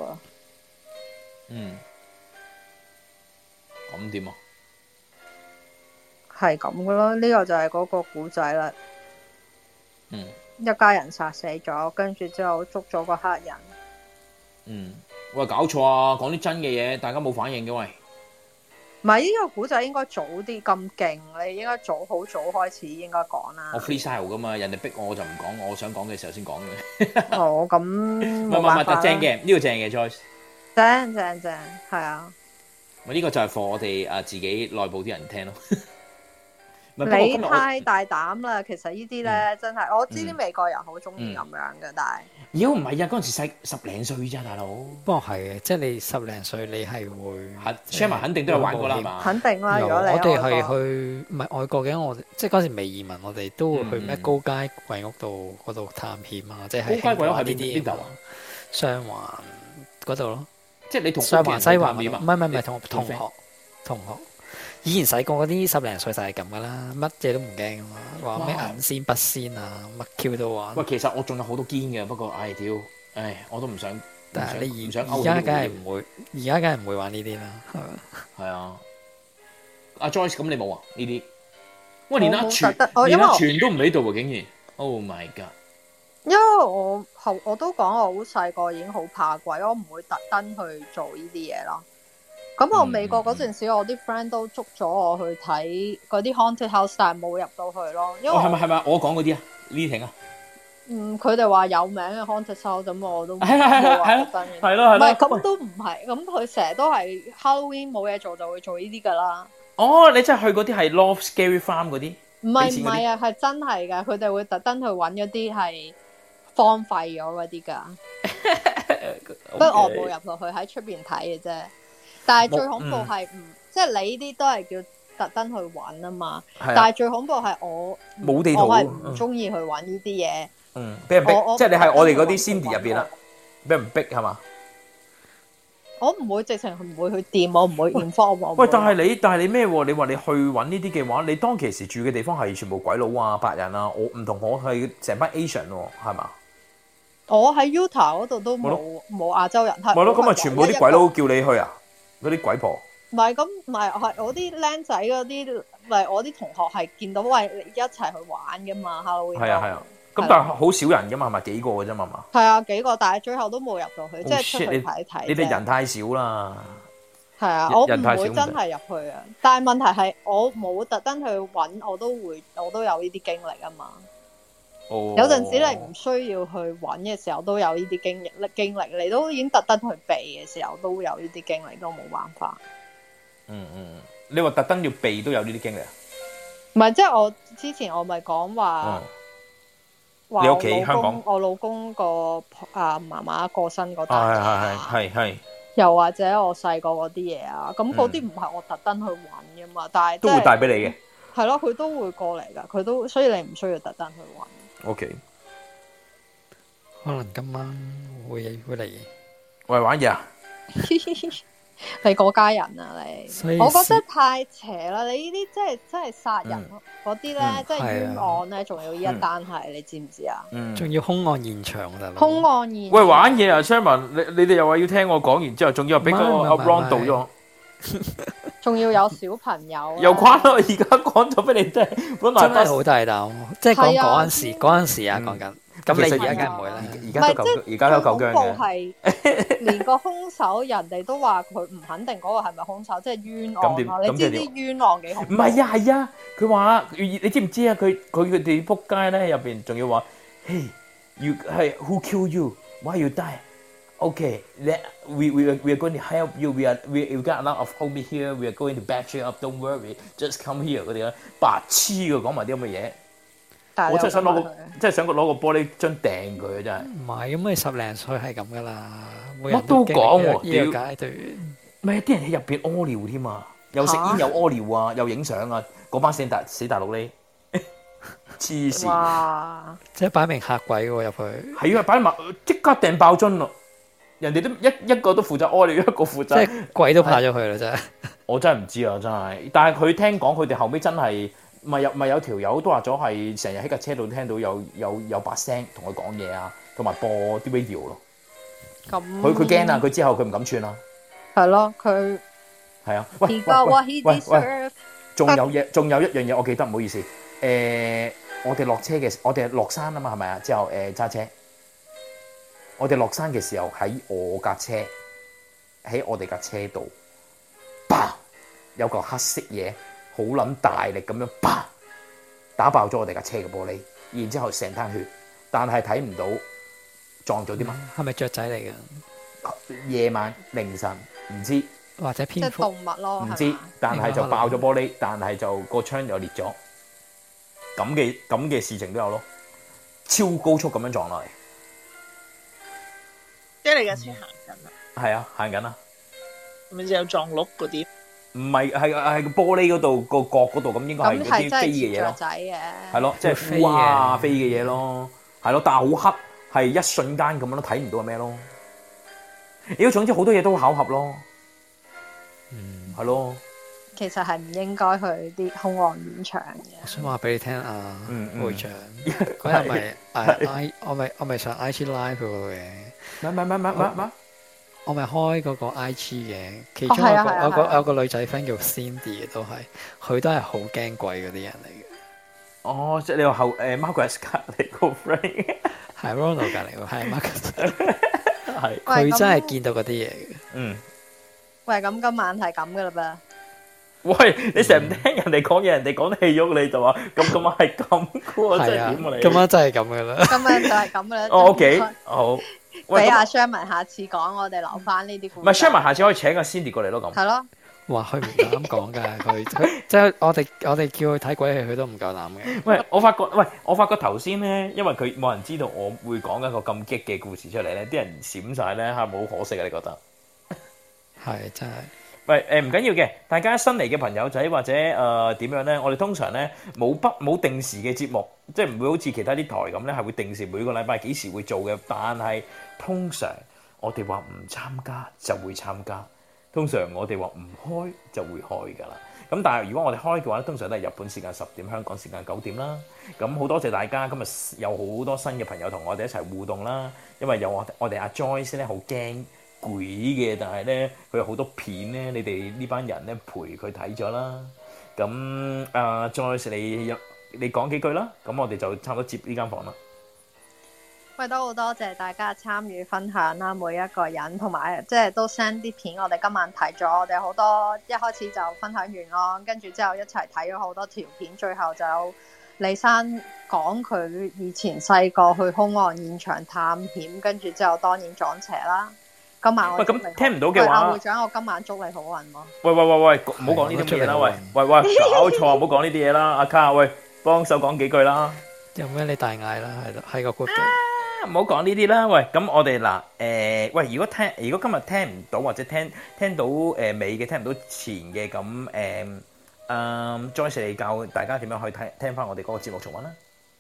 嗯，咁點啊？係咁嘅囉，呢、呢個就係嗰個古仔啦。嗯，一家人殺死咗，跟住之後捉咗個黑人。嗯。喂搞錯啊，講啲真嘅嘢，大家冇反應嘅喂。唔係，呢個古仔應該早啲咁勁，你應該早好早開始應該講啦。我 free style 噶嘛，人哋逼我我就唔講，我想講嘅時候先講嘅。哦，咁唔係唔係特正嘅，呢個正嘅 Joyce，正正正，係啊。我呢個就係放我哋啊自己內部啲人聽咯。你太大膽啦！其實這些呢啲咧、嗯、真係，我知啲美國人好中意咁樣嘅，嗯嗯，但係，如果唔係啊，嗰陣時細十零歲咋，大佬，不過係嘅，即係你十零歲你係、啊，你係會，share 肯定都有玩過啦肯定啦、啊。如果你我哋係去唔係外國嘅，我，們我即係嗰陣時未移民，我哋都會去咩高街鬼屋度嗰度探險啊，即係高街鬼屋係邊度？上環嗰度咯，即係、啊、你同上環西環唔係唔係唔係同同學同學。同學同學以前細個嗰啲十零歲就係咁噶啦，乜嘢都唔驚啊！話咩眼仙筆仙啊，乜 Q 都玩。喂，其實我仲有好多堅嘅，不過 I deal, 唉屌，唉我都唔想，但係你而家梗係唔會，而家梗係唔會玩呢啲啦。係啊，阿 Joyce 咁你冇啊？呢啲喂，連阿、啊、全，連阿全都唔喺度啊！竟然，Oh my god！因為我後我，我都講我好細個已經好怕鬼，我唔會特登去做呢啲嘢咯。咁、嗯、我美國嗰陣時，我啲 friend 都捉咗我去睇嗰啲 Haunted House，但係冇入到去咯。因為係咪係咪我講嗰啲啊？meeting 啊！嗯，佢哋話有名嘅 Haunted House，咁我都唔會話特登嘅。係咯係咯，唔係 咁都唔係。咁佢成日都係 Halloween 冇嘢做，就會做呢啲㗎啦。哦，你真係去嗰啲係 Love Scary Farm 嗰啲？唔係唔係啊，係真係嘅，佢哋會特登去揾一啲係荒廢咗嗰啲㗎。不 過、okay. 我冇入到去，喺出邊睇嘅啫。但係最恐怖係唔、嗯、即係你呢啲都係叫特登去玩啊嘛，啊但係最恐怖係我冇地圖，我係唔中意去玩呢啲嘢。嗯，俾人逼即係你係我哋嗰啲 Cindy 入邊啦，俾人唔逼係嘛？我唔會直情唔會去掂，我唔會亂發喂，喂，喂，喂，但係你但係你咩？你話你去揾呢啲嘅話，你當其時住嘅地方係全部鬼佬啊、白人啊，我唔同我去成班 Asian 喎，係嘛？我喺 Utah 嗰度都冇冇亞洲人，係咪咯？咁啊，全部啲鬼佬叫你去啊！嗰啲鬼婆，唔係咁，唔係係我啲僆仔嗰啲，唔係我啲同學係見到，喂，一齊去玩嘅嘛，Hello，係啊係啊，咁、啊啊、但係好少人嘅嘛，係咪幾個嘅啫嘛？係啊幾個，但係最後都冇入到去，即、oh, 係出去睇睇。你哋人太少啦，係啊，我唔會真係入去啊。但係問題係我冇特登去揾，我都會，我都有呢啲經歷啊嘛。有陣時你唔需要去揾嘅時候，都有呢啲經歷經歷。你都已經特登去避嘅時候，都有呢啲經歷，都冇辦法。嗯嗯，你話特登要避都有呢啲經歷？唔係，即係我之前我咪講話，你屋企香港，我老公個啊媽媽過身嗰陣，係係係係係。又或者我細個嗰啲嘢啊，咁嗰啲唔係我特登去揾噶嘛，但係都會帶俾你嘅係咯，佢、嗯、都會過嚟噶，佢都所以你唔需要特登去揾。O、okay、K，可能今晚會會嚟嘅。喂，玩嘢啊！ 你嗰家人啊，你，我覺得太邪啦！你呢啲真係真係殺人嗰啲咧，真係、嗯嗯、冤案咧，仲要呢一單係，你知唔知啊？嗯，仲要凶案現場啦。凶案現場，喂玩嘢啊，Sherman，你你哋又話要聽我講完之後，仲要話俾個 Brown。啊仲要有小朋友、啊，又關咯。而家講咗俾你聽，本來都係好大膽，即係講嗰陣時，嗰陣、啊、時啊講緊。咁、嗯、其實而家梗唔會啦，而家都係即而家有狗僵嘅。在就是、在 連個凶手，人哋都話佢唔肯定嗰個係咪凶手，即係冤枉。咁點？你知唔知冤枉幾恐怖？唔係啊，係啊，佢話，你知唔知啊？佢佢佢哋仆街咧，入邊仲要話，嘿，係 Who killed you? Why you die? Okay，we we, we are going to help you. We are we we got a lot of homie here. We are going to back it up. Don't worry. Just come here 嗰啲啊，白痴嘅講埋啲咁嘅嘢。我真係想攞個，真係想攞個玻璃樽掟佢啊！真係。唔係咁咩，十零歲係咁噶啦，乜都講喎屌。階段。唔係啲人喺入邊屙尿添啊，又食煙又屙尿啊，又影相啊！嗰班死大死大佬，呢？黐線。即係擺明嚇鬼喎入去。係啊！擺埋即刻掟爆樽人哋都一一個都負責，屙你一個負責，即係鬼都怕咗佢啦！真係，我真係唔知啊！真係，但係佢聽講佢哋後尾真係咪有咪有條友都話咗係成日喺架車度聽到有有有把聲同佢講嘢啊，同埋播啲咩搖咯。咁佢佢驚啊！佢之後佢唔敢串啦。係咯，佢係啊。喂。he got whathe deserves。仲有嘢，仲有一樣嘢，我記得唔好意思。誒，我哋落車嘅，我哋落山啊嘛，係咪啊？之後誒揸車。我哋落山嘅時候喺我架車，喺我哋架車度，啪有嚿黑色嘢，好撚大力咁樣啪打爆咗我哋架車嘅玻璃，然之後成灘血，但係睇唔到撞咗啲乜？係咪雀仔嚟嘅？夜晚凌晨唔知，或者偏蝠，即係動物咯，唔知是。但係就爆咗玻璃，這個、但係就個窗又裂咗。咁嘅咁嘅事情都有咯，超高速咁樣撞落嚟。即係你架車行緊啊？係啊，行緊啊。咪就有撞碌嗰啲？唔係，係係個玻璃嗰度個角嗰度咁，應該係飛嘅嘢咯。仔嘅，係咯，即係飛嘅飛嘅嘢咯。係咯，但係好黑，係一瞬間咁樣都睇唔到係咩咯？妖，總之好多嘢都巧合咯。嗯，係咯。其實係唔應該去啲空曠演唱嘅。我想話俾你聽啊，會場嗰日咪我咪我咪上 I, I, I, IG Live 嘅。唔係唔係唔係唔係唔係，我咪開嗰個 I G 嘅，其中有個有個有個女仔 friend 叫 Cindy 嘅，都係佢都係好驚鬼嗰啲人嚟嘅。哦，即係你話後誒，Margaret 隔籬個 friend 係 Ronald 隔籬個，係 Margaret，係佢真係見到嗰啲嘢嘅。嗯，喂，咁今晚係咁噶啦噃。喂，你成日唔聽人哋講嘢，人哋講氣喐你，就話咁今晚係咁噶喎，即係點啊？你今晚真係咁噶啦，今晚就係咁噶啦。O K，好。俾阿 Sherman 下次講，我哋留翻呢啲故事。唔係 Sherman 下次可以請阿 Cindy 過嚟咯，咁。係咯，哇佢唔敢講㗎，佢即係我哋我哋叫佢睇鬼戲，佢都唔夠膽嘅。喂，我發覺，喂，我發覺頭先咧，因為佢冇人知道我會講一個咁激嘅故事出嚟咧，啲人閃曬咧嚇，冇可惜嘅，你覺得？係真係。喂，誒唔緊要嘅，大家新嚟嘅朋友仔或者誒點樣咧？我哋通常咧冇不冇定時嘅節目，即係唔會好似其他啲台咁咧，係會定時每個禮拜幾時會做嘅，但係。通常我哋話唔參加就會參加，通常我哋話唔開就會開噶啦。咁但係如果我哋開嘅話，通常都係日本時間十點，香港時間九點啦。咁好多謝大家，今日有好多新嘅朋友同我哋一齊互動啦。因為有我我哋阿 Joyce 先咧好驚攰嘅，但係咧佢有好多片咧，你哋呢班人咧陪佢睇咗啦。咁阿 Joyce，你入你講幾句啦。咁我哋就差唔多接呢間房啦。喂，都好多謝大家參與分享啦，每一個人同埋即係都 send 啲片，我哋今晚睇咗，我哋好多一開始就分享完咯，跟住之後一齊睇咗好多條片，最後就有李生講佢以前細個去凶案現場探險，跟住之後當然撞邪啦。今晚我喂，咁聽唔到嘅話會，會長，我今晚祝你好運咯。喂喂喂喂，唔好講呢啲嘢啦，喂喂喂，搞錯，唔好講呢啲嘢啦，阿、 啊、卡，喂，幫手講幾句啦。有咩你大嗌啦？喺度喺個 group 度啊！唔好講呢啲啦。喂，咁我哋嗱誒，喂，如果聽如果今日聽唔到或者聽聽到誒尾嘅聽唔到前嘅咁誒，嗯，Joyce 你教大家點樣去聽聽翻我哋嗰個節目重温啦。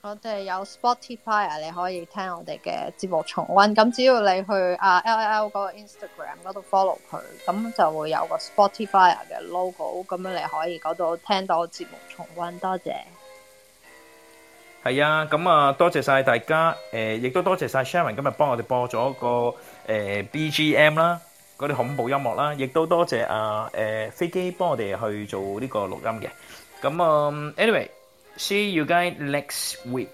我哋有 Spotify 啊，你可以聽我哋嘅節目重温。咁只要你去啊 LIL 嗰個 Instagram 嗰度 follow 佢，咁就會有個 Spotify 嘅 logo，咁樣你可以嗰度聽到節目重温。多謝。係啊，咁啊多謝晒大家，誒，亦都多謝晒 Sharon 今日幫我哋播咗個誒 BGM 啦，嗰啲恐怖音樂啦，亦都多謝啊誒飛機幫我哋去做呢個錄音嘅。咁啊，Anyway，see you guys next week。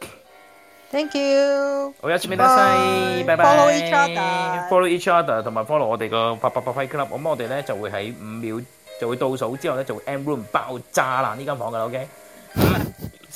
Thank you。好，一次唔該晒，拜拜。Follow each other，follow each other，同埋 follow 我哋個八八八 Fight Club。咁啊，我哋咧就會喺五秒就會倒數之後咧就會 M room 爆炸啦，呢間房嘅，OK。